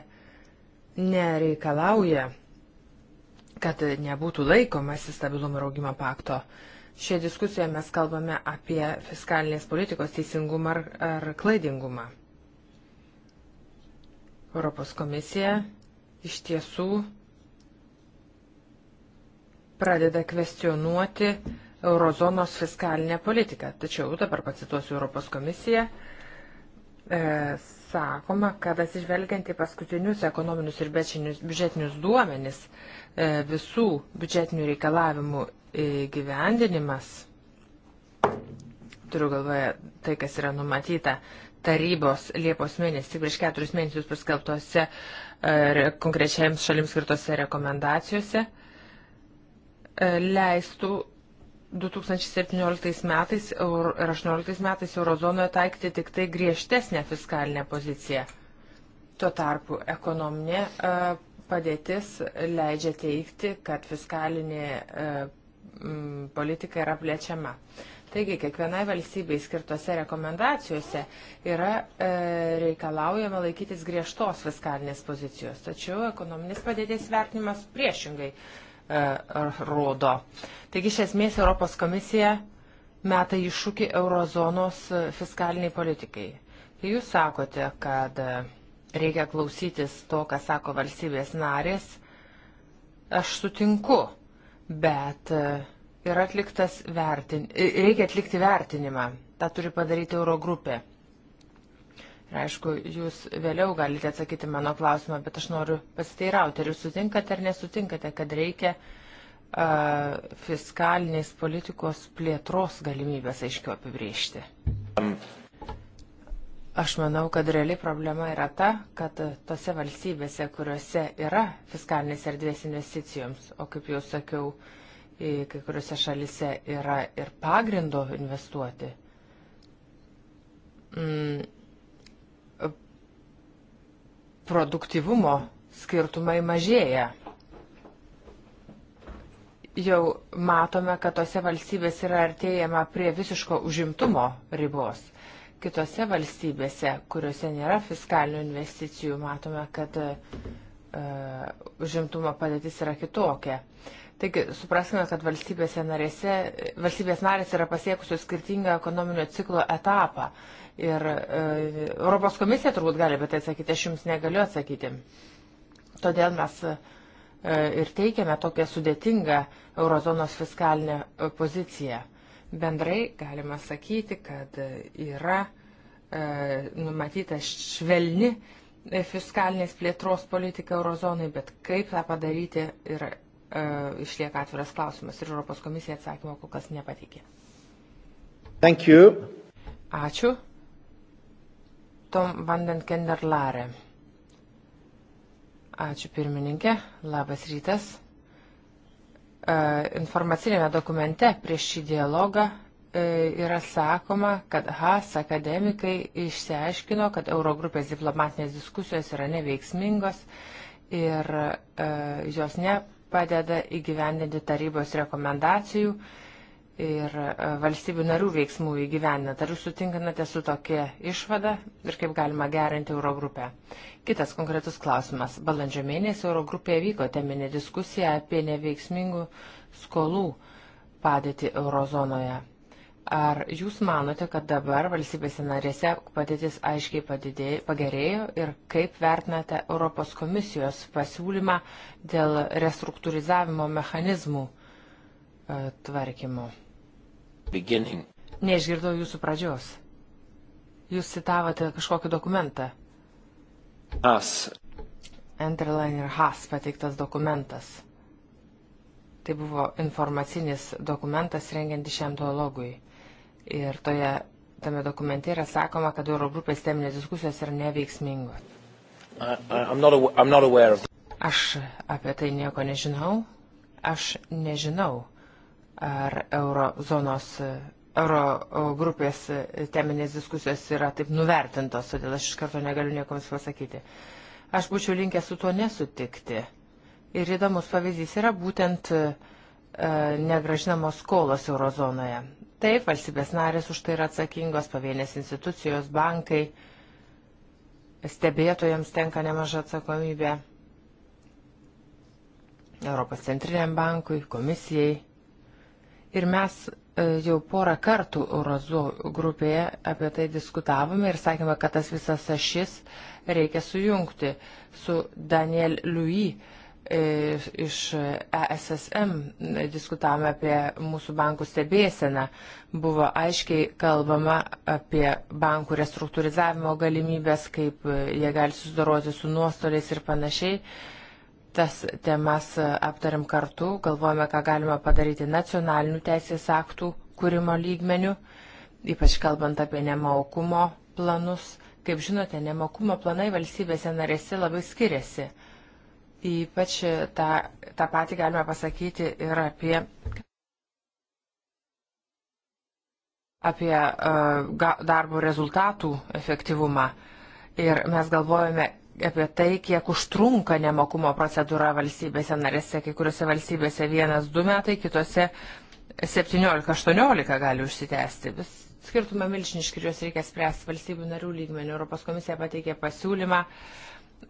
nereikalauja, kad nebūtų laikomasi stabilumo ir augimo pakto. Šioje diskusijoje mes kalbame apie fiskalinės politikos teisingumą ar, ar klaidingumą. Europos komisija iš tiesų pradeda kvestionuoti eurozonos fiskalinę politiką. Tačiau dabar pacituosiu Europos komisiją. E, sakoma, kad atsižvelgiant į paskutinius ekonominius ir biudžetinius duomenis, e, visų biudžetinių reikalavimų gyvendinimas, turiu galvoje tai, kas yra numatyta tarybos Liepos mėnesį prieš keturis mėnesius paskelbtose e, konkrečiams šalims skirtose rekomendacijose e, leistų 2017 metais ir 2018 metais eurozonoje taikyti tik tai griežtesnę fiskalinę poziciją. Tuo tarpu ekonominė e, padėtis leidžia teikti, kad fiskalinė politika yra plečiama. Taigi, kiekvienai valstybei skirtose rekomendacijose yra e, reikalaujama laikytis griežtos fiskalinės pozicijos, tačiau ekonominis padėties vertinimas priešingai e, rodo. Taigi, iš esmės, Europos komisija meta iššūkį eurozonos e, fiskaliniai politikai. Kai jūs sakote, kad e, reikia klausytis to, ką sako valstybės narės, aš sutinku, bet. E, yra atliktas vertin... reikia atlikti vertinimą. Ta turi padaryti Eurogrupė. Ir aišku, jūs vėliau galite atsakyti mano klausimą, bet aš noriu pasiteirauti, ar jūs sutinkate ar nesutinkate, kad reikia uh, fiskalinės politikos plėtros galimybės aiškiau apibriežti. Aš manau, kad reali problema yra ta, kad tose valstybėse, kuriuose yra fiskalinės erdvės investicijoms, o kaip jau sakiau, uh, kai kuriuose šalise yra ir pagrindo investuoti. Mm, Produktivumo skirtumai mažėja. Jau matome, kad tose valstybėse yra artėjama prie visiško užimtumo ribos. Kitose valstybėse, kuriuose nėra fiskalinių investicijų, matome, kad uh, užimtumo padėtis yra kitokia. Uh, Taigi supraskime, kad narėse, valstybės narės yra pasiekusios skirtingą ekonominio ciklo etapą. Ir e, Europos komisija turbūt gali apie tai atsakyti, aš jums negaliu atsakyti. Todėl mes e, ir teikiame tokią sudėtingą eurozonos fiskalinę e, poziciją. Bendrai galima sakyti, kad yra e, numatyta švelni e, fiskalinės plėtros politika eurozonai, bet kaip tą padaryti yra E, išlieka atviras klausimas ir Europos komisija atsakymo kol kas nepateikė. Thank you. Ačiū. Tom Vandenkenderlare. Ačiū pirmininkė. Labas rytas. E, informacinėme dokumente prieš šį dialogą e, yra sakoma, kad HAS akademikai išsiaiškino, kad Eurogrupės diplomatinės diskusijos yra neveiksmingos ir jos ne padeda įgyvendinti tarybos rekomendacijų ir e, valstybių narių veiksmų įgyvendinant. Ar jūs sutinkinate su tokia išvada ir kaip galima gerinti Eurogrupę? Kitas konkretus klausimas. Balandžio mėnesį Eurogrupėje vyko teminė diskusija apie neveiksmingų skolų padėtį eurozonoje. Ar jūs manote, kad dabar valstybėse narėse padėtis aiškiai padidėjo, pagerėjo ir kaip vertinate Europos komisijos pasiūlymą dėl restruktūrizavimo mechanizmų e, tvarkymo? Beginning. Neišgirdau jūsų pradžios. Jūs citavote kažkokį dokumentą. As. Enterline ir Has pateiktas dokumentas. Tai buvo informacinis dokumentas rengianti šiam dialogui. Ir toje, tame dokumente yra sakoma, kad Eurogrupės teminės diskusijos yra neveiksmingos. Aš apie tai nieko nežinau. Aš nežinau, ar eurozonos, eurogrupės teminės diskusijos yra taip nuvertintos, todėl aš iš karto negaliu nieko jums pasakyti. Aš būčiau linkęs su tuo nesutikti. Ir įdomus pavyzdys yra būtent e, negražinamos skolos eurozonoje. Taip, valstybės narės už tai yra atsakingos, pavienės institucijos, bankai, stebėtojams tenka nemaža atsakomybė. Europos centriniam bankui, komisijai. Ir mes e, jau porą kartų Eurozo grupėje apie tai diskutavome ir sakėme, kad tas visas ašis reikia sujungti su Daniel Louis iš ESSM diskutavome apie mūsų bankų stebėseną, buvo aiškiai kalbama apie bankų restruktūrizavimo galimybės, kaip jie gali susidoroti su nuostoliais ir panašiai. Tas temas aptarim kartu, galvojame, ką galima padaryti nacionalinių teisės aktų kūrimo lygmenių, ypač kalbant apie nemaukumo planus. Kaip žinote, nemokumo planai valstybėse narėse labai skiriasi. Ypač tą, tą patį galime pasakyti ir apie, apie uh, darbo rezultatų efektyvumą. Ir mes galvojame apie tai, kiek užtrunka nemokumo procedūra valstybėse narėse. Kai kuriuose valstybėse vienas, du metai, kitose 17-18 gali užsitęsti. Vis skirtumą milžiniški, juos reikia spręsti valstybių narių lygmenių. Europos komisija pateikė pasiūlymą. Uh,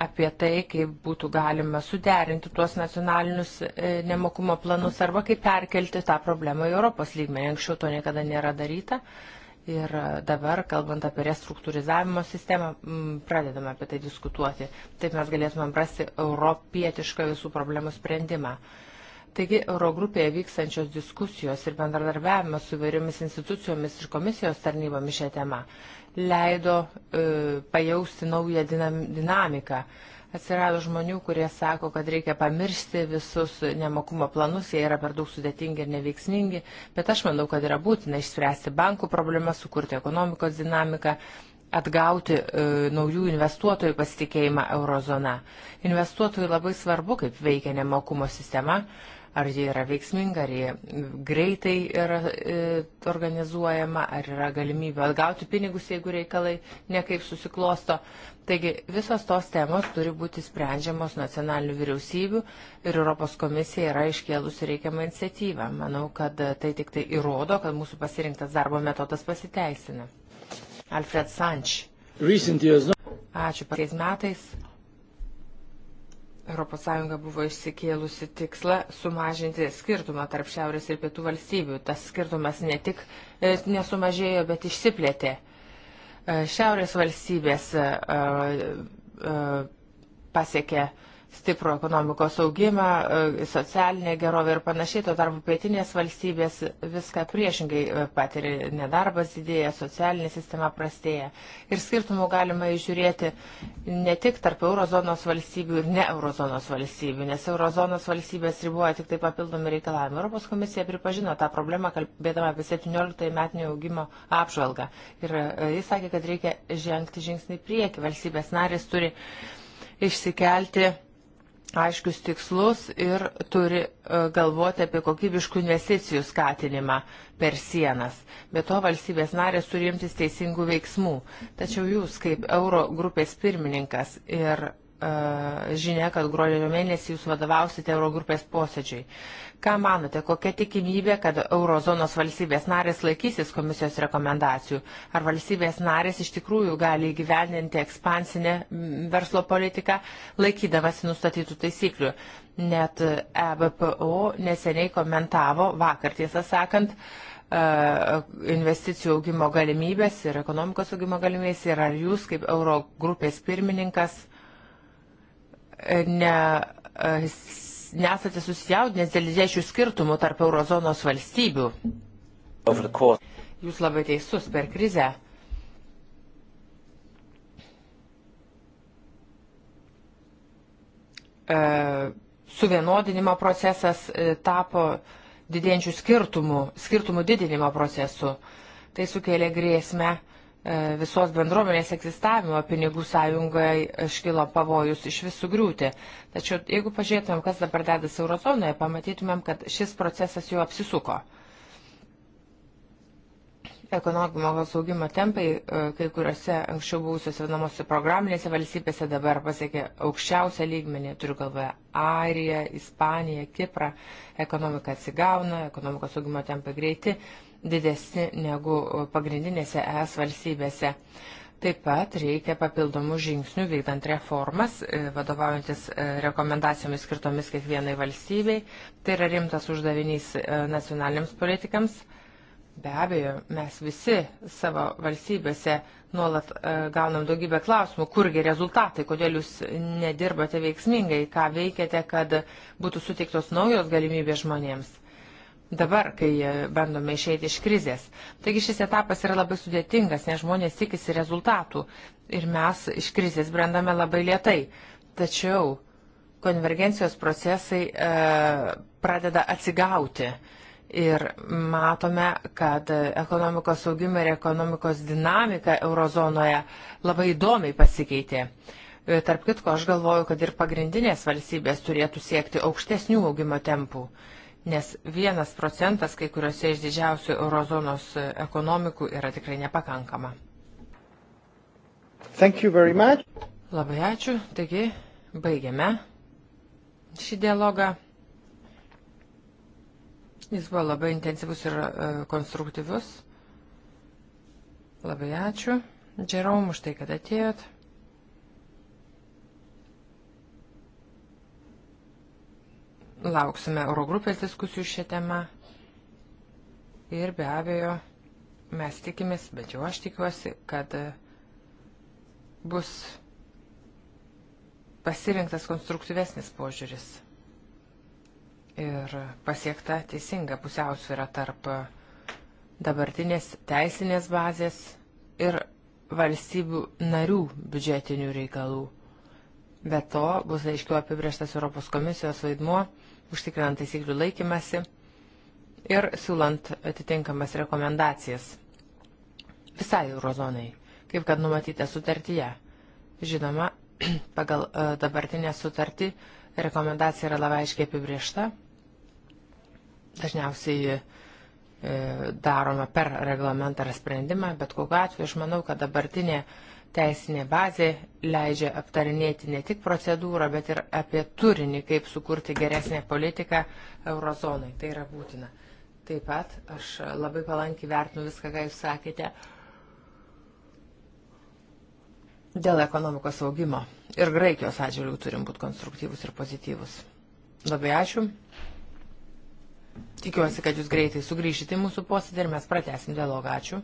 apie tai, kaip būtų galima suderinti tuos nacionalinius e, nemokumo planus arba kaip perkelti tą problemą į Europos lygmenį. Anksčiau to niekada nėra daryta. Ir e, dabar, kalbant apie restruktūrizavimo sistemą, pradedame apie tai diskutuoti. Taip mes galėtumėm rasti europietišką visų problemų sprendimą. Taigi Eurogrupėje vykstančios diskusijos ir bendradarbiavimas su įvairiomis institucijomis ir komisijos tarnybomis šią temą leido e, pajausti naują dinam, dinamiką. Atsirado žmonių, kurie sako, kad reikia pamiršti visus nemokumo planus, jie yra per daug sudėtingi ir neveiksmingi, bet aš manau, kad yra būtina išspręsti bankų problemą, sukurti ekonomikos dinamiką, atgauti e, naujų investuotojų pasitikėjimą eurozona. Investuotojui labai svarbu, kaip veikia nemokumo sistema. E, ar ji yra veiksminga, ar ji greitai yra e, organizuojama, ar yra galimybė atgauti pinigus, jeigu reikalai nekaip susiklosto. Taigi visos tos temos turi būti sprendžiamos nacionalinių vyriausybių ir Europos komisija yra iškėlusi reikiamą iniciatyvą. Manau, kad tai tik tai įrodo, kad mūsų pasirinktas darbo metodas pasiteisina. Alfred Sanč. Ačiū. Pakeis metais ES buvo išsikėlusi tikslą sumažinti skirtumą tarp šiaurės ir pietų valstybių. Tas skirtumas ne tik e, nesumažėjo, bet išsiplėtė. E, šiaurės valstybės e, pasiekė uh, uh, stiprų ekonomikos augimą, e, socialinę gerovę ir panašiai, tuo tarpu pietinės valstybės viską priešingai e, patiria nedarbas didėja, socialinė sistema prastėja. Ir skirtumų galima įžiūrėti ne tik tarp eurozonos valstybių ir ne eurozonos valstybių, nes eurozonos valstybės riboja tik tai papildomi reikalavimai. Europos komisija pripažino tą problemą, kalbėdama apie 17 metinio augimo apžvalgą. Ir e, jis sakė, kad reikia žengti žingsnį prieki. Valstybės narės turi išsikelti aiškius tikslus ir turi e, galvoti apie kokybiškų investicijų skatinimą per sienas. Be to valstybės narės turi imtis teisingų veiksmų. Tačiau jūs kaip euro grupės pirmininkas ir E, žinia, kad gruodžio mėnesį jūs vadovausite Eurogrupės posėdžiui. Ką manote, kokia tikimybė, kad eurozonos valstybės narės laikysis komisijos rekomendacijų? Ar valstybės narės iš tikrųjų gali įgyvendinti ekspansinę verslo politiką, laikydamasi nustatytų taisyklių? Net EBPO neseniai komentavo, vakar tiesą sakant, e, investicijų augimo galimybės ir ekonomikos augimo galimybės ir ar jūs kaip euro grupės pirmininkas ne, e, nesate susijaudinęs dėl didesnių skirtumų tarp eurozonos valstybių. Jūs labai teisus per krizę. E, suvienodinimo procesas e, tapo didėjančių skirtumų, skirtumų didinimo procesu. Tai sukėlė grėsmę uh, E, visos bendruomenės egzistavimo pinigų sąjungai iškilo pavojus iš visų griūti. Tačiau jeigu pažiūrėtumėm, kas dabar dedasi eurozonoje, pamatytumėm, kad šis procesas jau apsisuko. Ekonomikos augimo tempai e, kai kuriuose anksčiau buvusios vadinamosios programinėse valstybėse dabar pasiekė aukščiausią lygmenį, turiu galvoje Airiją, Ispaniją, Kiprą, ekonomika atsigauna, ekonomikos augimo tempai greiti, didesni negu pagrindinėse ES valstybėse. Taip pat reikia papildomų žingsnių vykdant reformas, e, vadovaujantis e, rekomendacijomis skirtomis kiekvienai valstybei. Tai yra rimtas uždavinys e, nacionaliniams politikams. Be abejo, mes visi savo valstybėse nuolat gaunam daugybę klausimų, kurgi rezultatai, kodėl jūs nedirbate veiksmingai, ką veikiate, kad būtų suteiktos naujos galimybės žmonėms dabar, kai bandome išeiti iš krizės. Taigi šis etapas yra labai sudėtingas, nes žmonės tikisi rezultatų ir mes iš krizės brendame labai lietai. Tačiau konvergencijos procesai e, pradeda atsigauti ir matome, kad ekonomikos augimai ir ekonomikos dinamika eurozonoje labai įdomiai pasikeitė. E, tarp kitko, aš galvoju, kad ir pagrindinės valstybės turėtų siekti aukštesnių augimo tempų nes vienas procentas kai kuriuose iš didžiausių eurozonos ekonomikų yra tikrai nepakankama. Labai ačiū. Taigi, baigiame šį dialogą. Jis buvo labai intensyvus ir e, konstruktyvus. Labai ačiū. Džerom už tai, kad atėjot. Lauksime Eurogrupės diskusijų šią temą ir be abejo mes tikimės, bet jau aš tikiuosi, kad e, bus pasirinktas konstruktyvesnis požiūris ir pasiekta teisinga pusiausvėra tarp dabartinės teisinės bazės ir valstybių narių biudžetinių reikalų. Be to bus aiškiau apibrieštas Europos komisijos vaidmuo užtikrinant taisyklių laikymasi ir siūlant atitinkamas rekomendacijas visai eurozonai, kaip kad numatyta sutartyje. Žinoma, <clears throat> pagal e, dabartinę sutartį rekomendacija yra labai aiškiai apibriešta. Dažniausiai e, daroma per reglamentą ar sprendimą, bet kokiu atveju aš manau, kad dabartinė uh, Teisinė bazė leidžia aptarinėti ne tik procedūrą, bet ir apie turinį, kaip sukurti geresnę politiką eurozonai. Tai yra būtina. Taip pat aš labai palankiai vertinu viską, ką jūs sakėte dėl ekonomikos augimo. Ir Graikijos atžvilgių turim būti konstruktyvus ir pozityvus. Labai ačiū. Tikiuosi, kad jūs greitai sugrįšite į mūsų posėdį ir mes pratesim dialogą. Ačiū.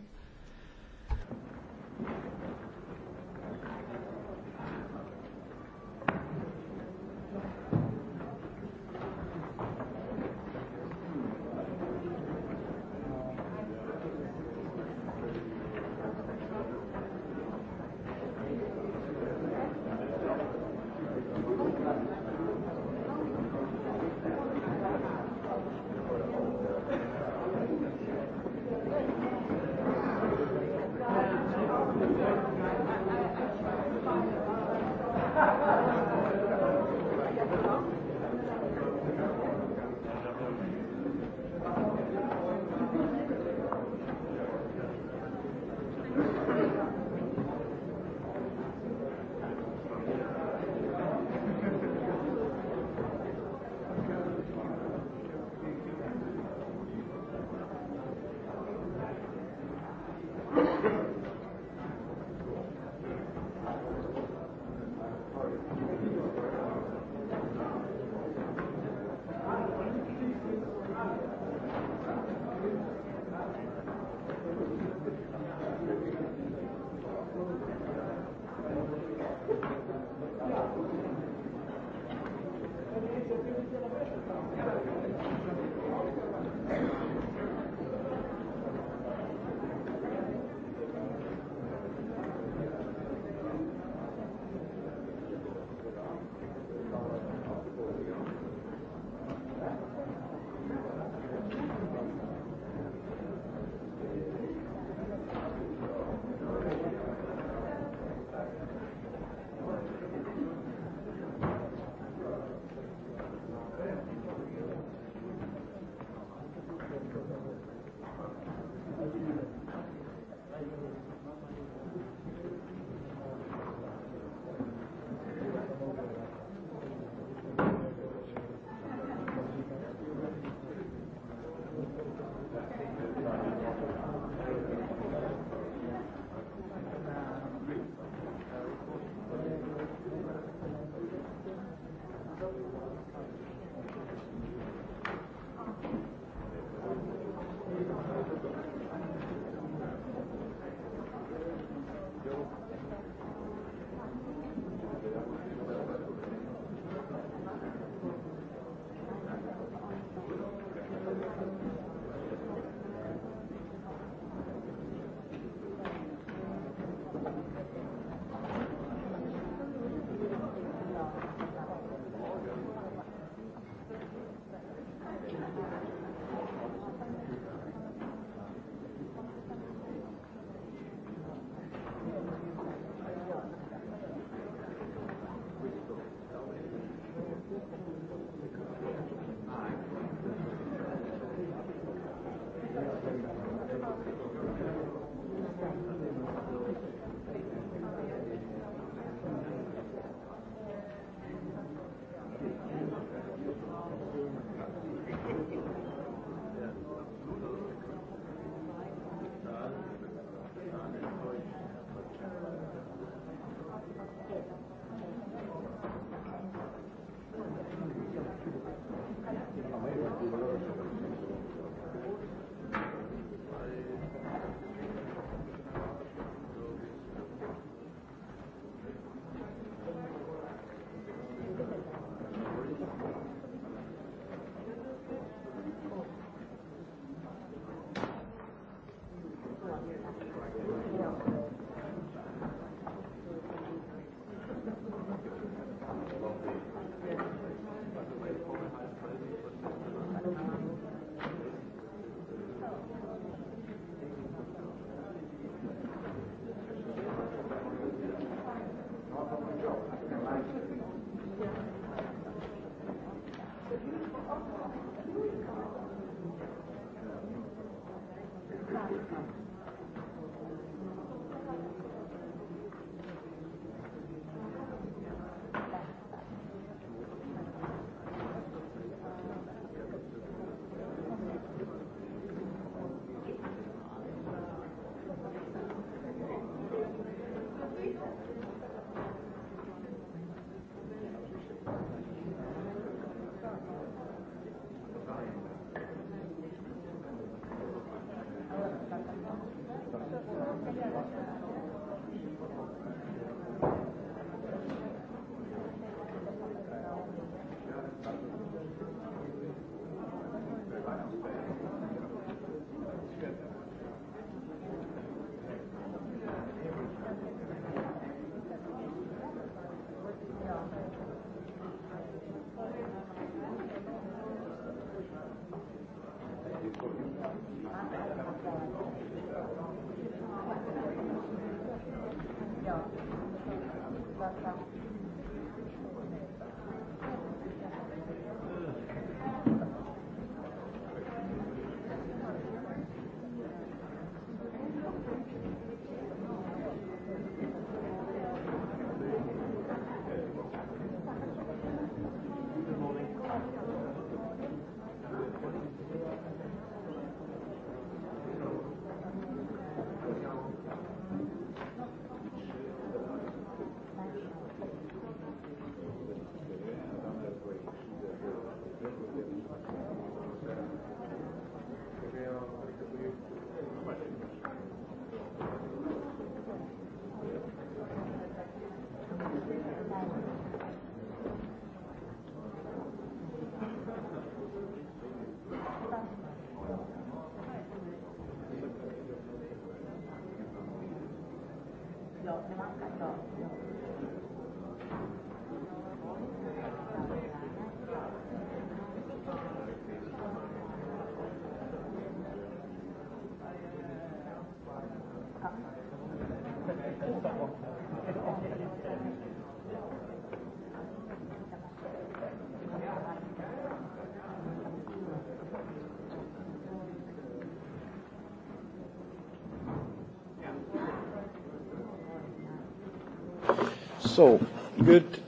So, good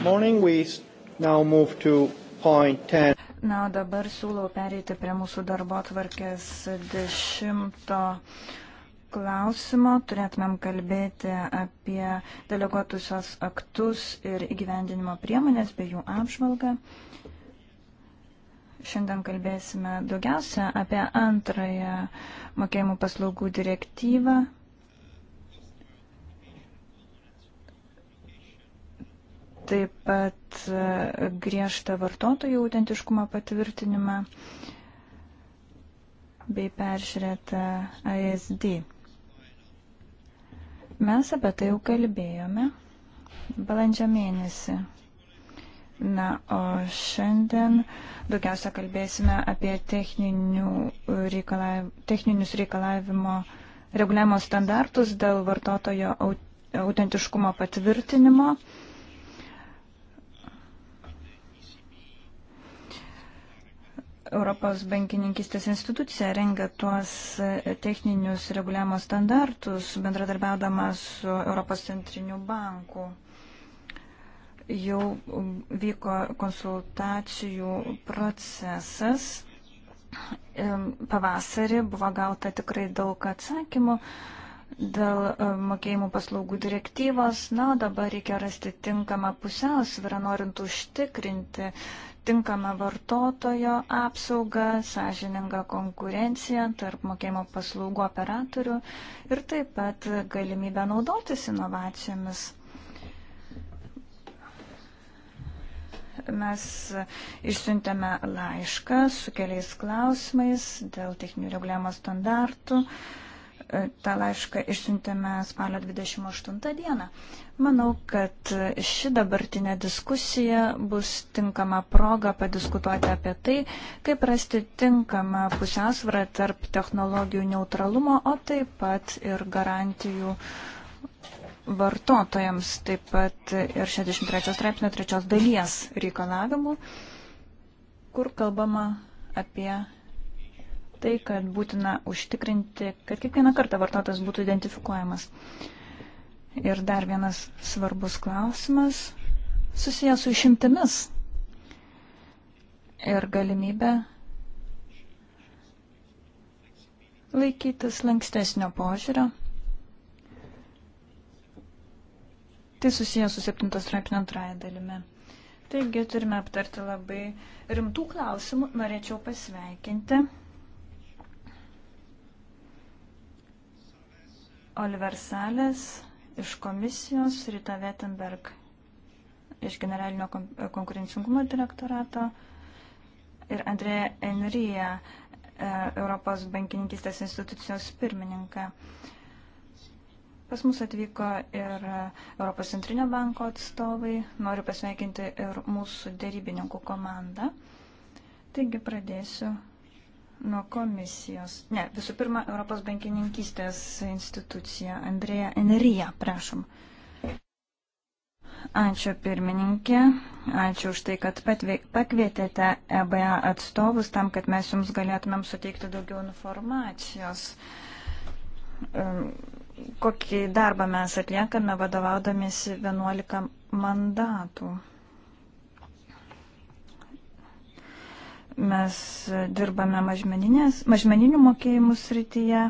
morning. We now move to point 10. Na, o dabar siūlau pereiti prie mūsų darbo atvarkės dešimto klausimo. Turėtumėm kalbėti apie deleguotusios aktus ir įgyvendinimo priemonės bei jų apžvalgą. Šiandien kalbėsime daugiausia apie antrąją mokėjimų paslaugų direktyvą taip pat e, griežtą vartotojų autentiškumo patvirtinimą bei peržiūrėtą ASD. Mes apie tai jau kalbėjome balandžio mėnesį. Na, o šiandien daugiausia kalbėsime apie reikalav... techninius reikalavimo reguliavimo standartus dėl vartotojo autentiškumo patvirtinimo. Europos bankininkistės institucija rengia tuos e, techninius reguliavimo standartus, bendradarbiaudama su Europos centriniu banku. Jau um, vyko konsultacijų procesas. Pavasarį buvo gauta tikrai daug atsakymų dėl e, mokėjimų paslaugų direktyvos. Na, dabar reikia rasti tinkamą pusiausvyrą, norint užtikrinti uh, tinkamą vartotojo apsaugą, sąžiningą konkurenciją tarp mokėjimo paslaugų operatorių ir taip pat galimybę naudotis inovacijomis. Mes išsiuntėme laišką su keliais klausimais dėl techninių reguliavimo standartų. Ta laišką išsiuntėme spalio 28 dieną. Manau, kad ši dabartinė diskusija bus tinkama proga padiskutuoti apie tai, kaip rasti tinkamą pusiausvyrą tarp technologijų neutralumo, o taip pat ir garantijų vartotojams, taip pat ir 63 straipsnio trečios dalies reikalavimų, kur kalbama apie tai, kad būtina užtikrinti, kad kiekvieną kartą vartotojas būtų identifikuojamas. Ir dar vienas svarbus klausimas susijęs su išimtimis ir galimybę laikytis lankstesnio požiūrio. Tai susijęs su 7 straipsnio antrąją dalimi. Taigi turime aptarti labai rimtų klausimų. Norėčiau pasveikinti Oliver Salės iš komisijos, Rita Vettenberg iš generalinio konkurencingumo direktorato ir Andrėja Enryja, Europos bankininkistės institucijos pirmininką. Pas mus atvyko ir Europos centrinio banko atstovai. Noriu pasveikinti ir mūsų dėrybininkų komandą. Taigi pradėsiu nuo komisijos. Ne, visų pirma, Europos bankininkystės institucija Andrėja Enerija, prašom. Ačiū pirmininkė, ačiū už tai, kad pakvietėte EBA atstovus tam, kad mes jums galėtumėm suteikti daugiau informacijos. Kokį darbą mes atliekame vadovaudamėsi 11 mandatų. Mes dirbame mažmeninių mokėjimų srityje.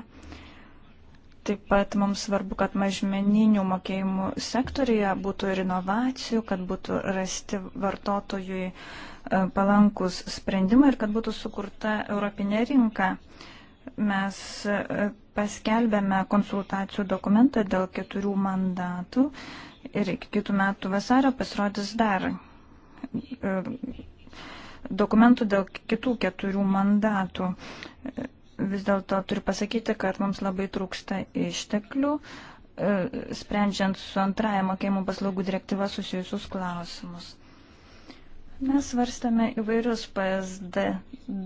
Taip pat mums svarbu, kad mažmeninių mokėjimų sektorija būtų ir inovacijų, kad būtų rasti vartotojui e, palankus sprendimai ir kad būtų sukurta europinė rinka. Mes e, paskelbėme konsultacijų dokumentą dėl keturių mandatų ir iki kitų metų vasario pasirodys dar e, dokumentų dėl kitų keturių mandatų. Vis dėlto turiu pasakyti, kad mums labai trūksta išteklių, e, sprendžiant su antraja mokėjimų paslaugų direktyva susijusius klausimus. Mes svarstame įvairius PSD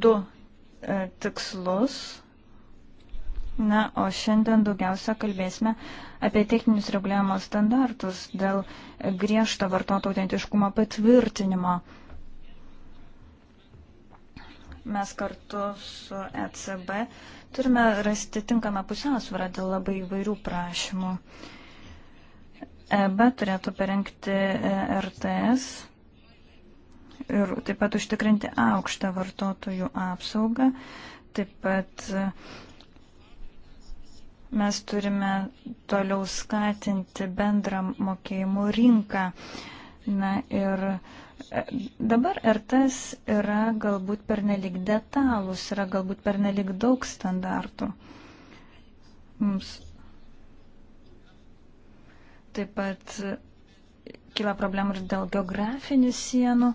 2 e, tikslus. Na, o šiandien daugiausia kalbėsime apie techninius reguliavimo standartus dėl griežto vartoto autentiškumo patvirtinimo mes kartu su ECB turime rasti tinkamą pusiausvyrą dėl labai įvairių prašymų. EB turėtų parengti e, RTS ir taip pat užtikrinti aukštą vartotojų apsaugą. Taip pat e, mes turime toliau skatinti bendrą mokėjimų rinką. Na ir uh, E, dabar RTS yra galbūt pernelik detalus, yra galbūt pernelik daug standartų. Mums taip pat kyla problemų ir dėl geografinių sienų.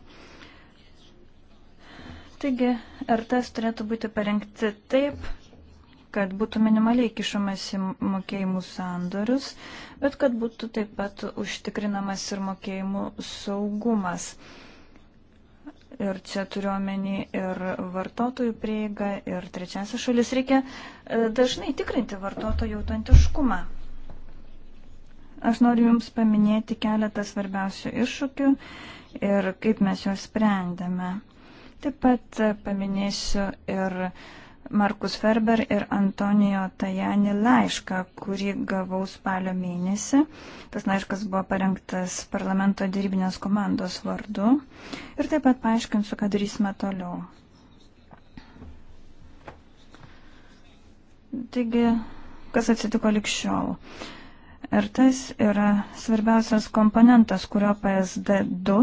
Taigi, RTS turėtų būti parengti taip, kad būtų minimaliai kišamas į mokėjimų sandorius, bet kad būtų taip pat užtikrinamas ir mokėjimų saugumas. Ir čia turiuomenį ir vartotojų prieigą, ir trečiasią šalis reikia e, dažnai tikrinti vartotojų autentiškumą. Aš noriu Jums paminėti keletą svarbiausių iššūkių ir kaip mes juos sprendėme. Taip pat e, paminėsiu ir uh, Markus Ferber ir Antonijo Tajani laišką, kurį gavau spalio mėnesį. Tas laiškas buvo parengtas parlamento dėrybinės komandos vardu. Ir taip pat paaiškinsiu, ką darysime toliau. Taigi, kas atsitiko likščiau? šiol? Ir tas yra svarbiausias komponentas, kurio PSD2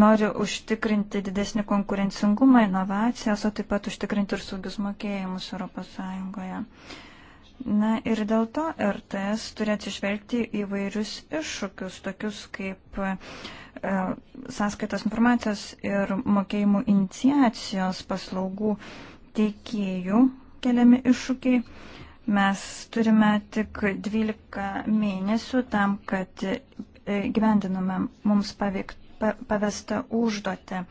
nori užtikrinti didesnį konkurencingumą, inovacijas, o taip pat užtikrinti ir saugius mokėjimus ES. Na ir dėl to RTS turi atsižvelgti įvairius iššūkius, tokius kaip e, sąskaitos informacijos ir mokėjimų iniciacijos paslaugų teikėjų keliami iššūkiai Mes turime tik 12 mėnesių tam, kad e, gyvendiname mums pavykt, pavestą užduotę.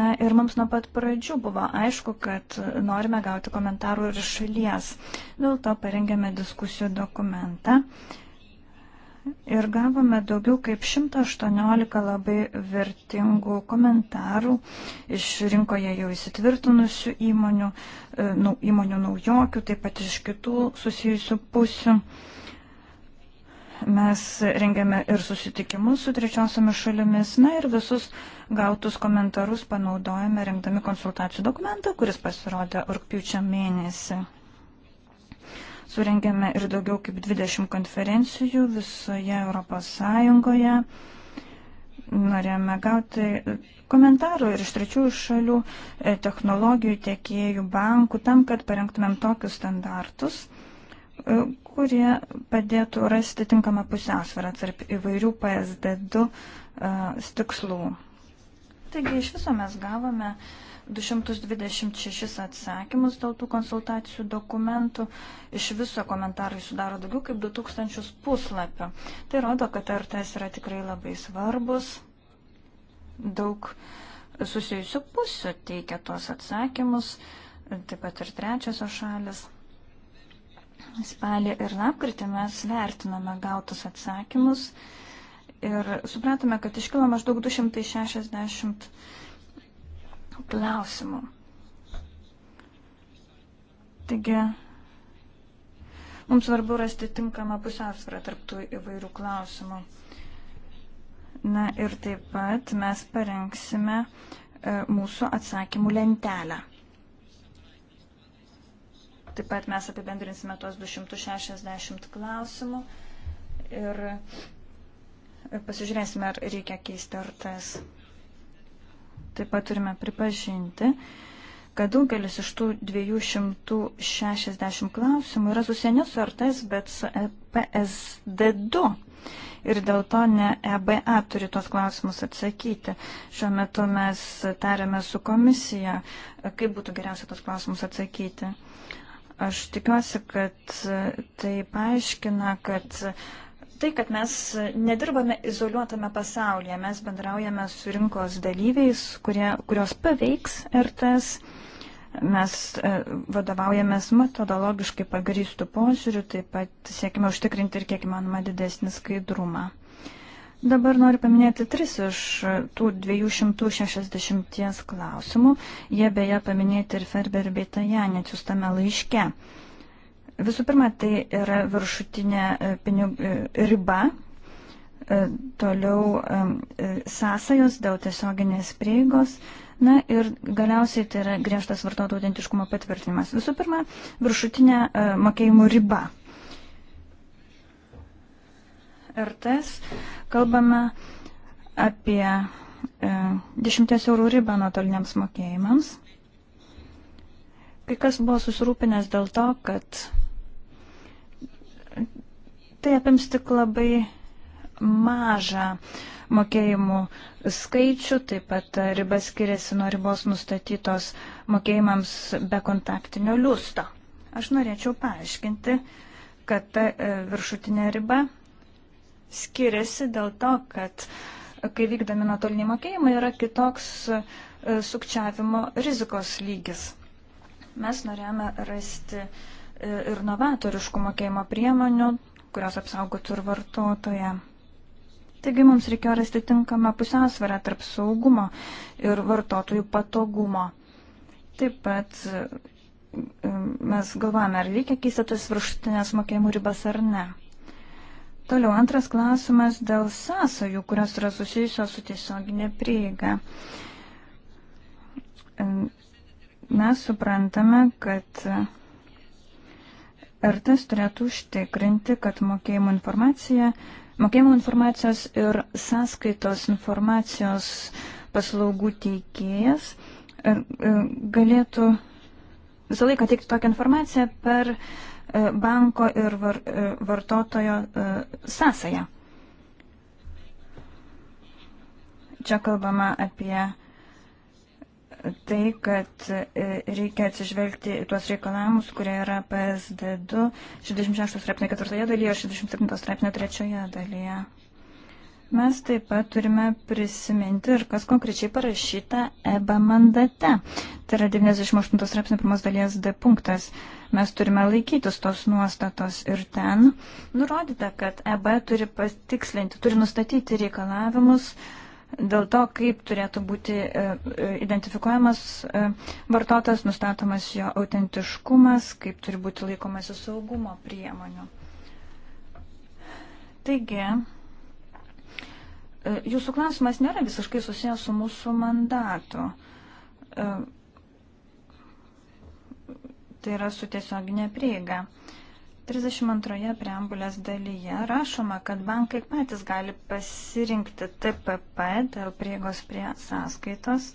Na ir mums nuo pat pradžių buvo aišku, kad norime gauti komentarų ir šalies. Dėl to parengėme diskusijų dokumentą. Uh, ir gavome daugiau kaip 118 labai vertingų komentarų iš rinkoje jau įsitvirtinusių įmonių, nu, įmonių naujokių, taip pat iš kitų susijusių pusių. Mes rengiame ir susitikimus su trečiosiomis šalimis, na ir visus gautus komentarus panaudojame rengdami konsultacijų dokumentą, kuris pasirodė rūpiučio mėnesį surengėme ir daugiau kaip 20 konferencijų visoje Europos Sąjungoje. Norėjome gauti komentarų ir iš trečiųjų šalių, e, technologijų, tiekėjų, bankų, tam, kad parengtumėm tokius standartus, e, kurie padėtų rasti tinkamą pusiausvyrą tarp įvairių PSD2 e, tikslų. Taigi iš viso mes gavome uh, 226 atsakymus dėl tų konsultacijų dokumentų. Iš viso komentarai sudaro daugiau kaip 2000 puslapio. Tai rodo, kad RTS yra tikrai labai svarbus. Daug susijusių pusių teikia tuos atsakymus, taip pat ir trečiosios šalis. Spalį ir lapkritį mes vertiname gautus atsakymus ir supratome, kad iškilo maždaug 260 klausimų. Taigi, mums svarbu rasti tinkamą pusiausvyrą tarptų įvairių klausimų. Na ir taip pat mes parengsime e, mūsų atsakymų lentelę. Taip pat mes apibendrinsime tuos 260 klausimų ir e, pasižiūrėsime, ar reikia keisti ar tas Taip pat turime pripažinti, kad daugelis iš tų 260 klausimų yra susiję ne su RTS, bet su e PSD2. Ir dėl to ne EBA turi tos klausimus atsakyti. Šiuo metu mes tarėme su komisija, kaip būtų geriausia tos klausimus atsakyti. Aš tikiuosi, kad tai paaiškina, kad tai, kad mes nedirbame izoliuotame pasaulyje, mes bendraujame su rinkos dalyviais, kurie, kurios paveiks RTS. Mes e, vadovaujamės metodologiškai pagrįstų požiūrių, taip pat siekime užtikrinti ir kiek įmanoma didesnį skaidrumą. Dabar noriu paminėti tris iš tų 260 klausimų. Jie beje paminėti ir Ferber bei Tajanė atsiųstame laiške. Visų pirma, tai yra viršutinė e, pinig, e, riba, e, toliau sąsajos dėl tiesioginės prieigos. Na ir galiausiai tai yra griežtas vartotojų autentiškumo patvirtinimas. Visų pirma, viršutinė mokėjimų riba. Ir tas kalbame apie 10 eurų ribą nuotoliniams mokėjimams. Kai kas buvo susirūpinęs dėl to, kad Tai apims tik labai mažą mokėjimų skaičių, taip pat riba skiriasi nuo ribos nustatytos mokėjimams be kontaktinio liusto. Aš norėčiau paaiškinti, kad ta e, viršutinė riba skiriasi dėl to, kad kai vykdami nuotoliniai mokėjimai yra kitoks e, sukčiavimo rizikos lygis. Mes norėjome rasti e, ir novatoriškų mokėjimo priemonių, kurios apsaugotų ir vartotoje. Taigi mums reikėjo rasti tinkamą pusiausvyrą tarp saugumo ir vartotojų patogumo. Taip pat mes galvojame, ar reikia keisti tas viršutinės mokėjimų ribas ar ne. Toliau antras klausimas dėl sąsajų, kurios yra susijusios su tiesioginė prieiga. Mes suprantame, kad Ir tas turėtų užtikrinti, kad mokėjimo, informacija, mokėjimo informacijos ir sąskaitos informacijos paslaugų teikėjas e, e, galėtų visą laiką teikti tokią informaciją per e, banko ir var, vartotojo sąsają. Čia kalbama apie tai, kad e, reikia atsižvelgti į tuos reikalavimus, kurie yra PSD2, 66 straipsnio 4 dalyje, 67 straipsnio 3 dalyje. Mes taip pat turime prisiminti ir kas konkrečiai parašyta EBA mandate. Tai yra 98 straipsnio pirmos dalies D punktas. Mes turime laikytis tos nuostatos ir ten nurodyta, kad EBA turi patikslinti, turi nustatyti reikalavimus uh, dėl to, kaip turėtų būti e, e, identifikuojamas e, vartotojas, nustatomas jo autentiškumas, kaip turi būti laikomasi saugumo priemonių. Taigi, jūsų klausimas nėra visiškai susijęs su mūsų mandatu. Tai yra su tiesioginė prieiga. Uh, 32 preambulės dalyje rašoma, kad bankai patys gali pasirinkti TPP dėl priegos prie sąskaitos,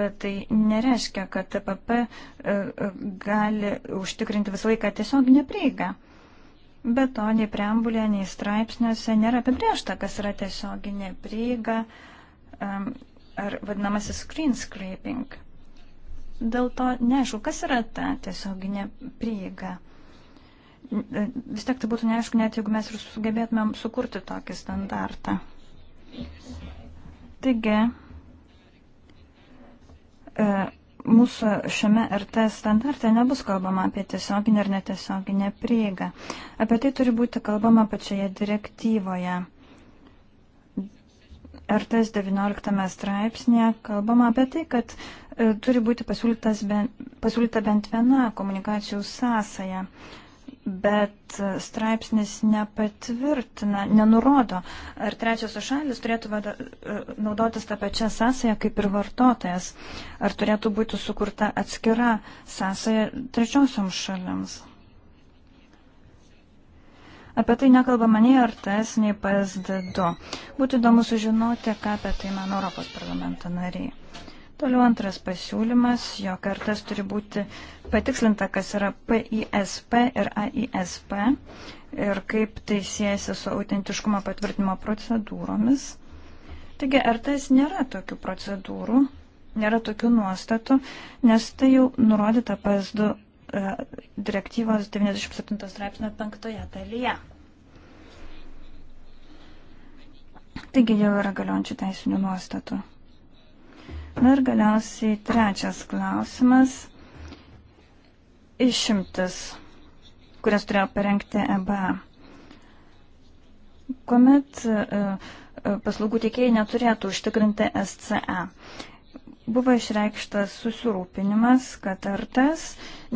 bet tai nereiškia, kad TPP e, e, gali užtikrinti visą laiką tiesiog neprieigą. Be to, nei preambulėje, nei straipsniuose nėra apibriešta, kas yra tiesioginė prieiga ar vadinamasis screen scraping. Dėl to neaišku, kas yra ta tiesioginė prieiga vis tiek tai būtų neaišku, net jeigu mes ir sugebėtumėm sukurti tokį standartą. Taigi, e, mūsų šiame RT standarte nebus kalbama apie tiesioginę ar netiesioginę prieigą. Apie tai turi būti kalbama pačioje direktyvoje. RTS 19 straipsnėje kalbama apie tai, kad e, turi būti ben, pasiūlyta bent viena komunikacijų sąsaja. E, bet straipsnis nepatvirtina, nenurodo, ar trečiosios šalis turėtų vada, e, naudotis tą pačią sąsąją kaip ir vartotojas, ar turėtų būti sukurta atskira sąsąja trečiosioms šalims. Apie tai nekalbama nei RTS, nei PSD2. Būtų įdomu sužinoti, ką apie tai mano Europos parlamento nariai. Toliau antras pasiūlymas, jo kartas turi būti patikslinta, kas yra PISP ir AISP ir kaip tai siejasi su autentiškumo patvirtinimo procedūromis. Taigi, ar tas nėra tokių procedūrų, nėra tokių nuostatų, nes tai jau nurodyta PSD e, direktyvos 97 straipsnio 5 dalyje. Taigi jau yra galiojančių teisinių nuostatų. Na ir galiausiai trečias klausimas. Išimtis, kurias turėjo parengti EBA. Komet e, e, paslaugų teikėjai neturėtų užtikrinti SCE. Buvo išreikštas susirūpinimas, kad ar tas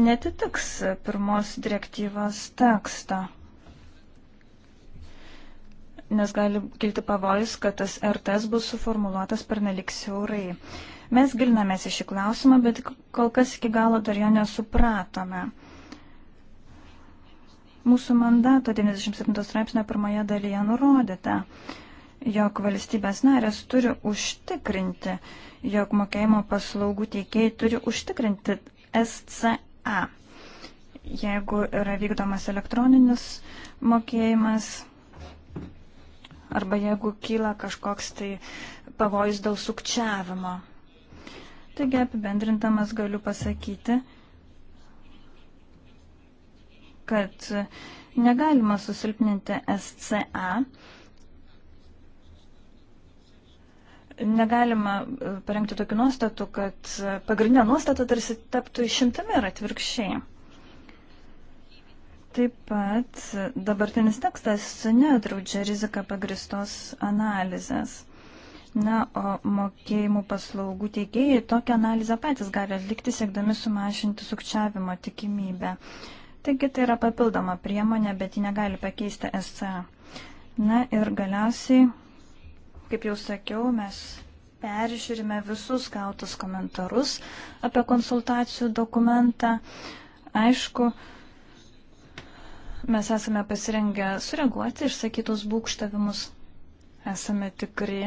netitiks pirmos direktyvos teksto nes gali kilti pavojus, kad tas RTS bus suformuluotas per nelik siaurai. Mes gilinamės į šį klausimą, bet kol kas iki galo dar jo nesupratome. Mūsų mandato 97 straipsnio pirmoje dalyje nurodyta, jog valstybės narės turi užtikrinti, jog mokėjimo paslaugų teikėjai turi užtikrinti SCA. Jeigu yra vykdomas elektroninis mokėjimas, arba jeigu kyla kažkoks tai pavojus dėl sukčiavimo. Taigi apibendrintamas galiu pasakyti, kad negalima susilpninti SCA, negalima e, parengti tokių nuostatų, kad e, pagrindinė nuostata tarsi taptų išimtimi ir atvirkščiai. Taip pat dabartinis tekstas nedraudžia riziką pagristos analizės. Na, o mokėjimų paslaugų teikėjai tokią analizę patys gali atlikti, siekdami sumažinti sukčiavimo tikimybę. Taigi tai yra papildoma priemonė, bet ji negali pakeisti SCA. Na ir galiausiai, kaip jau sakiau, mes peržiūrime visus gautus komentarus apie konsultacijų dokumentą. Aišku, uh, Mes esame pasirengę sureaguoti išsakytus būkštavimus. Esame tikri,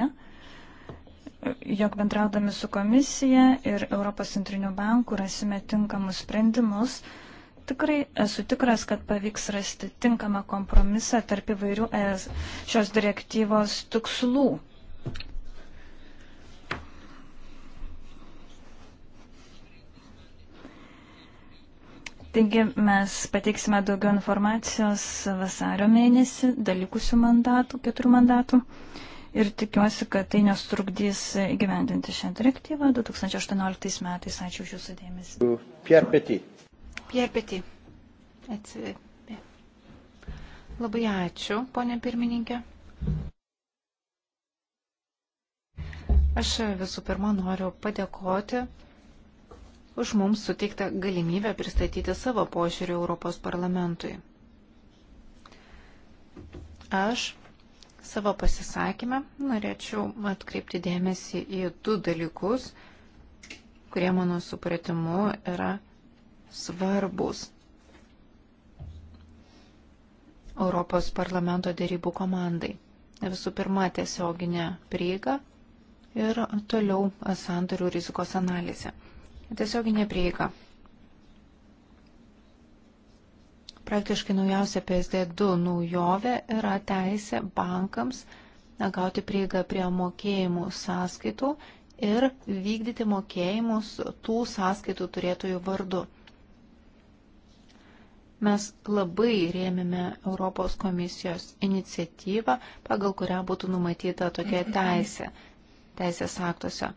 jog bendraudami su komisija ir Europos centriniu banku rasime tinkamus sprendimus. Tikrai esu tikras, kad pavyks rasti tinkamą kompromisą tarp įvairių šios direktyvos tikslų. Taigi mes pateiksime daugiau informacijos vasario mėnesį, dalykusių mandatų, keturių mandatų. Ir tikiuosi, kad tai nestrukdys įgyvendinti šią direktyvą 2018 metais. Ačiū už Jūsų dėmesį. Pierre Petit. Pierre Petit. Atsivė. Labai ačiū, ponė pirmininkė. Aš visų pirma noriu padėkoti už mums suteiktą galimybę pristatyti savo požiūrį Europos parlamentui. Aš savo pasisakymę norėčiau atkreipti dėmesį į du dalykus, kurie mano supratimu yra svarbus Europos parlamento dėrybų komandai. Visų pirma, tiesioginė prieiga ir toliau sandorių rizikos analizė. Tiesioginė prieiga. Praktiškai naujausia PSD2 naujovė yra teisė bankams gauti prieigą prie mokėjimų sąskaitų ir vykdyti mokėjimus tų sąskaitų turėtojų vardu. Mes labai rėmėme Europos komisijos iniciatyvą, pagal kurią būtų numatyta tokia teisė teisės aktuose.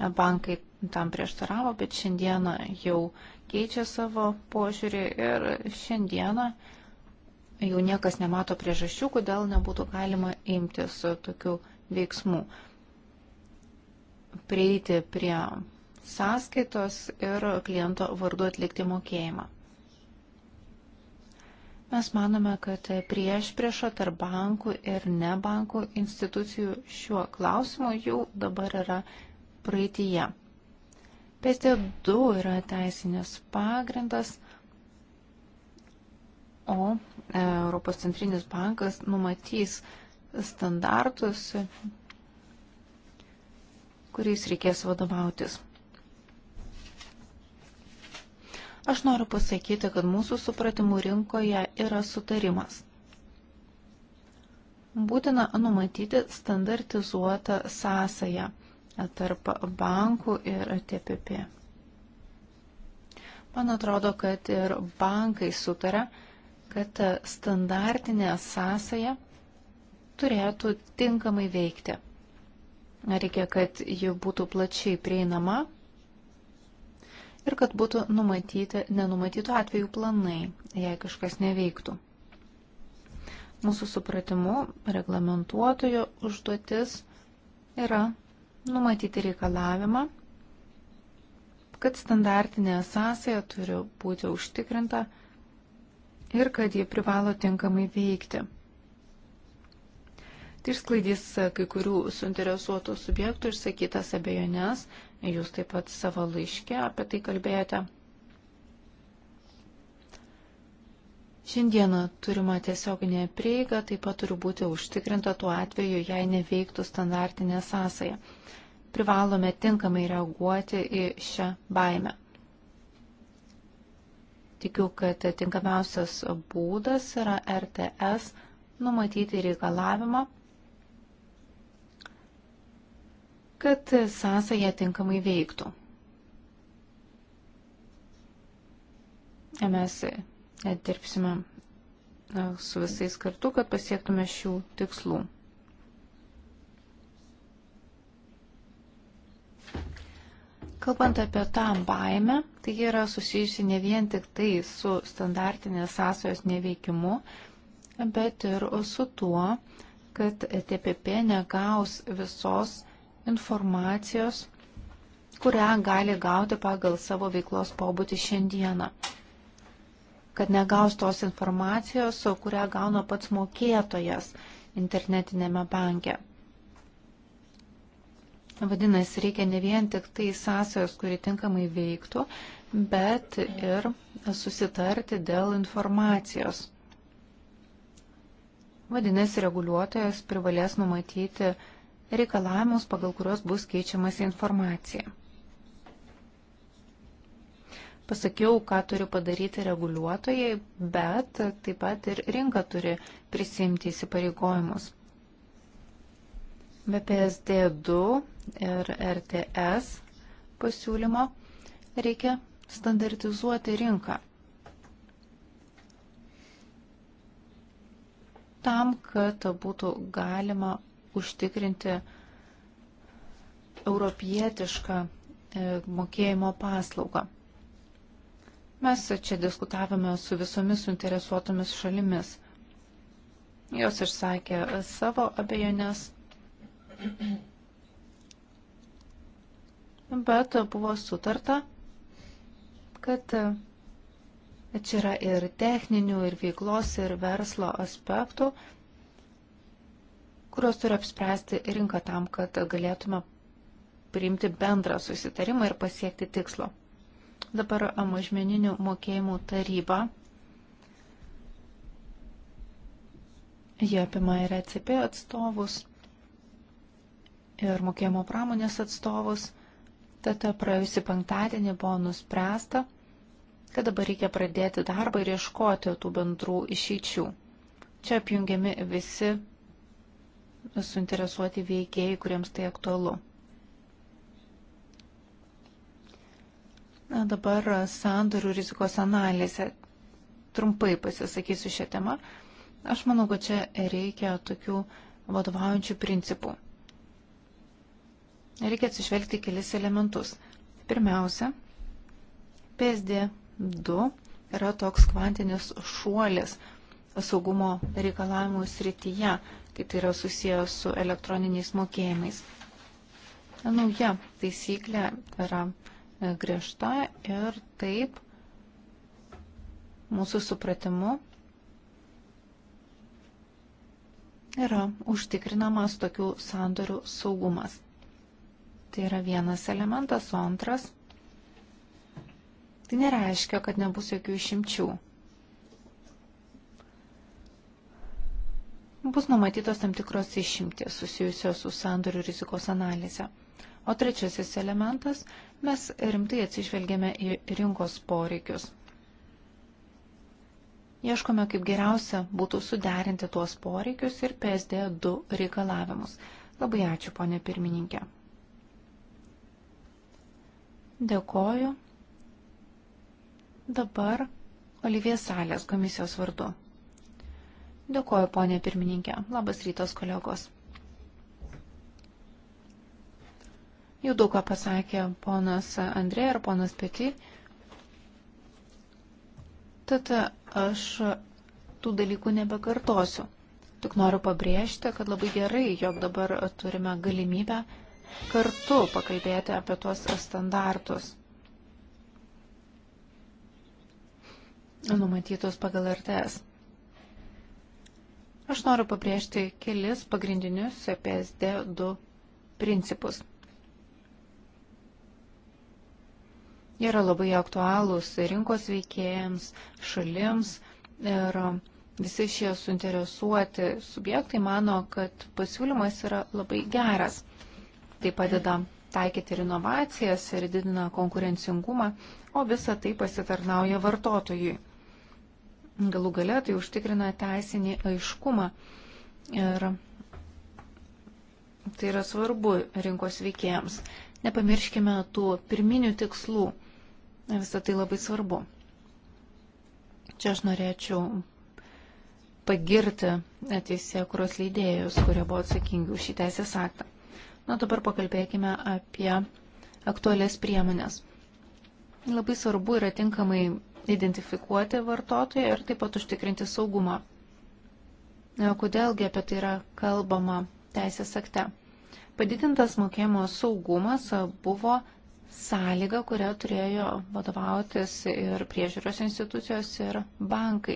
Bankai tam prieštaravo, bet šiandieną jau keičia savo požiūrį ir šiandieną jau niekas nemato priežasčių, kodėl nebūtų galima imtis tokių veiksmų. Prieiti prie sąskaitos ir kliento vardu atlikti mokėjimą. Mes manome, kad prieš priešo tarp bankų ir ne bankų institucijų šiuo klausimu jau dabar yra praeitie. Pestė 2 yra teisinis pagrindas, o e, Europos centrinis bankas numatys standartus, kuriais reikės vadovautis. Aš noriu pasakyti, kad mūsų supratimų rinkoje yra sutarimas. Būtina numatyti standartizuotą sąsają tarp bankų ir TPP. Man atrodo, kad ir bankai sutara, kad standartinė sąsaja turėtų tinkamai veikti. Reikia, kad ji būtų plačiai prieinama ir kad būtų numatyti nenumatytų atvejų planai, jei kažkas neveiktų. Mūsų supratimu, reglamentuotojo užduotis yra numatyti reikalavimą, kad standartinė sąsaja turi būti užtikrinta ir kad ji privalo tinkamai veikti. Tai išsklaidys kai kurių suinteresuotų subjektų išsakytas abejonės, jūs taip pat savo laiške apie tai kalbėjote. Šiandieną turima tiesioginė prieiga taip pat turi būti užtikrinta tuo atveju, jei neveiktų standartinė sąsaja. Privalome tinkamai reaguoti į šią baimę. Tikiu, kad tinkamiausias būdas yra RTS numatyti reikalavimą, kad sąsaja tinkamai veiktų. Mes dirbsime su visais kartu, kad pasiektume šių tikslų. Kalbant apie tą baimę, tai yra susijusi ne vien tik tai su standartinės sąsajos neveikimu, bet ir su tuo, kad TPP negaus visos informacijos, kurią gali gauti pagal savo veiklos pobūdį šiandieną kad negaus tos informacijos, kurią gauna pats mokėtojas internetinėme banke. Vadinasi, reikia ne vien tik tai sąsajos, kuri tinkamai veiktų, bet ir susitarti dėl informacijos. Vadinasi, reguliuotojas privalės numatyti reikalavimus, pagal kurios bus keičiamas informacija pasakiau, ką turi padaryti reguliuotojai, bet taip pat ir rinka turi prisimti įsipareigojimus. BPSD2 ir RTS pasiūlymo reikia standartizuoti rinką. Tam, kad būtų galima užtikrinti europietišką e, mokėjimo paslaugą. Mes čia diskutavome su visomis suinteresuotomis šalimis. Jos išsakė savo abejonės, bet buvo sutarta, kad čia yra ir techninių, ir veiklos, ir verslo aspektų, kuriuos turi apspręsti rinka tam, kad galėtume priimti bendrą susitarimą ir pasiekti tikslo. Dabar mažmeninių mokėjimų taryba. Jie apima ir ECP atstovus, ir mokėjimo pramonės atstovus. Tad praėjusi penktadienį buvo nuspręsta, kad dabar reikia pradėti darbą ir ieškoti tų bendrų išeičių. Čia apjungiami visi suinteresuoti veikėjai, kuriems tai aktualu. Na, dabar sandorių rizikos analizė. Trumpai pasisakysiu šią temą. Aš manau, kad čia reikia tokių vadovaujančių principų. Reikia atsižvelgti kelis elementus. Pirmiausia, PSD2 yra toks kvantinis šuolis saugumo reikalavimų srityje, kai tai yra susijęs su elektroniniais mokėjimais. Nauja taisyklė yra griežta ir taip mūsų supratimu yra užtikrinamas tokių sandorių saugumas. Tai yra vienas elementas, o antras, tai nereiškia, kad nebus jokių išimčių. Bus numatytos tam tikros išimtės susijusios su sandorių rizikos analize. O trečiasis elementas - mes rimtai atsižvelgėme į rinkos poreikius. Ieškome, kaip geriausia būtų suderinti tuos poreikius ir PSD 2 reikalavimus. Labai ačiū, ponė pirmininkė. Dėkoju. Dabar Olivija Salės komisijos vardu. Dėkoju, ponė pirmininkė. Labas rytas, kolegos. Jau daug ką pasakė ponas Andrė ir ponas Peti. Tad aš tų dalykų nebekartosiu. Tik noriu pabrėžti, kad labai gerai, jog dabar turime galimybę kartu pakalbėti apie tuos standartus. numatytos pagal RTS. Aš noriu pabrėžti kelis pagrindinius PSD2 principus. Jie yra labai aktualūs rinkos veikėjams, šalims ir visi šie suinteresuoti subjektai mano, kad pasiūlymas yra labai geras. Tai padeda taikyti ir inovacijas ir didina konkurencingumą, o visa tai pasitarnauja vartotojui. Galų gale tai užtikrina teisinį aiškumą ir tai yra svarbu rinkos veikėjams. Nepamirškime tų pirminių tikslų Visą tai labai svarbu. Čia aš norėčiau pagirti teisė, kurios leidėjus, kurie buvo atsakingi už šį teisės aktą. Na dabar pakalbėkime apie aktualias priemonės. Labai svarbu yra tinkamai identifikuoti vartotoją ir taip pat užtikrinti saugumą. Kodėlgi apie tai yra kalbama teisės akte? Padidintas mokėjimo saugumas buvo sąlyga, kurią turėjo vadovautis ir priežiūros institucijos, ir bankai.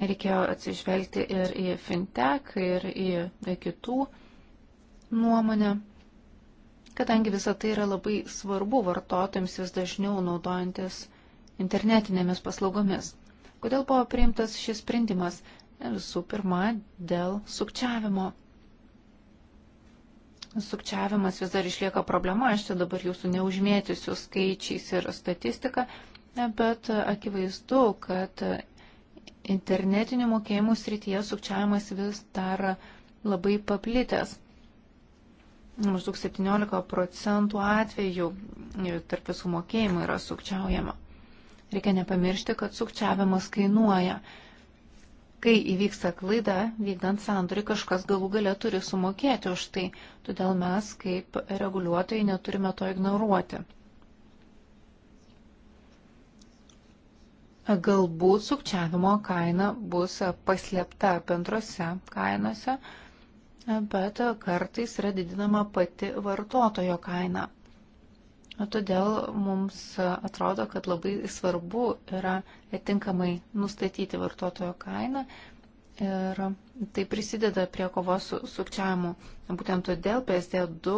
Reikėjo atsižvelgti ir į fintech, ir į kitų nuomonę, kadangi visa tai yra labai svarbu vartotojams vis dažniau naudojantis internetinėmis paslaugomis. Kodėl buvo priimtas šis sprendimas? Visų pirma, dėl sukčiavimo. Sukčiavimas vis dar išlieka problema, aš čia dabar jūsų neužmėtysiu skaičiais ir statistika, bet akivaizdu, kad internetinių mokėjimų srityje sukčiavimas vis dar labai paplitęs. Maždaug 17 procentų atvejų tarp visų mokėjimų yra sukčiaujama. Reikia nepamiršti, kad sukčiavimas kainuoja kai įvyksta klaida, vykdant sandorį, kažkas galų gale turi sumokėti už tai. Todėl mes, kaip reguliuotojai, neturime to ignoruoti. Galbūt sukčiavimo kaina bus paslėpta bendrose kainose, bet kartais yra didinama pati vartotojo kaina. Todėl mums atrodo, kad labai svarbu yra tinkamai nustatyti vartotojo kainą ir tai prisideda prie kovos su sukčiavimu. Būtent todėl PSD2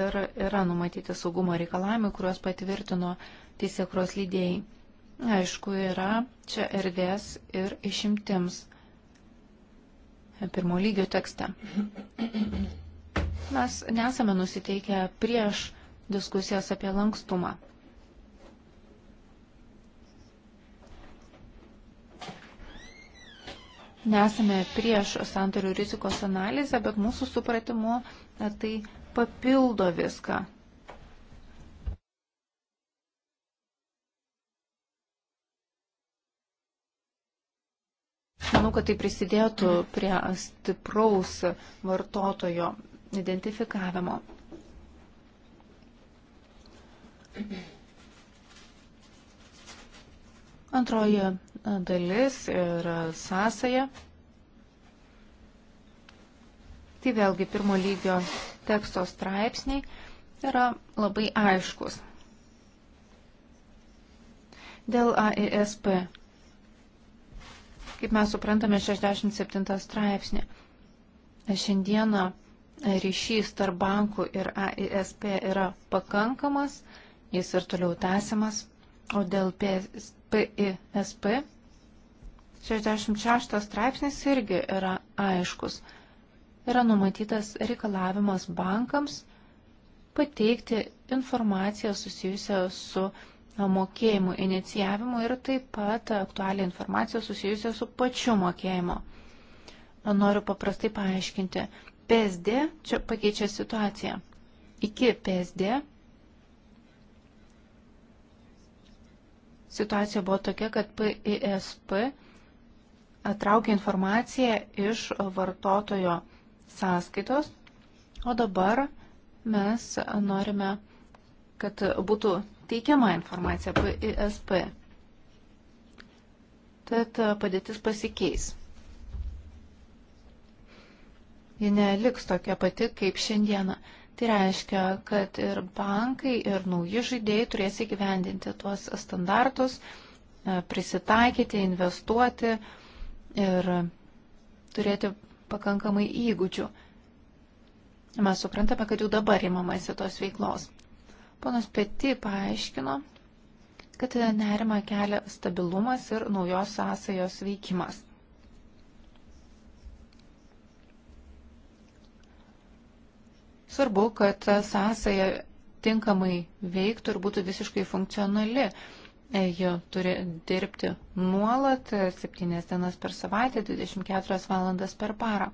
ir yra numatyti saugumo reikalavimai, kuriuos patvirtino teisėkros lydėjai. Aišku, yra čia erdvės ir išimtims pirmo lygio tekste. Mes nesame nusiteikę prieš diskusijas apie lankstumą. Nesame prieš santorių rizikos analizę, bet mūsų supratimu tai papildo viską. Manau, kad tai prisidėtų prie stipraus vartotojo identifikavimo. Antroji e, dalis ir sąsaja. Tai vėlgi pirmo lygio teksto straipsniai yra labai aiškus. Dėl AISP, kaip mes suprantame 67 straipsnį, šiandieną ryšys tarp bankų ir AISP yra pakankamas jis ir toliau tęsiamas. O dėl PISP 66 straipsnis irgi yra aiškus. Yra numatytas reikalavimas bankams pateikti informaciją susijusią su mokėjimų inicijavimu ir taip pat aktualią informaciją susijusią su pačiu mokėjimu. Noriu paprastai paaiškinti. PSD čia pakeičia situaciją. Iki PSD situacija buvo tokia, kad PISP atraukė informaciją iš vartotojo sąskaitos, o dabar mes norime, kad būtų teikiama informacija PISP. Tad padėtis pasikeis. Ji neliks tokia pati kaip šiandieną. Tai reiškia, kad ir bankai, ir nauji žaidėjai turės įgyvendinti tuos standartus, e, prisitaikyti, investuoti ir turėti pakankamai įgūdžių. Mes suprantame, kad jau dabar įmamasi tos veiklos. Ponas Peti paaiškino, kad nerima kelia stabilumas ir naujos sąsajos veikimas. Svarbu, kad ta sąsaja tinkamai veiktų ir būtų visiškai funkcionali. E, ji turi dirbti nuolat 7 e, dienas per savaitę, 24 valandas per parą.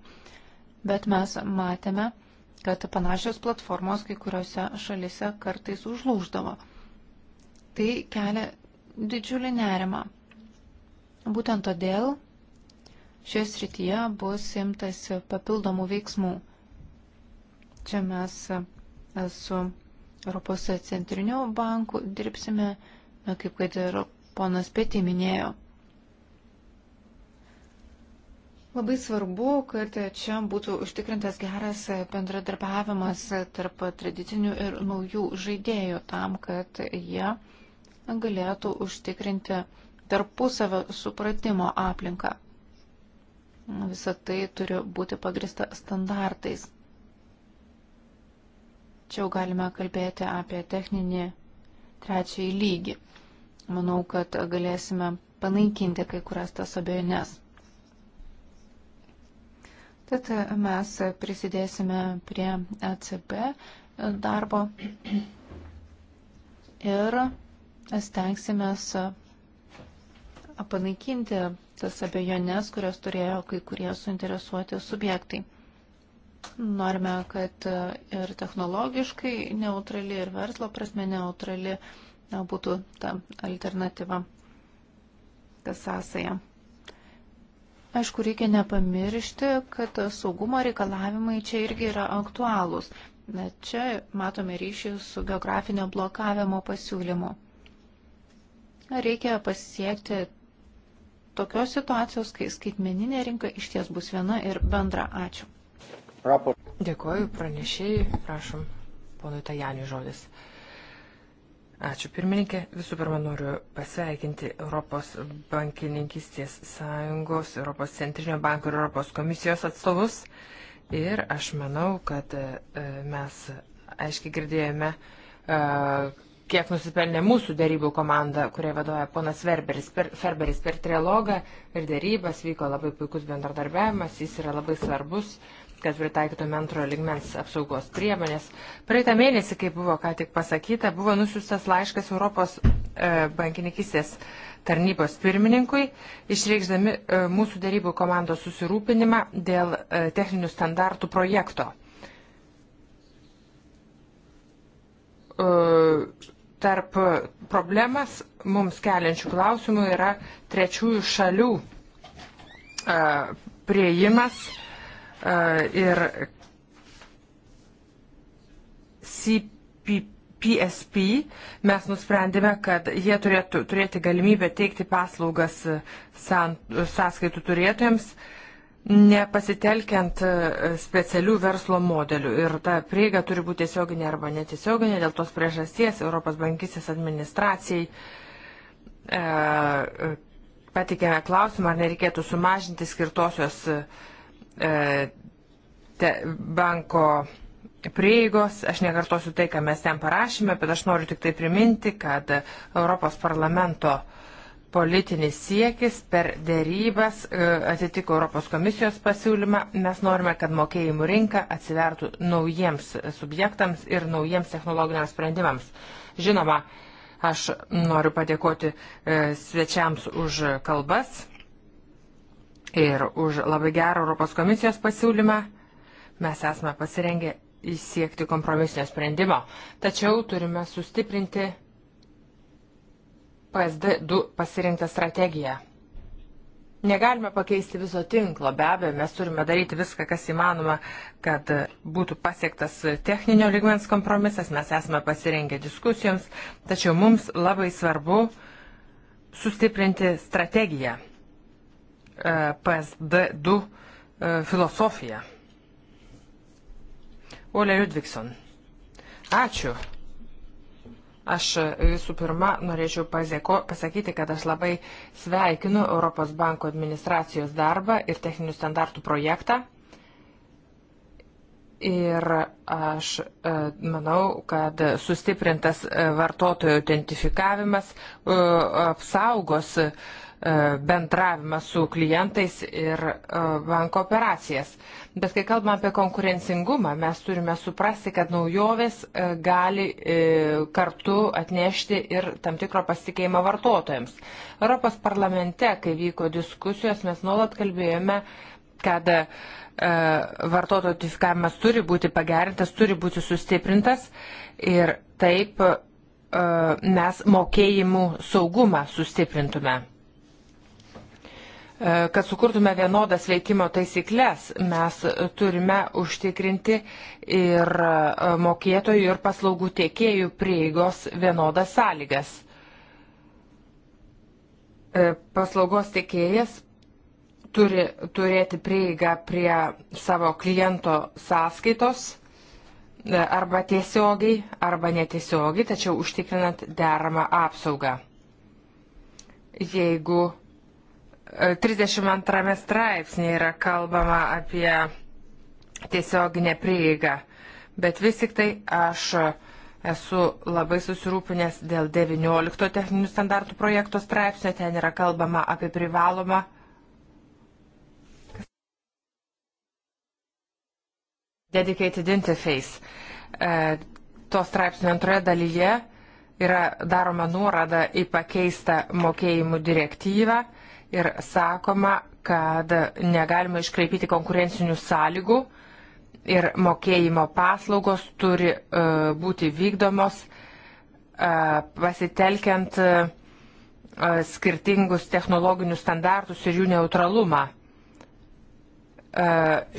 Bet mes matėme, kad panašios platformos kai kuriuose šalise kartais užlūždavo. Tai kelia didžiulį nerimą. Būtent todėl šioje srityje bus imtasi papildomų veiksmų. Čia mes e, su Europos centriniu banku dirbsime, na, kaip kad ir ponas Petį minėjo. Labai svarbu, kad čia būtų užtikrintas geras bendradarbiavimas tarp tradicinių ir naujų žaidėjų tam, kad jie galėtų užtikrinti tarpusavio supratimo aplinką. Visą tai turi būti pagrista standartais. Čia jau galime kalbėti apie techninį trečiąjį lygį. Manau, kad galėsime panaikinti kai kurias tas abejonės. Tad mes prisidėsime prie ECB darbo ir stengsime panaikinti tas abejonės, kurias turėjo kai kurie suinteresuoti subjektai. Norime, kad e, ir technologiškai neutrali, ir verslo prasme neutrali būtų ta alternatyva, ta sąsaja. Aišku, reikia nepamiršti, kad saugumo reikalavimai čia irgi yra aktualūs. Na, čia matome ryšį su geografinio blokavimo pasiūlymu. Reikia pasiekti tokios situacijos, kai skaitmeninė rinka iš ties bus viena ir bendra. Ačiū. Rapor... Dėkoju pranešėjai, prašom, ponui Tajaniui žodis. Ačiū pirmininkė. Visų pirma, noriu pasveikinti Europos bankininkistės sąjungos, Europos centrinio banko ir Europos komisijos atstovus. Ir aš manau, kad e, mes aiškiai girdėjome, e, kiek nusipelnė mūsų darybų komanda, kurie vadoja ponas Ferberis per, Ferberis per trilogą ir darybas vyko labai puikus bendradarbiavimas, jis yra labai svarbus kad pritaikytume antrojo ligmens apsaugos priemonės. Praeitą mėnesį, kaip buvo ką tik pasakyta, buvo nusiustas laiškas Europos e, bankininkistės tarnybos pirmininkui, išreikšdami e, mūsų darybų komandos susirūpinimą dėl e, techninių standartų projekto. Tarp problemas mums keliančių klausimų yra trečiųjų šalių prieimas uh, ir CPP. PSP, mes nusprendėme, kad jie turėtų turėti galimybę teikti paslaugas e, san, e, sąskaitų turėtojams, nepasitelkiant e, specialių verslo modelių. Ir ta prieiga turi būti tiesioginė arba netiesioginė, dėl tos priežasties Europos bankysės administracijai e, patikėme klausimą, ar nereikėtų sumažinti skirtosios. E, E, te, banko prieigos. Aš nekartosiu tai, ką mes ten parašėme, bet aš noriu tik tai priminti, kad Europos parlamento politinis siekis per dėrybas e, atitiko Europos komisijos pasiūlymą. Mes norime, kad mokėjimų rinka atsivertų naujiems subjektams ir naujiems technologiniams sprendimams. Žinoma, aš noriu padėkoti e, svečiams už kalbas ir už labai gerą Europos komisijos pasiūlymą. Mes esame pasirengę įsiekti kompromisinio sprendimo, tačiau turime sustiprinti PSD2 pasirinktą strategiją. Negalime pakeisti viso tinklo, be abejo, mes turime daryti viską, kas įmanoma, kad būtų pasiektas techninio ligmens kompromisas, mes esame pasirengę diskusijoms, tačiau mums labai svarbu sustiprinti strategiją E, PSD2 e, filosofiją. Ole Ludvigson. Ačiū. Aš visų pirma norėčiau pasėko, pasakyti, kad aš labai sveikinu Europos banko administracijos darbą ir techninių standartų projektą. Ir aš e, manau, kad sustiprintas vartotojų identifikavimas apsaugos uh, E, bendravimą su klientais ir e, banko operacijas. Bet kai kalbame apie konkurencingumą, mes turime suprasti, kad naujovės e, gali kartu atnešti ir tam tikro pasikeimą vartotojams. Europos parlamente, kai vyko diskusijos, mes nuolat kalbėjome, kad vartotojų notifikavimas turi būti pagerintas, turi būti sustiprintas ir taip mes mokėjimų saugumą sustiprintume. E, kad sukurtume vienodas veikimo taisyklės, mes turime užtikrinti ir e, mokėtojų ir paslaugų tiekėjų prieigos vienodas sąlygas. E, paslaugos tiekėjas turi turėti prieigą prie savo kliento sąskaitos arba tiesiogiai, arba netiesiogiai, tačiau užtikrinant deramą apsaugą. Jeigu 32 straipsnėje yra kalbama apie tiesioginę prieigą, bet vis tik tai aš esu labai susirūpinęs dėl 19 techninių standartų projekto straipsnio, ten yra kalbama apie privalomą. Dedicated interface. E, to straipsnio antroje dalyje yra daroma nuorada į pakeistą mokėjimų direktyvą ir sakoma, kad negalima iškreipyti konkurencinių sąlygų ir mokėjimo paslaugos turi e, būti vykdomos e, pasitelkiant e, skirtingus technologinius standartus ir jų neutralumą.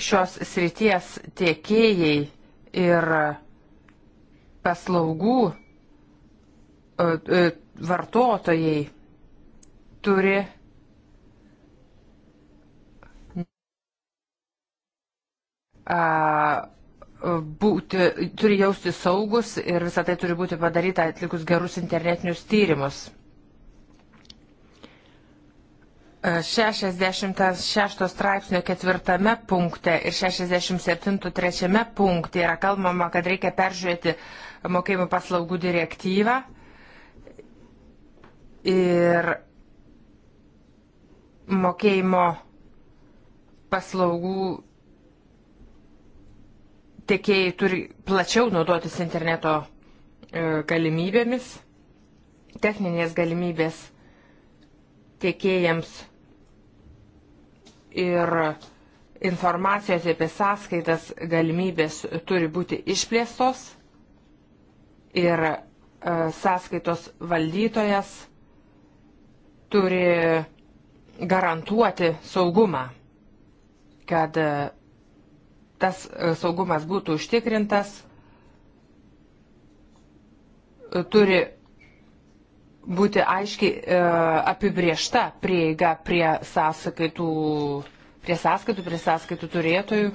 Šios srities tiekėjai ir paslaugų vartotojai turi būti, turi jausti saugus ir visą tai turi būti padaryta atlikus gerus internetinius tyrimus. 66 straipsnio ketvirtame punkte ir 67 trečiame punkte yra kalbama, kad reikia peržiūrėti mokėjimų paslaugų direktyvą. Ir mokėjimo paslaugų tiekėjai turi plačiau naudotis interneto e, galimybėmis, techninės galimybės tiekėjams ir informacijos apie sąskaitas galimybės turi būti išplėstos ir e, sąskaitos valdytojas turi garantuoti saugumą, kad tas e, saugumas būtų užtikrintas, e, turi būti aiškiai e, apibriešta prieiga prie sąskaitų, prie sąskaitų, prie sąskaitų turėtojų.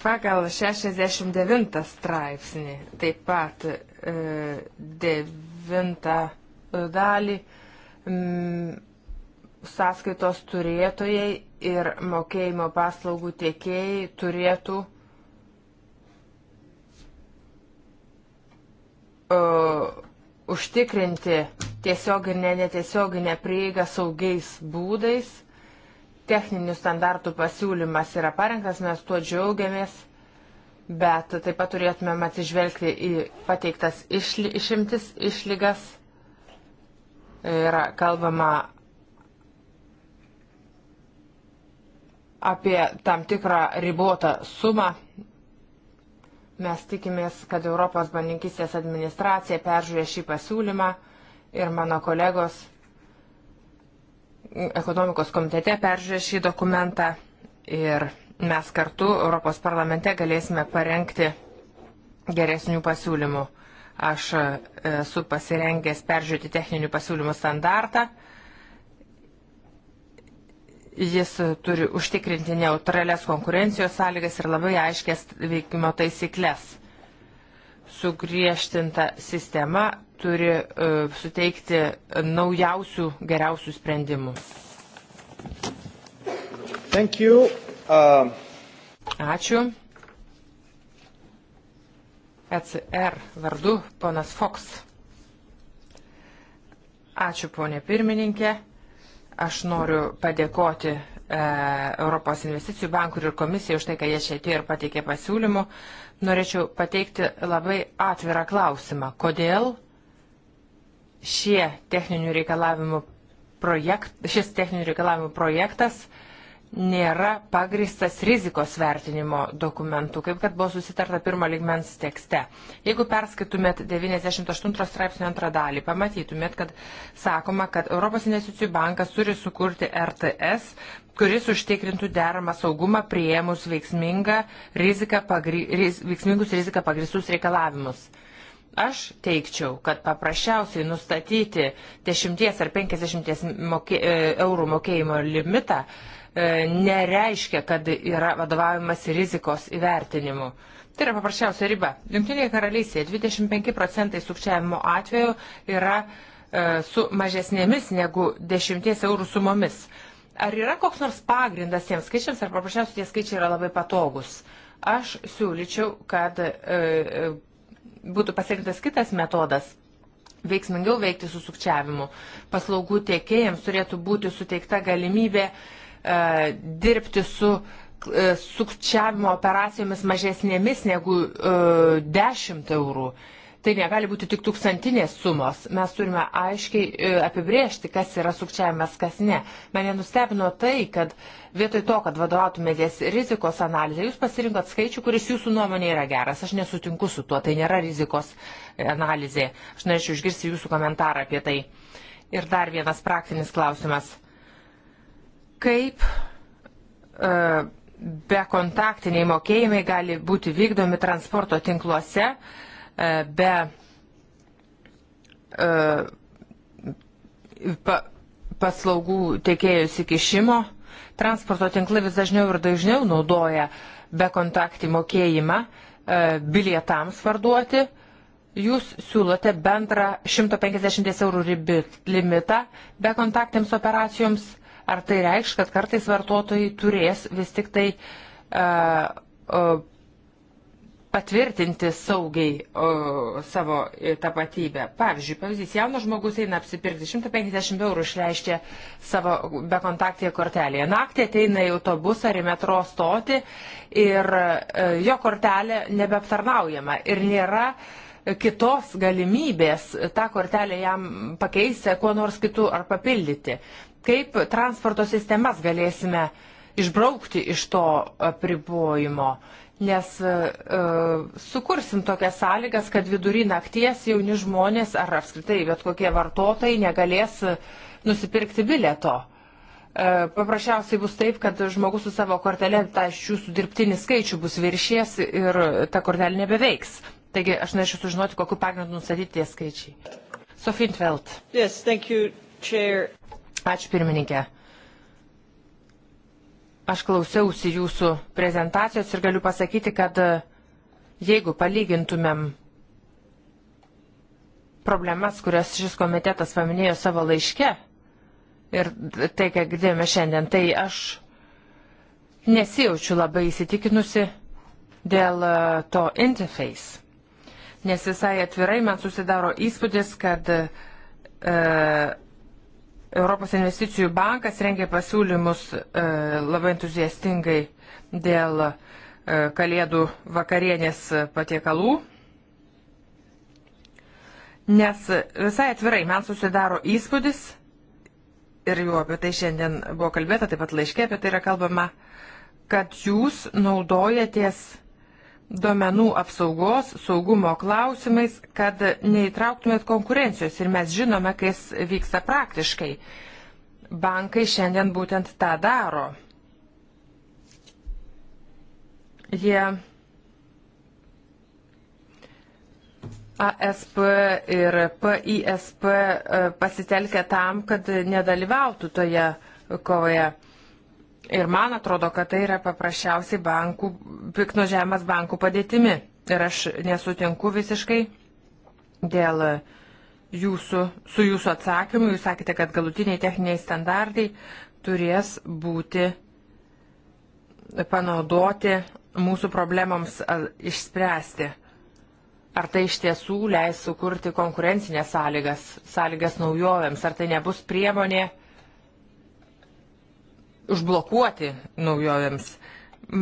Pagal 69 straipsnį, taip pat 9 dalį, sąskaitos turėtojai ir mokėjimo paslaugų tiekėjai turėtų uh, užtikrinti tiesioginę, netiesioginę prieigą saugiais būdais. Techninių standartų pasiūlymas yra parengtas, mes tuo džiaugiamės, bet taip pat turėtumėm atsižvelgti į pateiktas išli, išimtis, išlygas. Yra kalbama apie tam tikrą ribotą sumą. Mes tikimės, kad Europos bankininkistės administracija peržiūrė šį pasiūlymą ir mano kolegos ekonomikos komitete peržiūrė šį dokumentą ir mes kartu Europos parlamente galėsime parengti geresnių pasiūlymų. Aš e, esu pasirengęs peržiūrėti techninių pasiūlymų standartą Jis turi užtikrinti neutralias konkurencijos sąlygas ir labai aiškės veikimo taisyklės. Sugriežtinta sistema turi uh, suteikti naujausių, geriausių sprendimų. Thank you. Uh... Ačiū. ECR vardu ponas Fox. Ačiū ponė pirmininkė. Aš noriu padėkoti e, Europos investicijų bankų ir komisijai už tai, kad jie čia atėjo ir pateikė pasiūlymų. Norėčiau pateikti labai atvirą klausimą. Kodėl šie techninių reikalavimų projekt, šis techninių reikalavimų projektas nėra pagristas rizikos vertinimo dokumentu, kaip kad buvo susitarta pirmo ligmens tekste. Jeigu perskaitumėt 98 straipsnio antrą dalį, pamatytumėt, kad sakoma, kad Europos investicijų bankas turi sukurti RTS, kuris užtikrintų deramą saugumą prieimus veiksmingą riziką pagri, riz, veiksmingus riziką pagristus reikalavimus. Aš teikčiau, kad paprasčiausiai nustatyti 10 ar 50 mokė, e, eurų mokėjimo limitą e, nereiškia, kad yra vadovavimas rizikos įvertinimu. Tai yra paprasčiausia riba. Junktinėje karalystėje 25 procentai sukčiavimo atveju yra e, su mažesnėmis negu 10 eurų sumomis. Ar yra koks nors pagrindas tiems skaičiams, ar paprasčiausiai tie skaičiai yra labai patogus? Aš siūlyčiau, kad e, e būtų pasirinktas kitas metodas, veiksmingiau veikti su sukčiavimu. Paslaugų tiekėjams turėtų būti suteikta galimybė e, dirbti su e, sukčiavimo operacijomis mažesnėmis negu e, 10 eurų. E, Tai negali būti tik tūkstantinės sumos. Mes turime aiškiai e, apibriežti, kas yra sukčiavimas, kas ne. Mane nustebino tai, kad vietoj to, kad vadovautumėtės rizikos analizė, jūs pasirinkot skaičių, kuris jūsų nuomonė yra geras. Aš nesutinku su tuo, tai nėra rizikos e, analizė. Aš norėčiau išgirsti jūsų komentarą apie tai. Ir dar vienas praktinis klausimas. Kaip uh, e, be kontaktiniai mokėjimai gali būti vykdomi transporto tinkluose? Uh, E, be e, pa, paslaugų teikėjų įsikišimo. Transporto tinklai vis dažniau ir dažniau naudoja be kontaktį mokėjimą e, bilietams parduoti. Jūs siūlote bendrą 150 eurų ribit, limitą be kontaktėms operacijoms. Ar tai reikš, kad kartais vartotojai turės vis tik tai uh, uh, patvirtinti saugiai o, savo e, tapatybę. Pavyzdžiui, pavyzdys, jaunas žmogus eina apsipirkti, 150 eurų išleiškia savo bekontaktėje kortelėje. Naktį ateina į autobusą ar į metro stotį ir e, jo kortelė nebeaptarnaujama ir nėra kitos galimybės tą kortelę jam pakeisti, kuo nors kitų ar papildyti. Kaip transporto sistemas galėsime išbraukti iš to apribojimo? E, nes uh, sukursim tokias sąlygas, kad vidury nakties jauni žmonės ar apskritai bet kokie vartotojai negalės e, nusipirkti bileto. Uh, paprasčiausiai bus taip, kad žmogus su savo kortelė tą iš jūsų dirbtinį skaičių bus viršies ir ta kortelė nebeveiks. Taigi aš norėčiau sužinoti, kokiu pagrindu nustatyti tie skaičiai. Sofintveld. Yes, thank you, chair. Ačiū pirmininkė. Uh, Aš klausiausi jūsų prezentacijos ir galiu pasakyti, kad e, jeigu palygintumėm problemas, kurias šis komitetas paminėjo savo laiške ir tai, ką girdėjome šiandien, tai aš nesijaučiu labai įsitikinusi dėl e, to interface. Nes visai atvirai man susidaro įspūdis, kad e, Europos investicijų bankas rengė pasiūlymus e, labai entuziastingai dėl e, kalėdų vakarienės patiekalų. Nes visai atvirai man susidaro įspūdis, ir jau apie tai šiandien buvo kalbėta, taip pat laiškė apie tai yra kalbama, kad jūs naudojatės duomenų apsaugos, saugumo klausimais, kad neįtrauktumėt konkurencijos ir mes žinome, kas vyksta praktiškai. Bankai šiandien būtent tą daro. Jie ASP ir PISP e, pasitelkia tam, kad nedalyvautų toje kovoje. Ir man atrodo, kad tai yra paprasčiausiai bankų, piknožėjimas bankų padėtimi. Ir aš nesutinku visiškai dėl jūsų, su jūsų atsakymu. Jūs sakėte, kad galutiniai techniniai standartai turės būti panaudoti mūsų problemams išspręsti. Ar tai iš tiesų leis sukurti konkurencinės sąlygas, sąlygas naujovėms, ar tai nebus priemonė, užblokuoti naujovėms.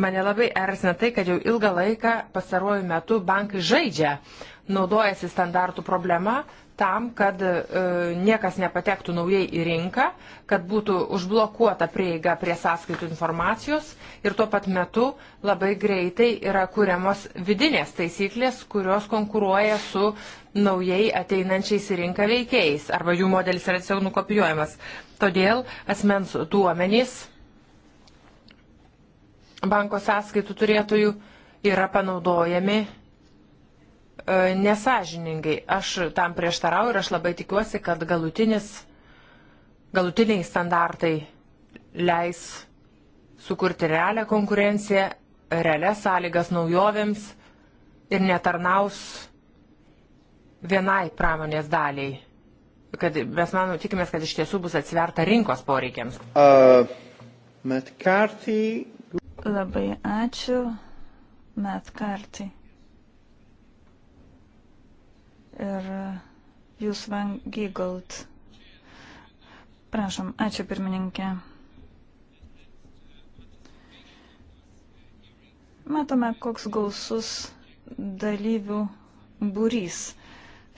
Mane labai erzina tai, kad jau ilgą laiką pasaruoju metu bankai žaidžia, naudojasi standartų problema tam, kad e, niekas nepatektų naujai į rinką, kad būtų užblokuota prieiga prie sąskaitų informacijos ir tuo pat metu labai greitai yra kuriamos vidinės taisyklės, kurios konkuruoja su naujai ateinančiais į rinką veikėjais arba jų modelis yra tiesiog nukopijuojamas. Todėl asmens duomenys banko sąskaitų turėtojų yra panaudojami e, nesažiningai. Aš tam prieštarauju ir aš labai tikiuosi, kad galutinis, galutiniai standartai leis sukurti realią konkurenciją, realias sąlygas naujovėms ir netarnaus vienai pramonės daliai. Kad mes manau, tikimės, kad iš tiesų bus atsverta rinkos poreikiams. Uh, Metkarty. Labai ačiū. Metkarty. Ir uh, jūs Van Gigold. Prašom, ačiū pirmininkė. Matome, koks gausus dalyvių būrys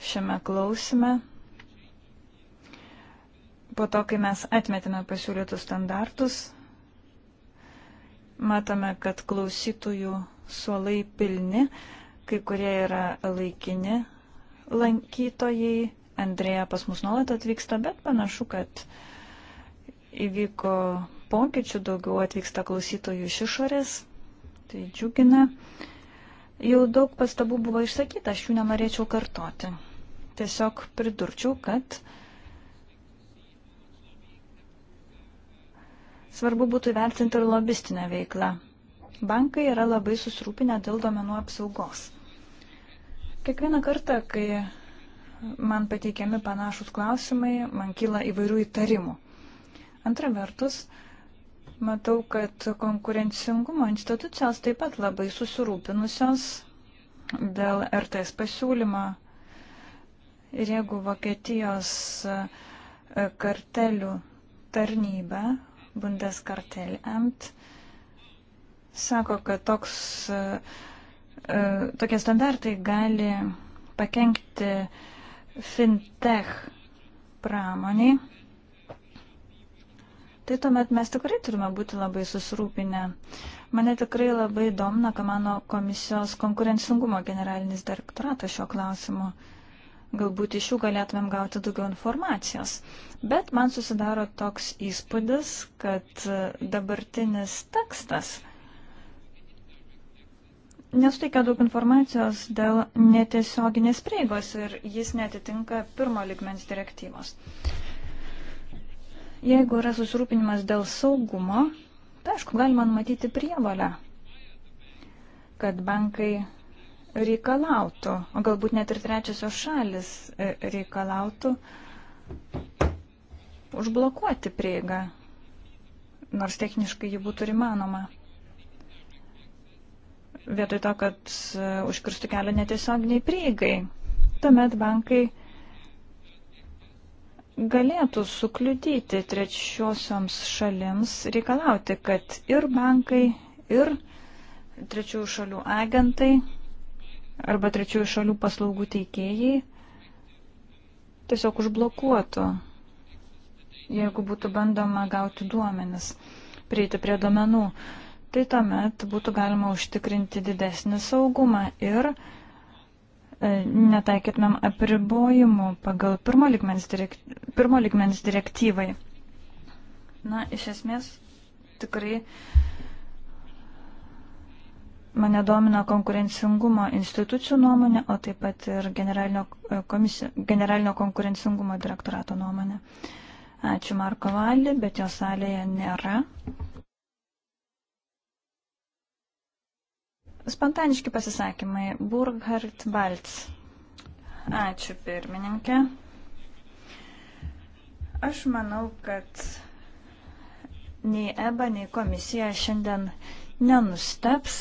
šiame klausime. Po to, kai mes atmetėme pasiūlytus standartus, matome, kad klausytojų suolai pilni, kai kurie yra laikini lankytojai. Andrėja pas mus nuolat atvyksta, bet panašu, kad įvyko pokyčių, daugiau atvyksta klausytojų iš išorės tai džiugina. Jau daug pastabų buvo išsakyta, aš jų nenorėčiau kartoti. Tiesiog pridurčiau, kad svarbu būtų vertinti ir lobistinę veiklą. Bankai yra labai susirūpinę dėl domenų apsaugos. Kiekvieną kartą, kai man pateikiami panašus klausimai, man kyla įvairių įtarimų. Antra vertus, uh, Matau, kad konkurencingumo institucijos taip pat labai susirūpinusios dėl RTS pasiūlymo. Ir jeigu Vokietijos e, kartelių tarnyba, Bundeskartelamt, sako, kad toks, e, e, tokie standartai gali pakengti fintech pramoniai tai tuomet mes tikrai turime būti labai susirūpinę. Mane tikrai labai domina, ką mano komisijos konkurencingumo generalinis direktoratas šio klausimu. Galbūt iš jų galėtumėm gauti daugiau informacijos. Bet man susidaro toks įspūdis, kad dabartinis tekstas nesuteikia daug informacijos dėl netiesioginės prieigos ir jis netitinka pirmo ligmens direktyvos. Uh, Jeigu yra susirūpinimas dėl saugumo, tai aišku, galima numatyti prievalę, kad bankai reikalautų, o galbūt net ir trečiosios šalis e, reikalautų užblokuoti prieigą, nors techniškai ji būtų įmanoma. Vietoj to, kad e, užkirstų kelią netiesioginiai prieigai, tuomet bankai galėtų sukliudyti trečiosioms šalims reikalauti, kad ir bankai, ir trečiųjų šalių agentai arba trečiųjų šalių paslaugų teikėjai tiesiog užblokuotų, jeigu būtų bandoma gauti duomenis, prieiti prie duomenų. Tai tuomet būtų galima užtikrinti didesnį saugumą ir uh, E, netaikytumėm apribojimų pagal pirmo ligmens, direkt, pirmo ligmens direktyvai. Na, iš esmės tikrai mane domina konkurencingumo institucijų nuomonė, o taip pat ir generalinio, e, komisio, generalinio konkurencingumo direktorato nuomonė. Ačiū Marko Valį, bet jo salėje nėra. Spontaniški pasisakymai. Burghard Balts. Ačiū pirmininkė. Aš manau, kad nei EBA, nei komisija šiandien nenusteps,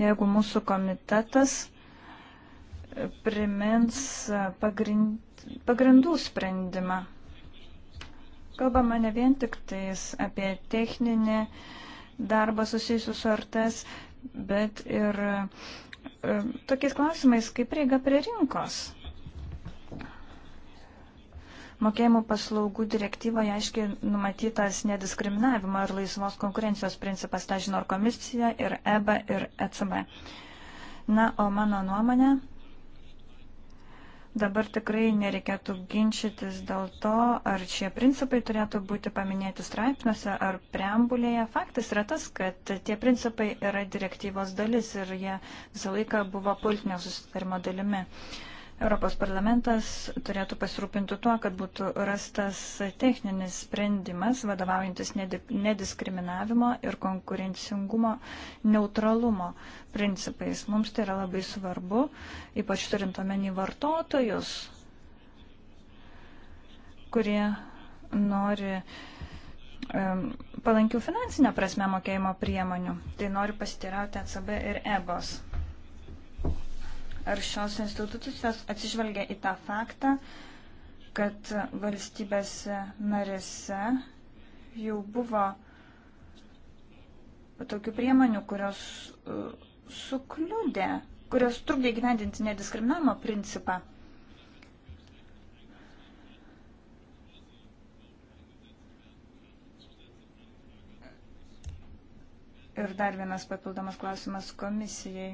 jeigu mūsų komitetas primins pagrind, pagrindų sprendimą. Kalbama ne vien tik tais apie techninį darbą susijusius su artes, bet ir e, tokiais klausimais kaip prieiga prie rinkos. Mokėjimų paslaugų direktyvoje aiškiai numatytas nediskriminavimo ir laisvos konkurencijos principas, tą žino ir komisija, ir EBA, ir ECB. Na, o mano nuomonė, Dabar tikrai nereikėtų ginčytis dėl to, ar šie principai turėtų būti paminėti straipsniuose ar preambulėje. Faktas yra tas, kad tie principai yra direktyvos dalis ir jie visą laiką buvo politinio susitarimo dalimi. Uh, Europos parlamentas turėtų pasirūpinti tuo, kad būtų rastas techninis sprendimas, vadovaujantis nediskriminavimo ir konkurencingumo neutralumo principais. Mums tai yra labai svarbu, ypač turint omeny vartotojus, kurie nori um, palankių finansinę prasme mokėjimo priemonių. Tai noriu pasitirauti ECB ir EBOS ar šios institucijos atsižvelgia į tą faktą, kad valstybės narėse jau buvo tokių priemonių, kurios uh, sukliūdė, kurios trukdė gyvendinti nediskriminavimo principą. Ir dar vienas papildomas klausimas komisijai.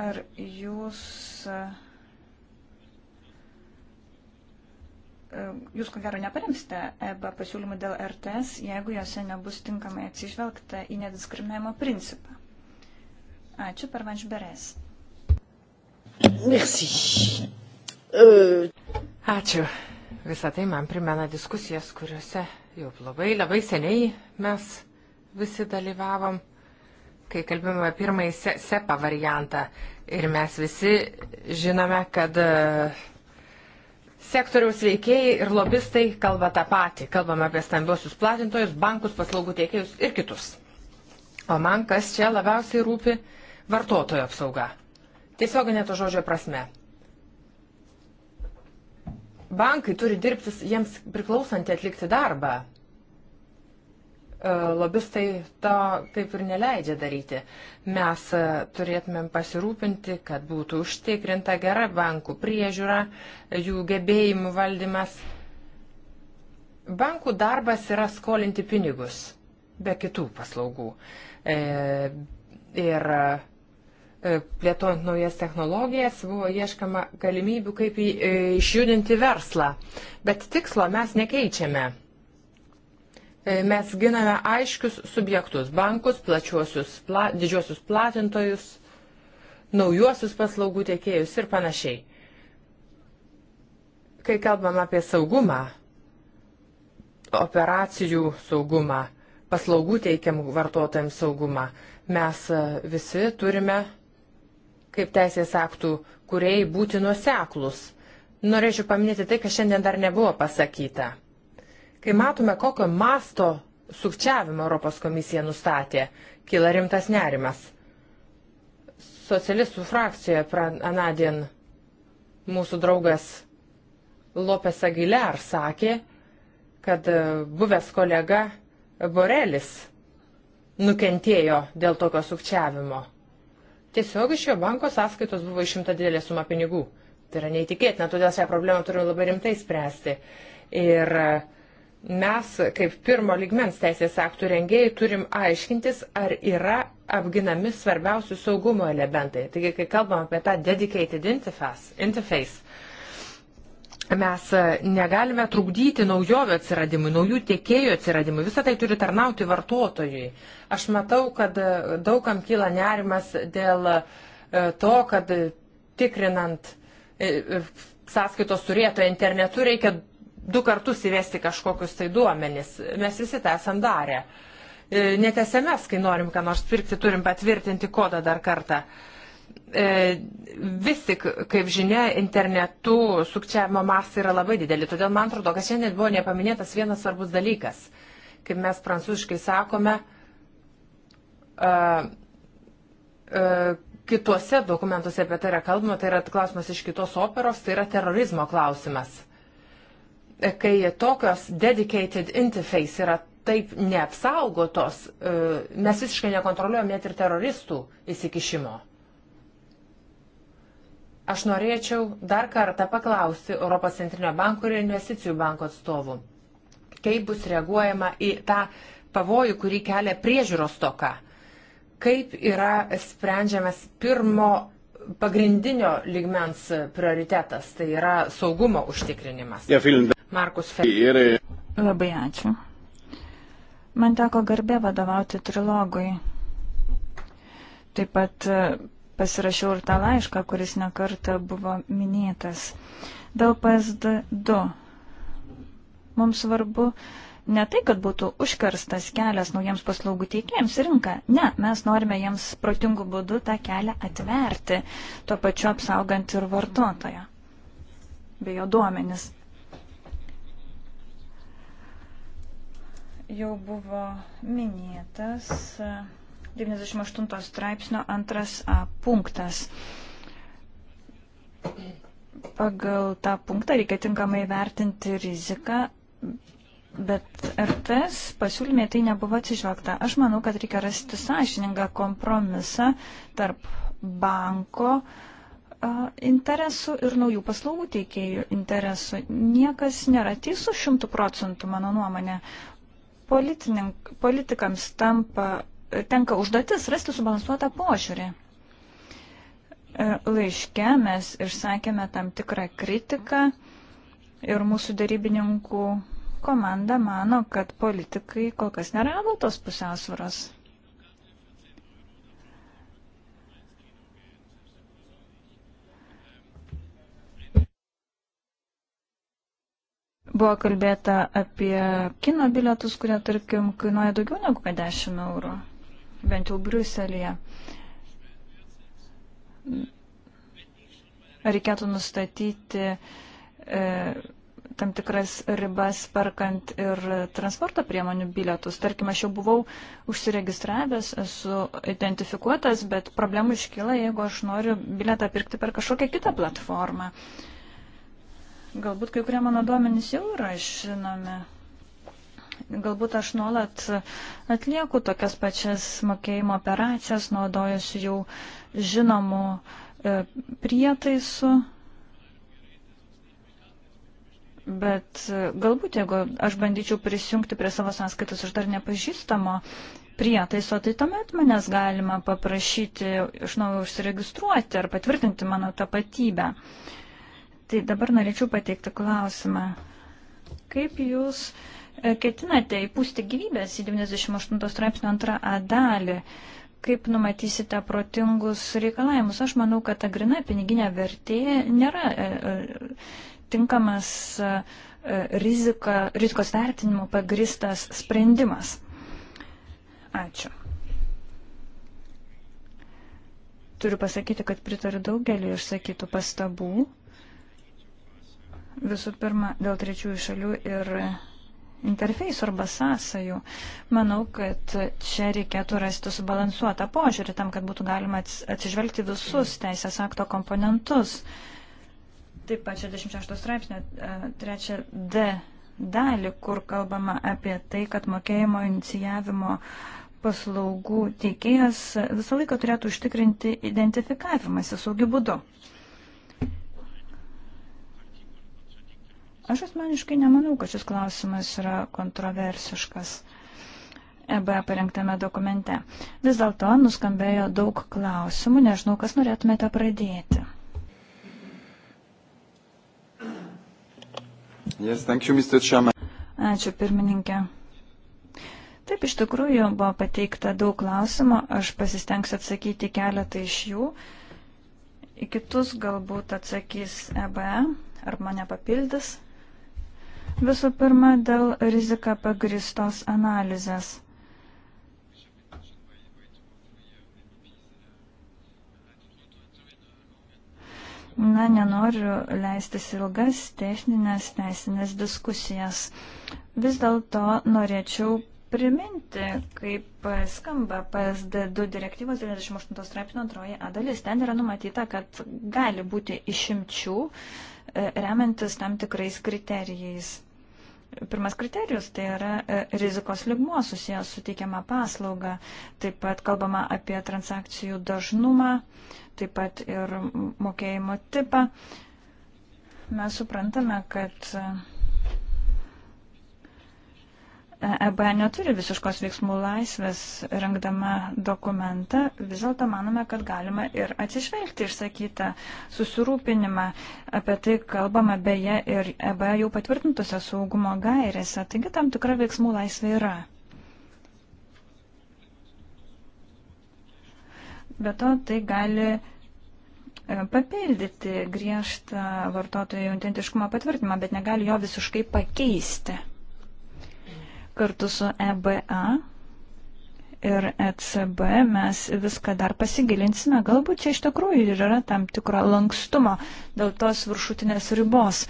Ar jūs. E, jūs ko gero neparemsite EBA pasiūlymų dėl RTS, jeigu juose nebus tinkamai atsižvelgta į nediskriminavimo principą. Ačiū per Vanš Beres. Merci. E. Ačiū. Visą tai man primena diskusijas, kuriuose jau labai labai seniai mes visi dalyvavom kai kalbėjome pirmąjį se SEPA variantą. Ir mes visi žinome, kad e, sektoriaus veikėjai ir lobistai kalba tą patį. Kalbame apie stambiosius platintojus, bankus, paslaugų teikėjus ir kitus. O man kas čia labiausiai rūpi - vartotojo apsauga. Tiesioginė to žodžio prasme. Bankai turi dirbti jiems priklausantį atlikti darbą. E, lobistai to kaip ir neleidžia daryti. Mes e, turėtumėm pasirūpinti, kad būtų užtikrinta gera bankų priežiūra, jų gebėjimų valdymas. Bankų darbas yra skolinti pinigus be kitų paslaugų. E, ir plėtojant naujas technologijas, buvo ieškama galimybių, kaip išjudinti verslą. Bet tikslo mes nekeičiame. E, mes giname aiškius subjektus - bankus, plačiuosius, pla, didžiuosius platintojus, naujuosius paslaugų tiekėjus ir panašiai. Kai kalbam apie saugumą, operacijų saugumą, paslaugų teikiamų vartotojams saugumą, mes e, visi turime, kaip teisės aktų, kuriai būti nuoseklus. Norėčiau paminėti tai, kas šiandien dar nebuvo pasakyta. Kai matome, kokio masto sukčiavimą Europos komisija nustatė, kyla rimtas nerimas. Socialistų frakcijoje anadien mūsų draugas Lopes Aguilar sakė, kad e, buvęs kolega Borelis nukentėjo dėl tokio sukčiavimo. Tiesiog iš jo banko sąskaitos buvo išimta didelė suma pinigų. Tai yra neįtikėtina, todėl šią problemą turime labai rimtai spręsti. Ir uh, mes, kaip pirmo ligmens teisės aktų rengėjai, turim aiškintis, ar yra apginami svarbiausi saugumo elementai. Taigi, kai kalbam apie tą dedicated interface, interface mes e, negalime trukdyti naujovių atsiradimui, naujų tiekėjų atsiradimui. Visą tai turi tarnauti vartotojui. Aš matau, kad e, daugam kyla nerimas dėl e, to, kad tikrinant sąskaitos turėtoją internetu reikia du kartus įvesti kažkokius tai duomenis. Mes visi tą esam darę. E, net SMS, kai norim ką nors pirkti, turim patvirtinti kodą dar kartą. E, vis tik, kaip žinia, internetu sukčiavimo mastai yra labai dideli. Todėl man atrodo, kad šiandien buvo nepaminėtas vienas svarbus dalykas. Kaip mes prancūziškai sakome, e, kituose dokumentuose apie tai yra kalbama, tai yra klausimas iš kitos operos, tai yra terorizmo klausimas kai tokios dedicated interface yra taip neapsaugotos, e, mes visiškai nekontroliuojam net ir teroristų įsikišimo. Aš norėčiau dar kartą paklausti Europos centrinio banko ir investicijų banko atstovų, kaip bus reaguojama į tą pavojų, kurį kelia priežiūros toka. Kaip yra sprendžiamas pirmo pagrindinio ligmens prioritetas, tai yra saugumo užtikrinimas. Markus Ferri. Labai ačiū. Man teko garbė vadovauti trilogui. Taip pat e, pasirašiau ir tą laišką, kuris nekarta buvo minėtas. Dėl PSD2. Mums svarbu uh, Ne tai, kad būtų užkarstas kelias naujiems paslaugų teikėjams į rinką. Ne, mes norime jiems protingų būdų tą kelią atverti, tuo pačiu apsaugant ir vartotoją bei jo duomenis. Jau buvo minėtas 98 e, straipsnio antras A punktas pagal tą punktą reikia tinkamai vertinti riziką Bet ar tas pasiūlymė tai nebuvo atsižvelgta? Aš manau, kad reikia rasti sąžiningą kompromisą tarp banko interesų ir naujų paslaugų teikėjų interesų. Niekas nėra teisus šimtų procentų, mano nuomonė. Politikams tampa, tenka užduotis rasti subalansuotą požiūrį. E, laiške mes išsakėme tam tikrą kritiką ir mūsų darybininkų komanda mano, kad politikai kol kas nerado tos pusiausvėros. Buvo kalbėta apie kino bilietus, kurie, tarkim, kainuoja daugiau negu 10 eurų, bent jau Briuselėje. Reikėtų nustatyti e, tam tikras ribas perkant ir transporto priemonių bilietus. Tarkime, aš jau buvau užsiregistravęs, esu identifikuotas, bet problemų iškyla, jeigu aš noriu bilietą pirkti per kažkokią kitą platformą. Galbūt kai kurie mano duomenys jau yra žinomi. Galbūt aš nuolat atlieku tokias pačias mokėjimo operacijas, naudojusi jau žinomų e, prietaisų Bet e, galbūt, jeigu aš bandyčiau prisijungti prie savo sąskaitos iš dar nepažįstamo prietaiso, tai tuomet manęs galima paprašyti iš naujo užsiregistruoti ar patvirtinti mano tapatybę. Tai dabar norėčiau pateikti klausimą. Kaip jūs e, ketinate įpūsti gyvybės į 98 straipsnio antrą A dalį? kaip numatysite protingus reikalavimus. Aš manau, kad ta grina piniginė vertė nėra e, tinkamas e, e, rizika, rizikos vertinimu pagristas sprendimas. Ačiū. Turiu pasakyti, kad pritariu daugelį išsakytų pastabų. Visų pirma, dėl trečiųjų šalių ir interfejsų arba sąsajų. Manau, kad čia reikėtų rasti subalansuotą požiūrį tam, kad būtų galima atsižvelgti visus teisės akto komponentus. Uh, taip pat 66 straipsnio 3D e, dalį, kur kalbama apie tai, kad mokėjimo inicijavimo paslaugų teikėjas visą laiką turėtų užtikrinti identifikavimąsi saugiu būdu. Aš asmeniškai nemanau, kad šis klausimas yra kontroversiškas. EBA parengtame dokumente. Vis dėlto nuskambėjo daug klausimų, nežinau, kas norėtumėte pradėti. Yes, thank you, Mr. Chairman. Ačiū, pirmininkė. Taip, iš tikrųjų buvo pateikta daug klausimų, aš pasistengsiu atsakyti keletą iš jų. Į kitus galbūt atsakys EBE e, ar mane papildys. Visų pirma, dėl rizika pagristos analizės. Na, nenoriu leistis ilgas techninės teisinės diskusijas. Vis dėlto norėčiau priminti, kaip skamba PSD2 direktyvos 98 straipsnio antroji A dalis. Ten yra numatyta, kad gali būti išimčių e, remiantis tam tikrais kriterijais. Pirmas kriterijus tai yra e, rizikos ligmuo susijęs su teikiama paslauga. Taip pat kalbama apie transakcijų dažnumą, taip pat ir mokėjimo tipą. Mes suprantame, kad EBA e neturi visiškos veiksmų laisvės rengdama dokumentą, vis dėlto manome, kad galima ir atsižvelgti išsakytą susirūpinimą. Apie tai kalbama beje ir EBA jau patvirtintose saugumo gairėse, taigi tam tikra veiksmų laisvė yra. Be to, tai gali e, papildyti griežtą vartotojų autentiškumo patvirtinimą, bet negali jo visiškai pakeisti. Kartu su EBA ir ECB mes viską dar pasigilinsime. Galbūt čia iš tikrųjų ir yra tam tikro lankstumo dėl tos viršutinės ribos.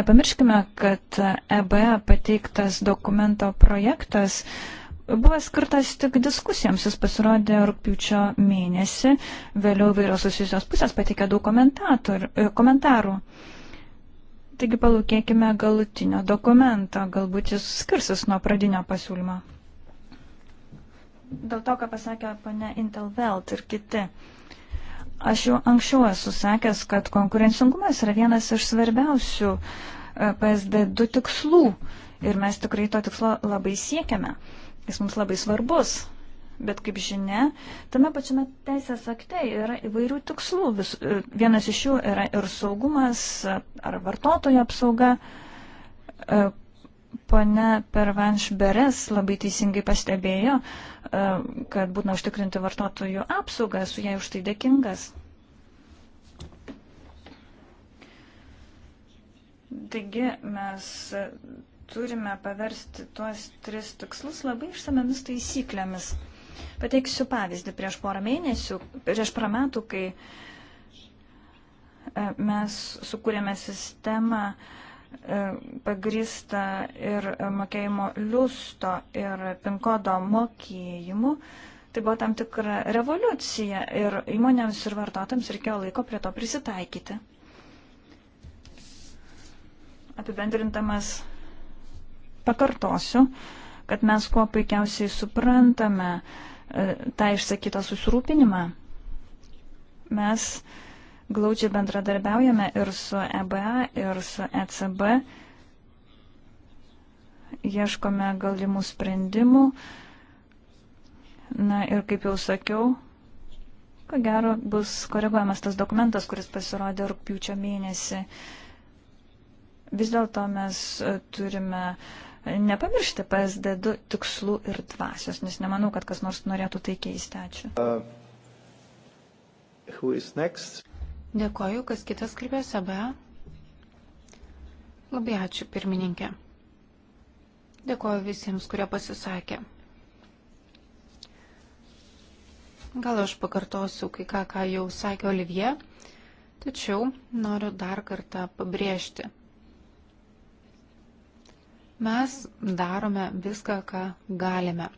Nepamirškime, kad EBA pateiktas dokumento projektas buvo skirtas tik diskusijoms. Jis pasirodė rūpiučio mėnesį, vėliau vairios susijusios pusės pateikė daug komentarų. Taigi palūkėkime galutinio dokumento, galbūt jis skirsis nuo pradinio pasiūlymo. Dėl to, ką pasakė pane Intelvelt ir kiti. Aš jau anksčiau esu sakęs, kad konkurencingumas yra vienas iš svarbiausių e, PSD2 tikslų ir mes tikrai to tikslo labai siekiame. Jis mums labai svarbus. Bet kaip žinia, tame pačiame teisės akte yra įvairių tikslų. Vis, e, vienas iš jų yra ir saugumas ar vartotojo apsauga. E, Pone Pervanš Beres labai teisingai pastebėjo, e, kad būtina užtikrinti vartotojų apsaugą, su jai už tai dėkingas. Taigi mes turime paversti tuos tris tikslus labai išsamiamis taisyklėmis. Pateiksiu pavyzdį prieš porą mėnesių, prieš porą metų, kai e, mes sukūrėme sistemą e, pagrįsta ir mokėjimo liusto ir pinkodo mokėjimu. Tai buvo tam tikra revoliucija ir įmonėms ir vartotams reikėjo laiko prie to prisitaikyti. Apibendrintamas pakartosiu, kad mes kuo puikiausiai suprantame e, tą išsakytą susirūpinimą. Mes glaudžiai bendradarbiaujame ir su EBA, ir su ECB, ieškome galimų sprendimų. Na ir kaip jau sakiau, ko gero bus koreguojamas tas dokumentas, kuris pasirodė rūpjūčio mėnesį. Vis dėlto mes e, turime uh, nepamiršti PSD2 tikslų ir dvasios, nes nemanau, kad kas nors norėtų tai keisti. Ačiū. Uh, Dėkoju, kas kitas kalbės, Abe. Labai ačiū, pirmininkė. Dėkoju visiems, kurie pasisakė. Gal aš pakartosiu kai ką, ką jau sakė Olivier, tačiau noriu dar kartą pabrėžti, Mes darome viską, ką galime.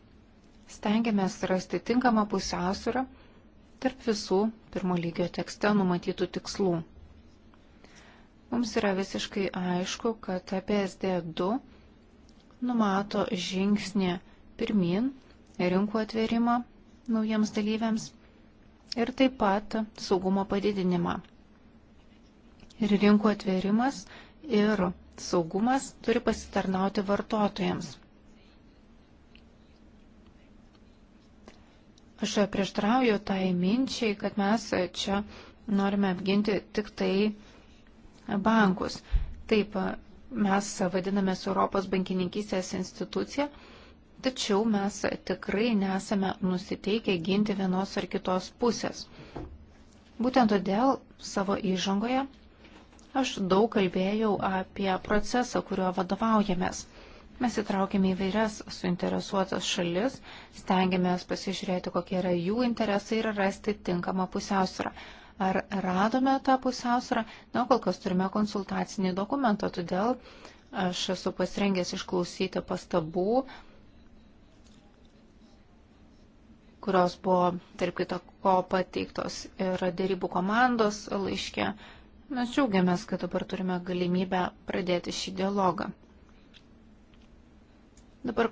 Stengiamės rasti tinkamą pusiausvyrą tarp visų pirmo lygio tekste numatytų tikslų. Mums yra visiškai aišku, kad PSD2 numato žingsnį pirmin rinkų atverimą naujiems dalyviams ir taip pat saugumo padidinimą. Ir rinkų atverimas ir saugumas turi pasitarnauti vartotojams. Aš prieštrauju tai minčiai, kad mes čia norime apginti tik tai bankus. Taip, mes vadinamės Europos bankininkystės institucija, tačiau mes tikrai nesame nusiteikę ginti vienos ar kitos pusės. Būtent todėl savo įžangoje Aš daug kalbėjau apie procesą, kuriuo vadovaujamės. Mes įtraukėme įvairias suinteresuotas šalis, stengiamės pasižiūrėti, kokie yra jų interesai ir rasti tinkamą pusiausvyrą. Ar radome tą pusiausvyrą? Na, kol kas turime konsultacinį dokumentą, todėl aš esu pasirengęs išklausyti pastabų, kurios buvo, tarp kitako, pateiktos ir dėrybų komandos laiškė Mes džiaugiamės, kad dabar turime galimybę pradėti šį dialogą. Dabar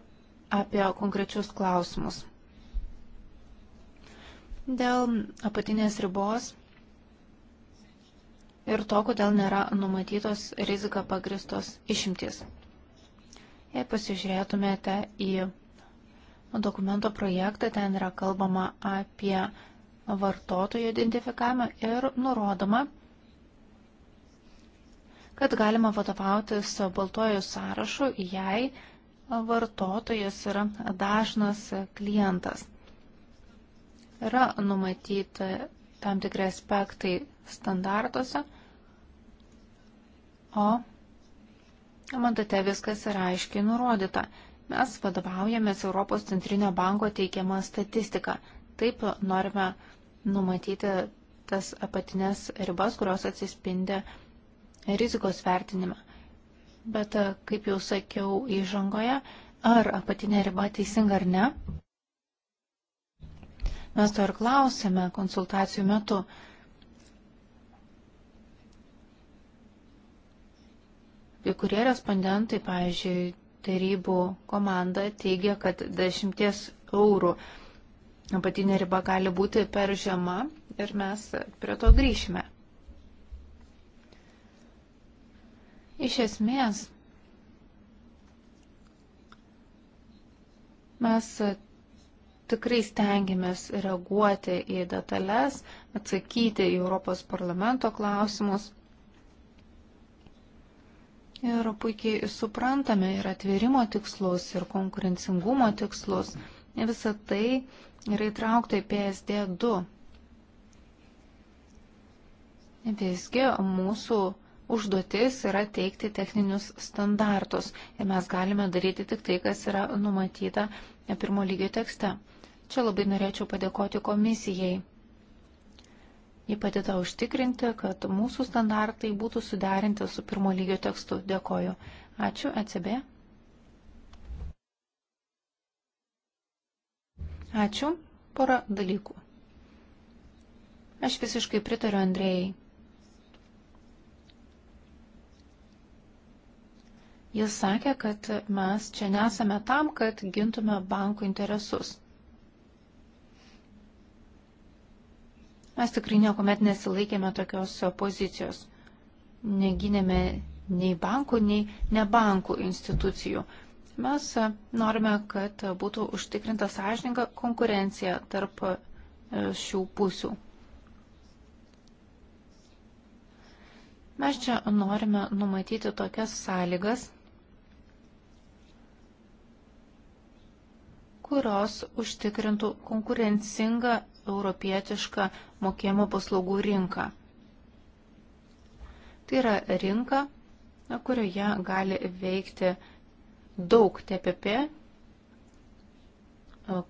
apie konkrečius klausimus. Dėl apatinės ribos ir to, kodėl nėra numatytos rizika pagristos išimtis. Jei pasižiūrėtumėte į dokumento projektą, ten yra kalbama apie vartotojų identifikavimą ir nurodoma, kad galima vadovautis baltojų sąrašu, jei vartotojas yra dažnas klientas. Yra numatyti tam tikri aspektai standartuose, o mandate viskas yra aiškiai nurodyta. Mes vadovaujamės Europos centrinio banko teikiamą statistiką. Taip norime numatyti tas apatinės ribas, kurios atsispindi rizikos vertinime. Bet, kaip jau sakiau įžangoje, ar apatinė riba teisinga ar ne, mes to ir klausėme konsultacijų metu. Kai kurie respondentai, pavyzdžiui, tarybų komanda teigia, kad 10 eurų apatinė riba gali būti per žema ir mes prie to grįšime. Iš esmės, mes tikrai stengiamės reaguoti į detalės, atsakyti į Europos parlamento klausimus. Ir puikiai suprantame ir atvirimo tikslus, ir konkurencingumo tikslus. Visą tai yra įtraukta į PSD 2. Visgi mūsų užduotis yra teikti techninius standartus ir mes galime daryti tik tai, kas yra numatyta pirmo lygio tekste. Čia labai norėčiau padėkoti komisijai. Ji padeda užtikrinti, kad mūsų standartai būtų suderinti su pirmo lygio tekstu. Dėkoju. Ačiū, ECB. Ačiū. Pora dalykų. Aš visiškai pritariu Andrėjai. Jis sakė, kad mes čia nesame tam, kad gintume bankų interesus. Mes tikrai niekuomet nesilaikėme tokios pozicijos. Neginėme nei bankų, nei nebankų institucijų. Mes norime, kad būtų užtikrinta sąžininga konkurencija tarp e, šių pusių. Mes čia norime numatyti tokias sąlygas, kurios užtikrintų konkurencingą europietišką mokėjimo paslaugų rinką. Tai yra rinka, kurioje gali veikti daug TPP,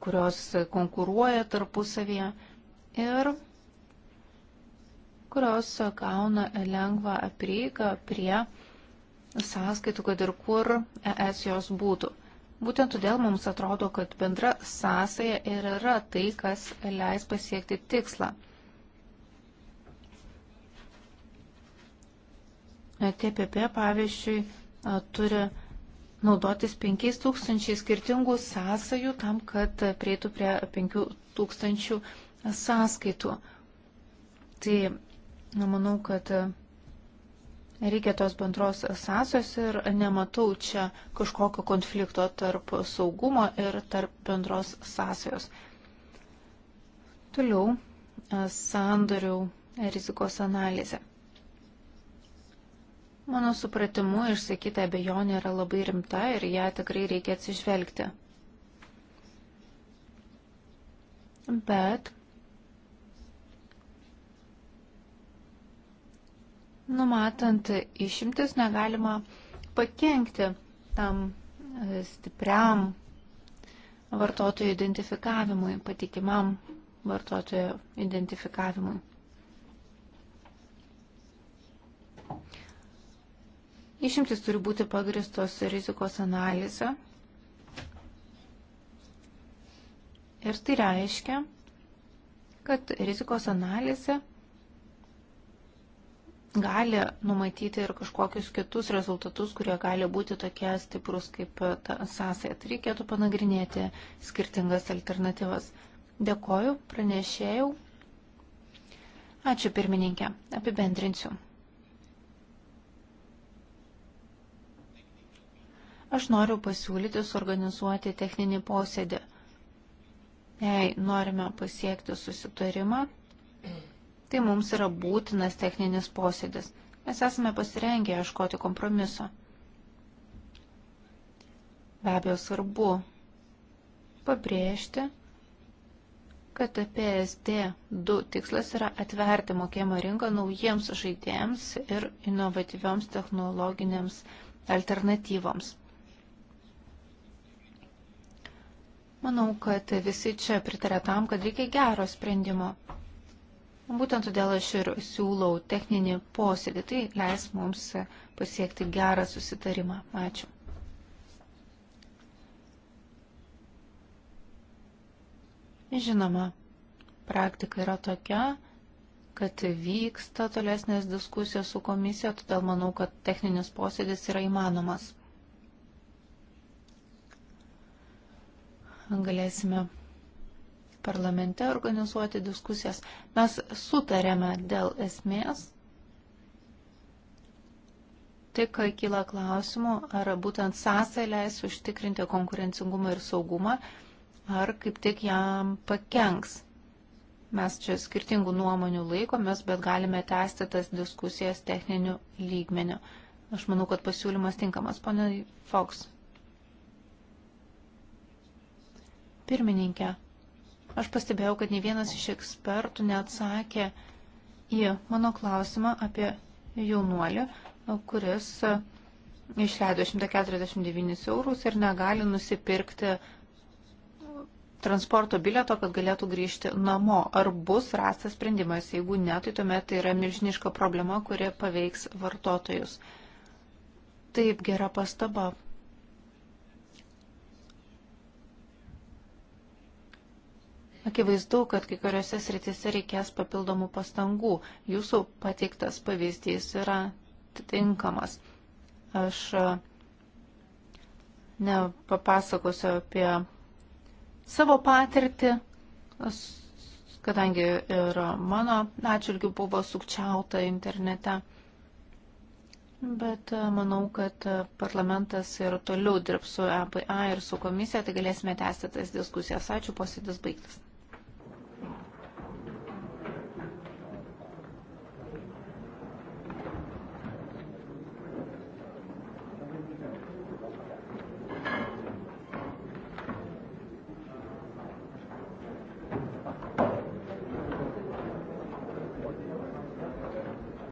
kurios konkuruoja tarpusavėje ir kurios gauna lengvą prieigą prie sąskaitų, kad ir kur ES jos būtų. Būtent todėl mums atrodo, kad bendra sąsaja ir yra tai, kas leis pasiekti tikslą. TPP, pavyzdžiui, turi naudotis 5000 skirtingų sąsajų tam, kad prieitų prie 5000 sąskaitų. Tai na, manau, kad Reikia tos bendros sąsios ir nematau čia kažkokio konflikto tarp saugumo ir tarp bendros sąsios. Toliau e, sandorių rizikos analizė. Mano supratimu, išsakyta abejonė yra labai rimta ir ją tikrai reikia atsižvelgti. Bet numatant išimtis, negalima pakengti tam e, stipriam vartotojų identifikavimui, patikimam vartotojo identifikavimui. Išimtis turi būti pagristos rizikos analizė. Ir tai reiškia, kad rizikos analizė gali numatyti ir kažkokius kitus rezultatus, kurie gali būti tokie stiprus kaip ta sąsaja. Tai reikėtų panagrinėti skirtingas alternatyvas. Dėkoju, pranešėjau. Ačiū pirmininkė, apibendrinsiu. Aš noriu pasiūlyti suorganizuoti techninį posėdį. Jei norime pasiekti susitarimą, tai mums yra būtinas techninis posėdis. Mes esame pasirengę ieškoti kompromiso. Be abejo, svarbu pabrėžti, kad PSD 2 tikslas yra atverti mokėjimo rinką naujiems žaidėjams ir inovatyvioms technologinėms alternatyvoms. Manau, kad visi čia pritarė tam, kad reikia gero sprendimo. Būtent todėl aš ir siūlau techninį posėdį. Tai leis mums pasiekti gerą susitarimą. Ačiū. Žinoma, praktika yra tokia, kad vyksta tolesnės diskusijos su komisija, todėl manau, kad techninis posėdis yra įmanomas. Galėsime parlamente organizuoti diskusijas. Mes sutarėme dėl esmės. Tik kyla klausimų, ar būtent sąsai leis užtikrinti konkurencingumą ir saugumą, ar kaip tik jam pakenks. Mes čia skirtingų nuomonių laikomės, bet galime tęsti tas diskusijas techniniu lygmeniu. Aš manau, kad pasiūlymas tinkamas, ponai Fox. Pirmininkė, Aš pastebėjau, kad ne vienas iš ekspertų neatsakė į mano klausimą apie jaunuolį, kuris išleido 149 eurus ir negali nusipirkti transporto bileto, kad galėtų grįžti namo. Ar bus rastas sprendimas? Jeigu ne, tai tuomet tai yra milžiniška problema, kuri paveiks vartotojus. Taip, gera pastaba, Akivaizdu, kad kai kuriuose sritise reikės papildomų pastangų. Jūsų pateiktas pavyzdys yra tinkamas. Aš e, nepapasakosiu apie savo patirtį, kadangi ir mano atžvilgių buvo sukčiauta internete. Bet e, manau, kad parlamentas ir toliau dirbs su EPA ir su komisija, tai galėsime tęsti tas diskusijas. Ačiū, posėdis baigtas.